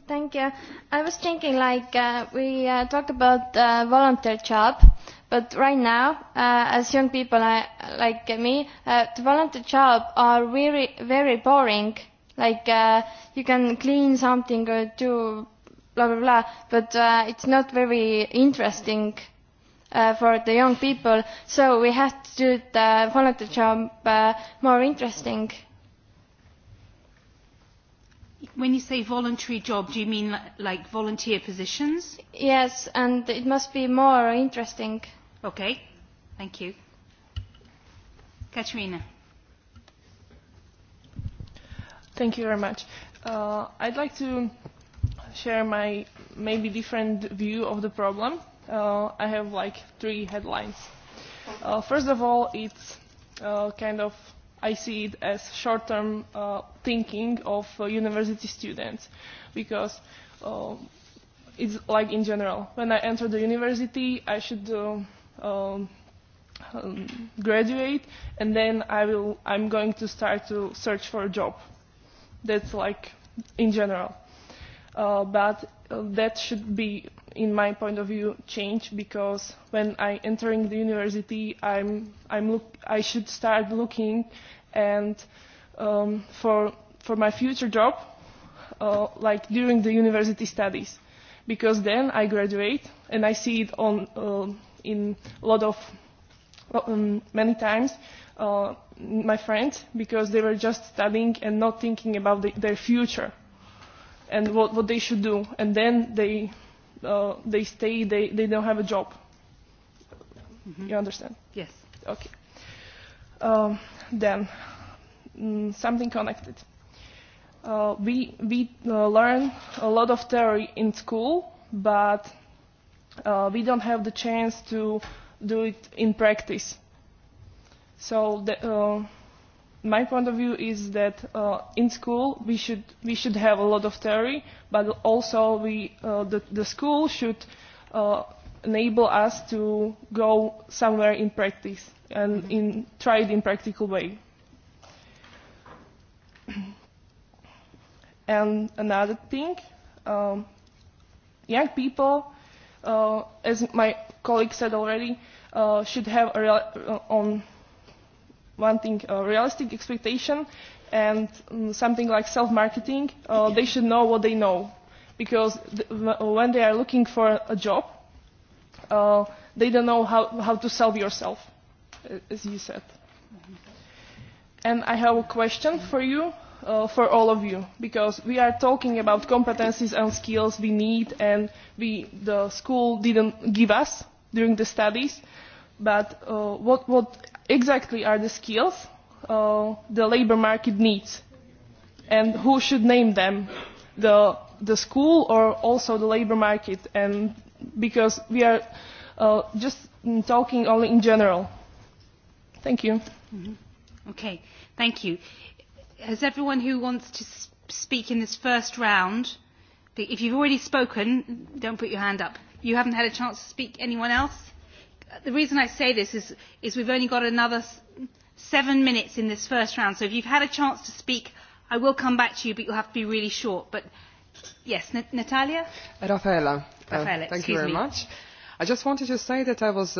Thank you. I was thinking, like, we talked about volunteer job But right now, as young people like me, the volunteer jobs are very, very boring. Like you can clean something or do blah blah blah, but it's not very interesting for the young people. So we have to do the volunteer job more interesting When you say voluntary job, do you mean like volunteer positions? Yes, and it must be more interesting. Okay, thank you. Katerina. Thank you very much. I'd like to share my maybe different view of the problem. I have like three headlines. First of all, it's kind of I see it as short-term thinking of university students, because it's like in general. When I enter the university, I should graduate, and then I will. I'm going to start to search for a job. That's like in general. But that should be in my point of view changed because when i entering the university i'm i'm look i should start looking and for for my future job like during the university studies because then i graduate and i see it on in a lot of many times my friends because they were just studying and not thinking about their future and what what they should do and then they they stay they they don't have a job you understand yes okay um then something connected we we learn a lot of theory in school but we don't have the chance to do it in practice so the my point of view is that in school we should we should have a lot of theory but also we the the school should enable us to go somewhere in practice and in try it in practical way and another thing um young people as my colleague said already should have a on wanting a realistic expectation and something like self-marketing, they should know what they know. Because when they are looking for a job, they don't know how to sell yourself, as you said. And I have a question for you, for all of you, because we are talking about competencies and skills we need and the school didn't give us during the studies But what exactly are the skills the labour market needs, and who should name them, the the school or also the labour market? And because we are just talking only in general. Thank you. Okay, thank you. Has everyone who wants to speak in this first round, if you've already spoken, don't put your hand up. You haven't had a chance to speak. Anyone else? the reason I say this is is we've only got another seven minutes in this first round, so if you've had a chance to speak, I will come back to you, but you'll have to be really short. But yes, Natalia? Rafaela. Thank you very much. I just wanted to say that I was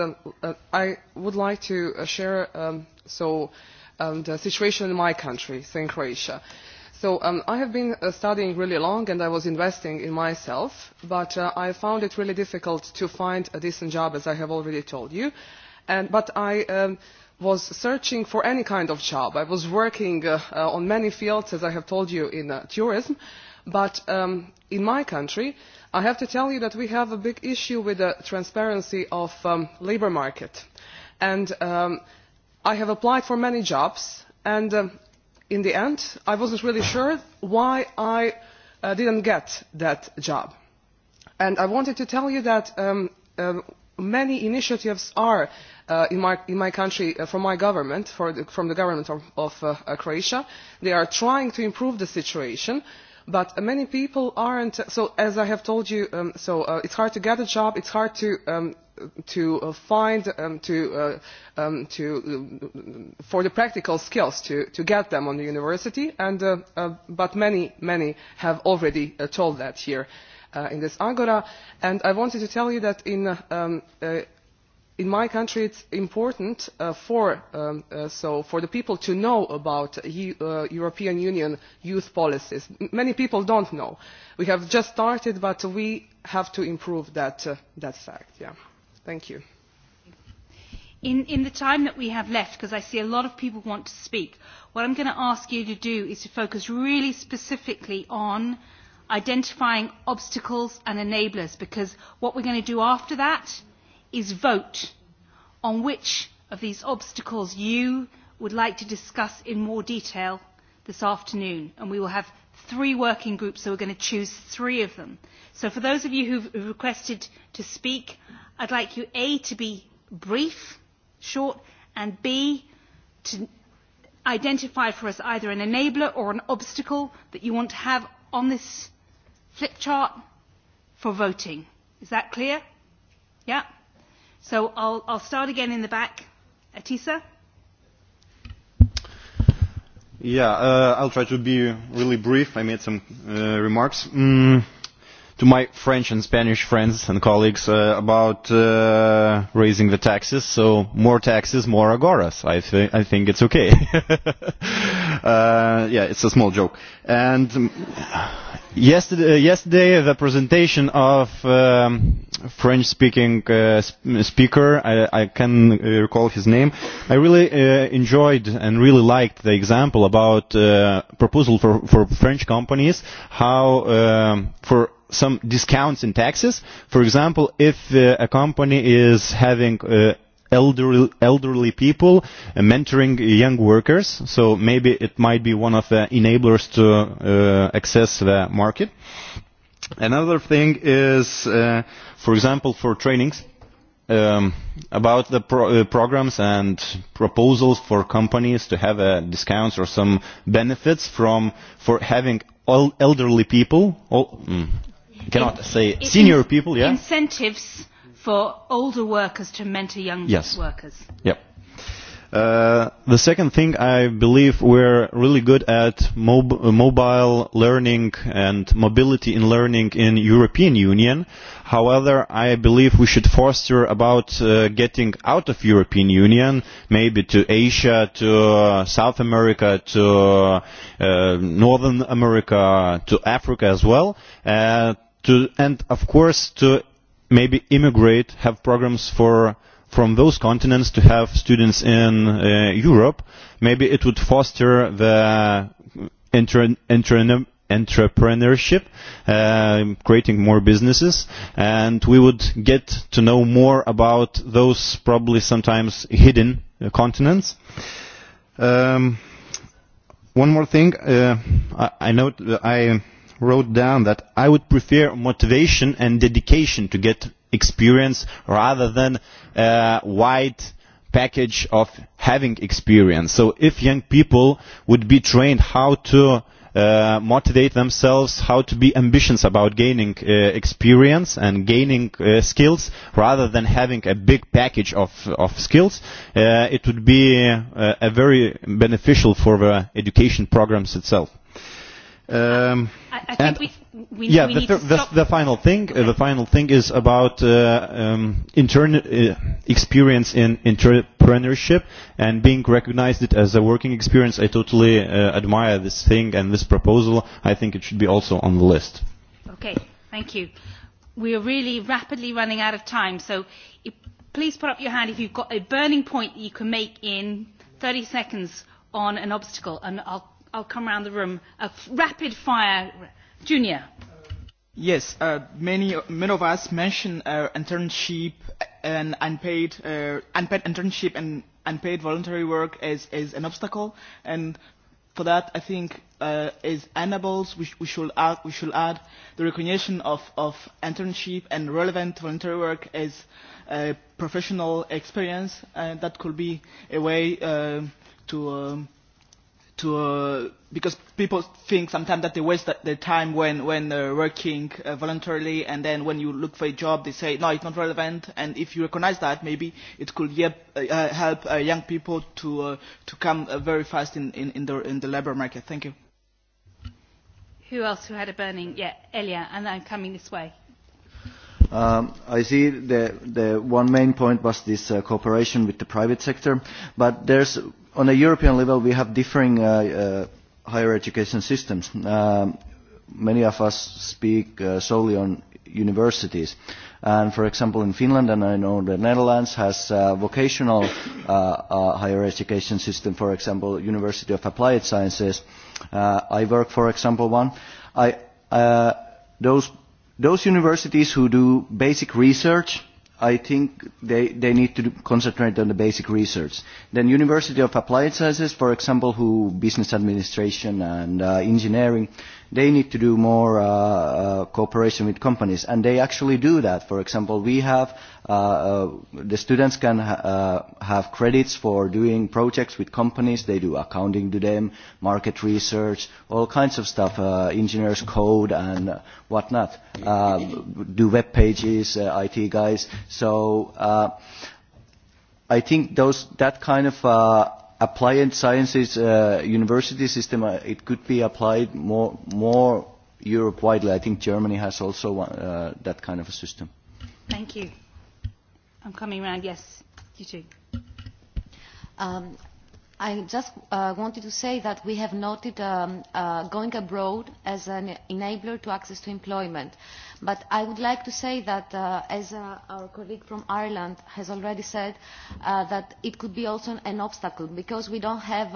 I would like to share so the situation in my country, in Croatia So I have been studying really long and I was investing in myself, but I found it really difficult to find a decent job, as I have already told you. But I was searching for any kind of job. I was working on many fields, as I have told you, in tourism. But in my country, I have to tell you that we have a big issue with the transparency of the labour market. And I have applied for many jobs and in the end i not really sure why i didn't get that job and i wanted to tell you that many initiatives are in my country from my government from the government of croatia they are trying to improve the situation but many people aren't so as i have told you so it's hard to get a job it's hard to to find to to for the practical skills to to get them on the university and but many many have already told that here in this agora and i wanted to tell you that in in my country it's important for so for the people to know about european union youth policies many people don't know we have just started but we have to improve that that fact yeah Thank you. In the time that we have left, because I see a lot of people want to speak, what I'm going to ask you to do is to focus really specifically on identifying obstacles and enablers, because what we're going to do after that is vote on which of these obstacles you would like to discuss in more detail this afternoon. And we will have three working groups, so we're going to choose three of them. So for those of you who've requested to speak, I'd like you, A, to be brief, short, and B, to identify for us either an enabler or an obstacle that you want to have on this flip chart for voting. Is that clear? Yeah? So I'll, I'll start again in the back. Atisa? Yeah, I'll try to be really brief. I made some uh, remarks to my French and Spanish friends and colleagues about raising the taxes. So more taxes, more agoras. I think I think it's okay. Yeah, it's a small joke. And yesterday, the presentation of French-speaking speaker, I can recall his name. I really enjoyed and really liked the example about proposal for for French companies how for some discounts in taxes. For example, if a company is having elderly people mentoring young workers, so maybe it might be one of the enablers to access the market. Another thing is, for example, for trainings about the programs and proposals for companies to have discounts or some benefits from for having elderly people cannot say senior people, yeah. Incentives for older workers to mentor young workers. Yes. The second thing, I believe we're really good at mobile learning and mobility in learning in European Union. However, I believe we should foster about getting out of European Union, maybe to Asia, to South America, to Northern America, to Africa as well and of course to maybe immigrate, have programs for from those continents to have students in Europe. Maybe it would foster the entrepreneurship, creating more businesses, and we would get to know more about those probably sometimes hidden continents. One more thing, I note I wrote down that I would prefer motivation and dedication to get experience rather than a wide package of having experience. So if young people would be trained how to motivate themselves, how to be ambitious about gaining experience and gaining skills rather than having a big package of skills, it would be very beneficial for the education programs itself. Yeah, the final thing. The final thing is about experience in entrepreneurship and being recognized as a working experience. I totally admire this thing and this proposal. I think it should be also on the list. Okay, thank you. We are really rapidly running out of time, so please put up your hand if you've got a burning point that you can make in 30 seconds on an obstacle, and I'll I'll come around the room. Rapid fire, Junior. Yes, many many of us mentioned internship and unpaid unpaid internship and unpaid voluntary work as an obstacle, and for that I think as enables we should add we should add the recognition of of internship and relevant voluntary work as a professional experience, and that could be a way to to because people think sometimes that they waste their time when when working voluntarily and then when you look for a job they say no it's not relevant and if you recognize that maybe it could help young people to to come very fast in in the in the labor market thank you who else who had a burning yeah Elia and I'm coming this way I see the the one main point was this cooperation with the private sector but there's on a European level, we have differing higher education systems. Many of us speak solely on universities. And, for example, in Finland, and I know the Netherlands, has vocational higher education system, for example, University of Applied Sciences. I work, for example, one. Those universities who do basic research I think they they need to concentrate on the basic research. Then University of Applied Sciences, for example, who business administration and engineering, they need to do more cooperation with companies and they actually do that for example we have the students can have credits for doing projects with companies they do accounting to them market research all kinds of stuff engineers code and whatnot do web pages IT guys so I think those that kind of applied sciences university system, it could be applied more more Europe-widely. I think Germany has also that kind of a system. Thank you. I'm coming around Yes, you too. I just wanted to say that we have noted going abroad as an enabler to access to employment. But I would like to say that, as our colleague from Ireland has already said, that it could be also an obstacle because we don't have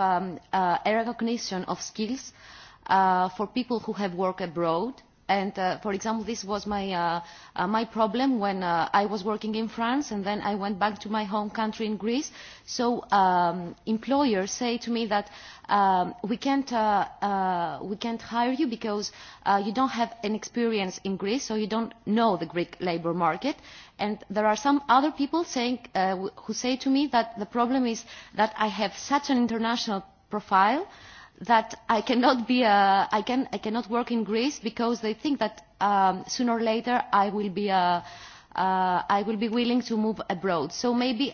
a recognition of skills for people who have worked abroad And, for example, this was my my problem when I was working in France and then I went back to my home country in Greece. So employers say to me that we can't we can't hire you because you don't have an experience in Greece, so you don't know the Greek labour market. And there are some other people saying who say to me that the problem is that I have such an international profile that I cannot be I can I cannot work in Greece because they think that sooner or later I will be I will be willing to move abroad. So maybe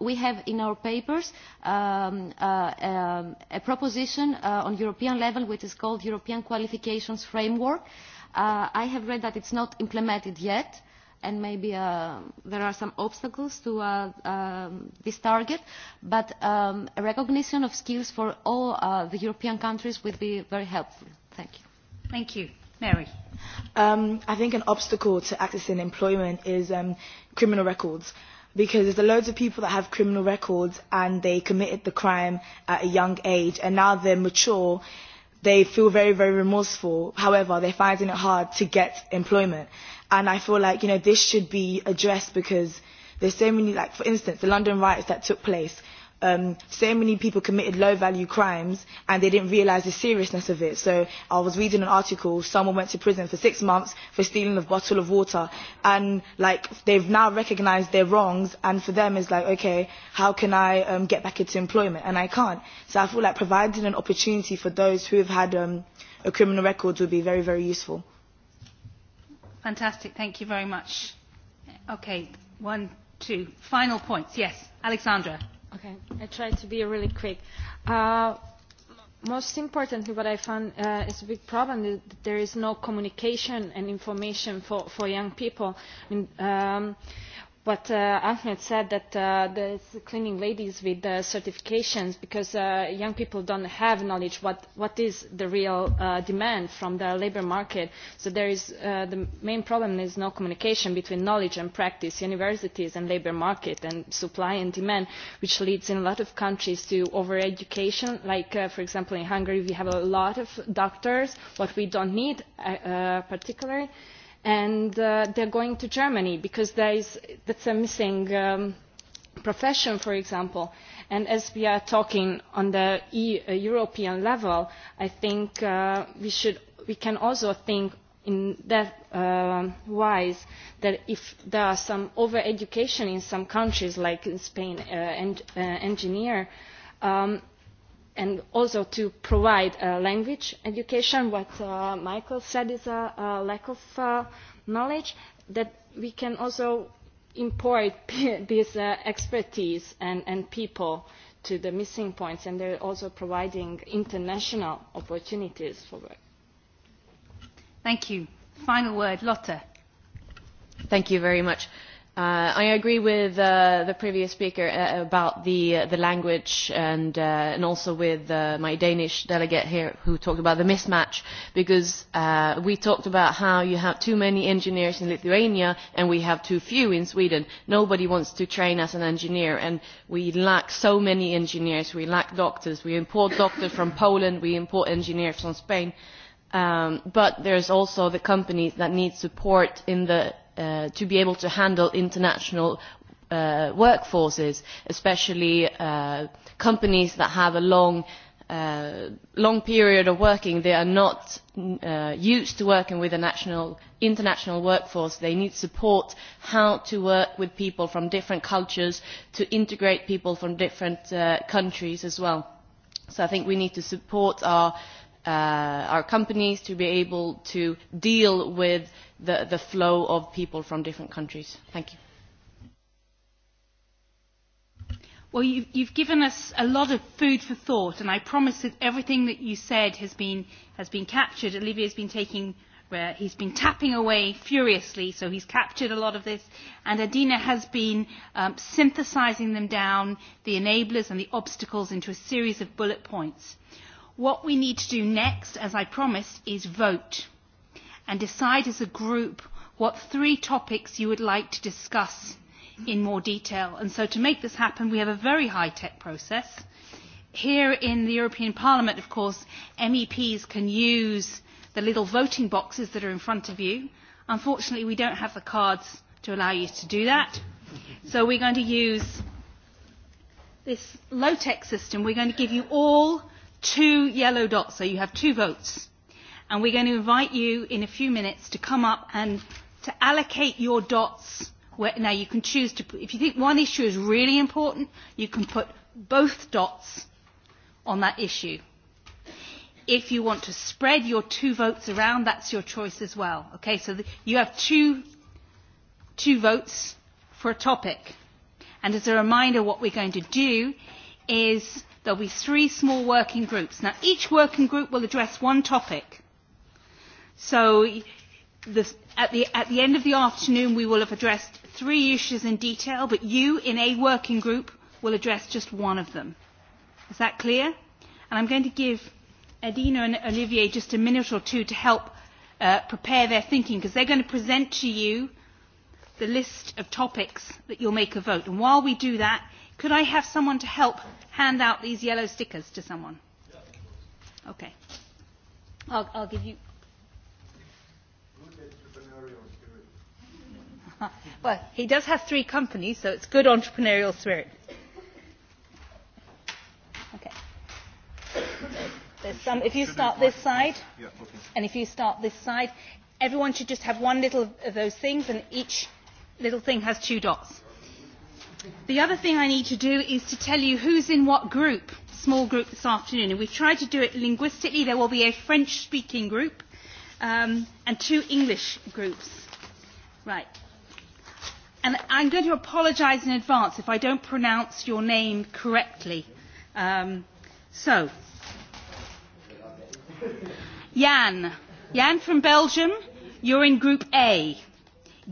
we have in our papers a proposition on European level which is called European Qualifications Framework. I have read that it's not implemented yet and maybe there are some obstacles to this target, but a recognition of skills for all the European countries would be very helpful. Thank you. Thank you. Mary. I think an obstacle to accessing employment is criminal records because there's loads of people that have criminal records and they committed the crime at a young age and now they're mature they feel very, very remorseful. However, they're finding it hard to get employment and I feel like, you know, this should be addressed because there's so many, like, for instance, the London riots that took place, so many people committed low-value crimes and they didn't realise the seriousness of it. So I was reading an article, someone went to prison for six months for stealing a bottle of water and, like, they've now recognised their wrongs and for them it's like, okay, how can I um, get back into employment? And I can't. So I feel like providing an opportunity for those who have had um, a criminal record would be very, very useful. Fantastic. Thank you very much. Okay, one, two. Final points. Yes, Alexandra. Okay, I try to be really quick. Most importantly, what I found is a big problem that there is no communication and information for young people what Ahmed said that the cleaning ladies with certifications because young people don't have knowledge what what is the real demand from the labour market. So there is the main problem is no communication between knowledge and practice, universities and labour market and supply and demand, which leads in a lot of countries to over education. Like for example in Hungary we have a lot of doctors, what we don't need particularly and they're going to Germany because there is that's a missing profession, for example. And as we are talking on the European level, I think we should we can also think in that wise that if there are some over education in some countries like in Spain, and engineer and also to provide language education, what Michael said is a lack of knowledge, that we can also import this expertise and people to the missing points, and they are also providing international opportunities for work. Thank you. Final word, Lotte. Thank you very much. I agree with the previous speaker about the language and also with my Danish delegate here who talked about the mismatch because we talked about how you have too many engineers in Lithuania and we have too few in Sweden. Nobody wants to train as an engineer and we lack so many engineers. We lack doctors. We import doctors from Poland. We import engineers from Spain. But there's also the companies that need support in the to be able to handle international workforces, especially companies that have a long long period of working. They are not used to working with a national international workforce. They need support how to work with people from different cultures, to integrate people from different countries as well. So I think we need to support our our companies to be able to deal with the flow of people from different countries thank you well you've given us a lot of food for thought and i promise that everything that you said has been has been captured olivier has been taking he's been tapping away furiously so he's captured a lot of this and adina has been synthesizing them down the enablers and the obstacles into a series of bullet points What we need to do next, as I promised, is vote and decide as a group what three topics you would like to discuss in more detail. And so to make this happen, we have a very high-tech process. Here in the European Parliament, of course, MEPs can use the little voting boxes that are in front of you. Unfortunately, we don't have the cards to allow you to do that. So we're going to use this low-tech system. We're going to give you all two yellow dots, so you have two votes. And we're going to invite you in a few minutes to come up and to allocate your dots. where Now, you can choose to, if you think one issue is really important, you can put both dots on that issue. If you want to spread your two votes around, that's your choice as well. Okay, so you have two two votes for a topic. And as a reminder, what we're going to do is there will be three small working groups. Now, each working group will address one topic. So at the end of the afternoon, we will have addressed three issues in detail, but you, in a working group, will address just one of them. Is that clear? And I'm going to give Edina and Olivier just a minute or two to help prepare their thinking, because they're going to present to you the list of topics that you'll make a vote. And while we do that, Could I have someone to help hand out these yellow stickers to someone? Okay. I'll, I'll give you. well, he does have three companies, so it's good entrepreneurial spirit. Okay. There's some, if you start this side, and if you start this side, everyone should just have one little of those things, and each little thing has two dots The other thing I need to do is to tell you who's in what group, small group this afternoon. And we've tried to do it linguistically. There will be a French-speaking group and two English groups. Right. And I'm going to apologise in advance if I don't pronounce your name correctly. So, Jan. Jan from Belgium, you're in Group A.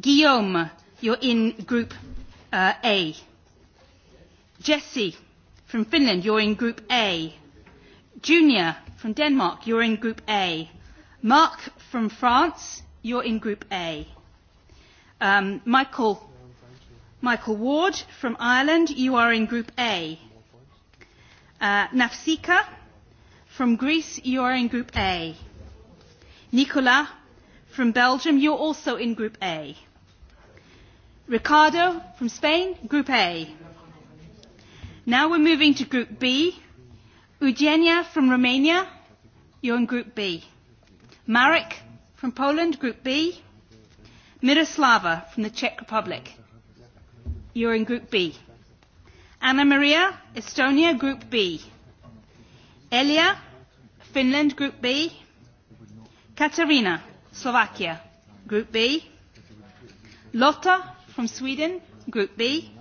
Guillaume, you're in Group A. Jesse from Finland, you're in Group A. Junior from Denmark, you're in Group A. Mark from France, you're in Group A. Michael Michael Ward from Ireland, you are in Group A. Nafsika from Greece, you are in Group A. Nicola from Belgium, you're also in Group A. Ricardo from Spain, Group A. Now we're moving to Group B. Eugenia from Romania, you're in Group B. Marek from Poland, Group B. Miroslava from the Czech Republic, you're in Group B. Anna Maria, Estonia, Group B. Elia, Finland, Group B. Katarina, Slovakia, Group B. Lotta, from Sweden, Group B.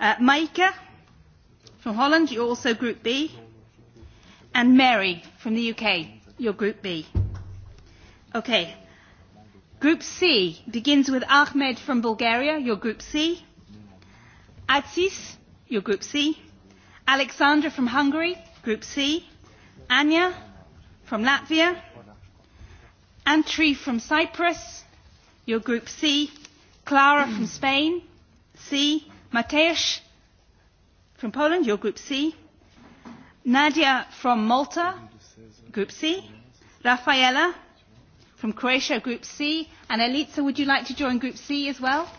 Maika from Holland, you're also Group B. And Mary from the UK, you're Group B. Okay. Group C begins with Ahmed from Bulgaria, you're Group C. Atsis, you're Group C. Alexandra from Hungary, Group C. Anya from Latvia. Antri from Cyprus, you're Group C Clara from Spain, C. Mateusz from Poland, your group C. Nadia from Malta, group C. Rafaela from Croatia, group C. And Elitsa, would you like to join group C as well?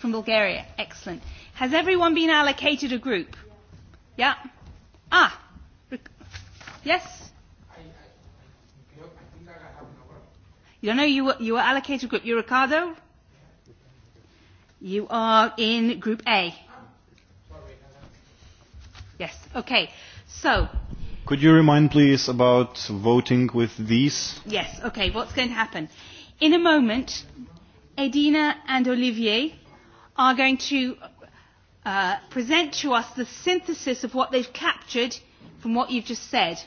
From Bulgaria. Excellent. Has everyone been allocated a group? Yeah. Ah. Yes. You don't know you were, you were allocated a group. You're Ricardo? You are in Group A. Yes, okay. So. Could you remind, please, about voting with these? Yes, okay. What's going to happen? In a moment, Edina and Olivier are going to present to us the synthesis of what they've captured from what you've just said.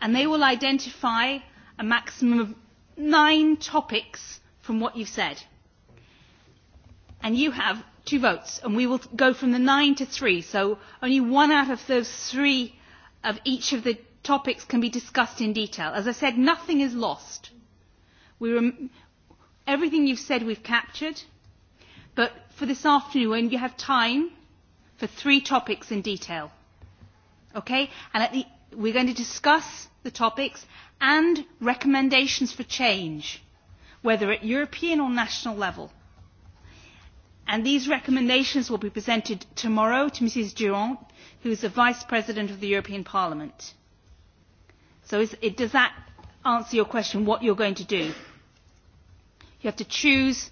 And they will identify a maximum of nine topics from what you've said and you have two votes and we will go from the nine to three so only one out of those three of each of the topics can be discussed in detail. as i said nothing is lost. everything you've said we've captured but for this afternoon you have time for three topics in detail. okay? and the we're going to discuss the topics and recommendations for change whether at european or national level and these recommendations will be presented tomorrow to Mrs Durand, who is the Vice President of the European Parliament. So does that answer your question, what you're going to do? You have to choose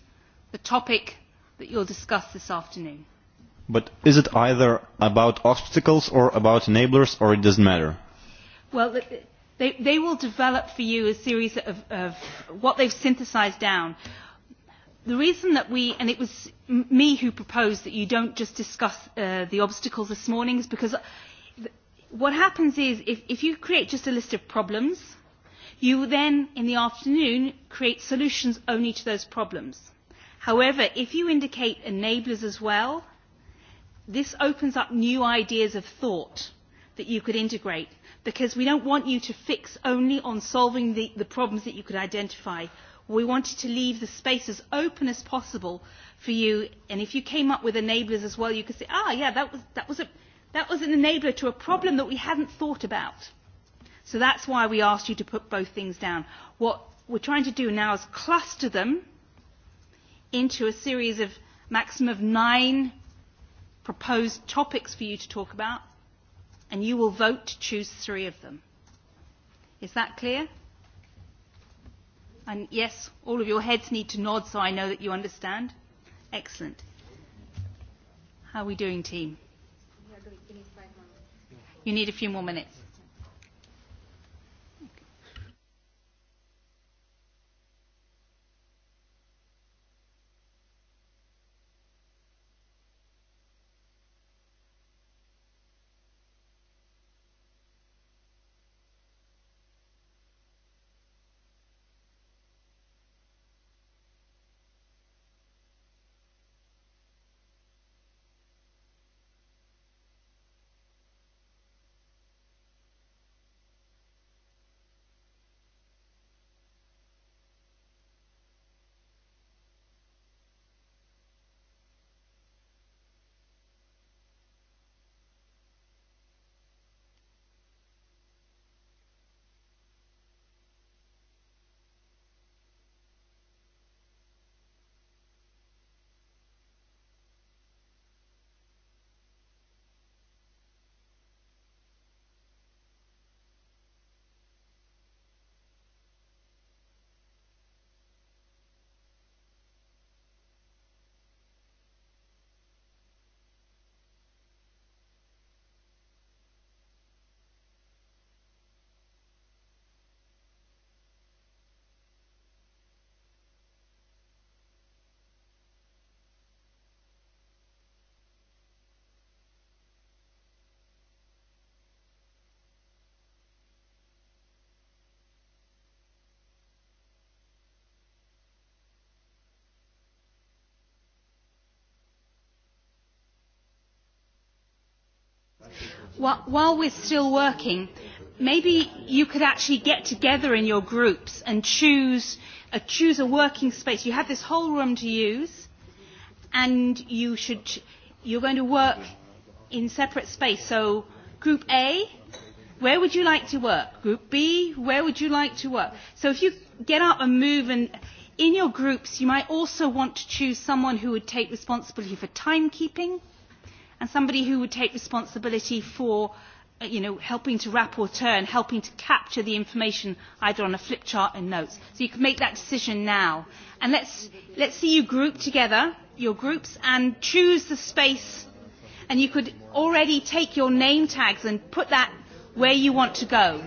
the topic that you'll discuss this afternoon. But is it either about obstacles or about enablers, or it doesn't matter? Well, they will develop for you a series of what they've synthesized down the reason that we and it was me who proposed that you don't just discuss the obstacles this morning is because what happens is if if you create just a list of problems you will then in the afternoon create solutions only to those problems however if you indicate enablers as well this opens up new ideas of thought that you could integrate because we don't want you to fix only on solving the problems that you could identify we wanted to leave the space as open as possible for you and if you came up with enablers as well you could say ah yeah that was that was a that was an enabler to a problem that we hadn't thought about so that's why we asked you to put both things down what we're trying to do now is cluster them into a series of maximum of nine proposed topics for you to talk about and you will vote to choose three of them is that clear And yes, all of your heads need to nod so I know that you understand. Excellent. How are we doing, team? You need a few more minutes. While we're still working, maybe you could actually get together in your groups and choose a working space. You have this whole room to use, and you should you're going to work in separate space. So group A, where would you like to work? Group B, where would you like to work? So if you get up and move and in your groups, you might also want to choose someone who would take responsibility for timekeeping and somebody who would take responsibility for helping to or turn, helping to capture the information either on a flip chart and notes. So you can make that decision now. And let's see you group together, your groups, and choose the space. And you could already take your name tags and put that where you want to go.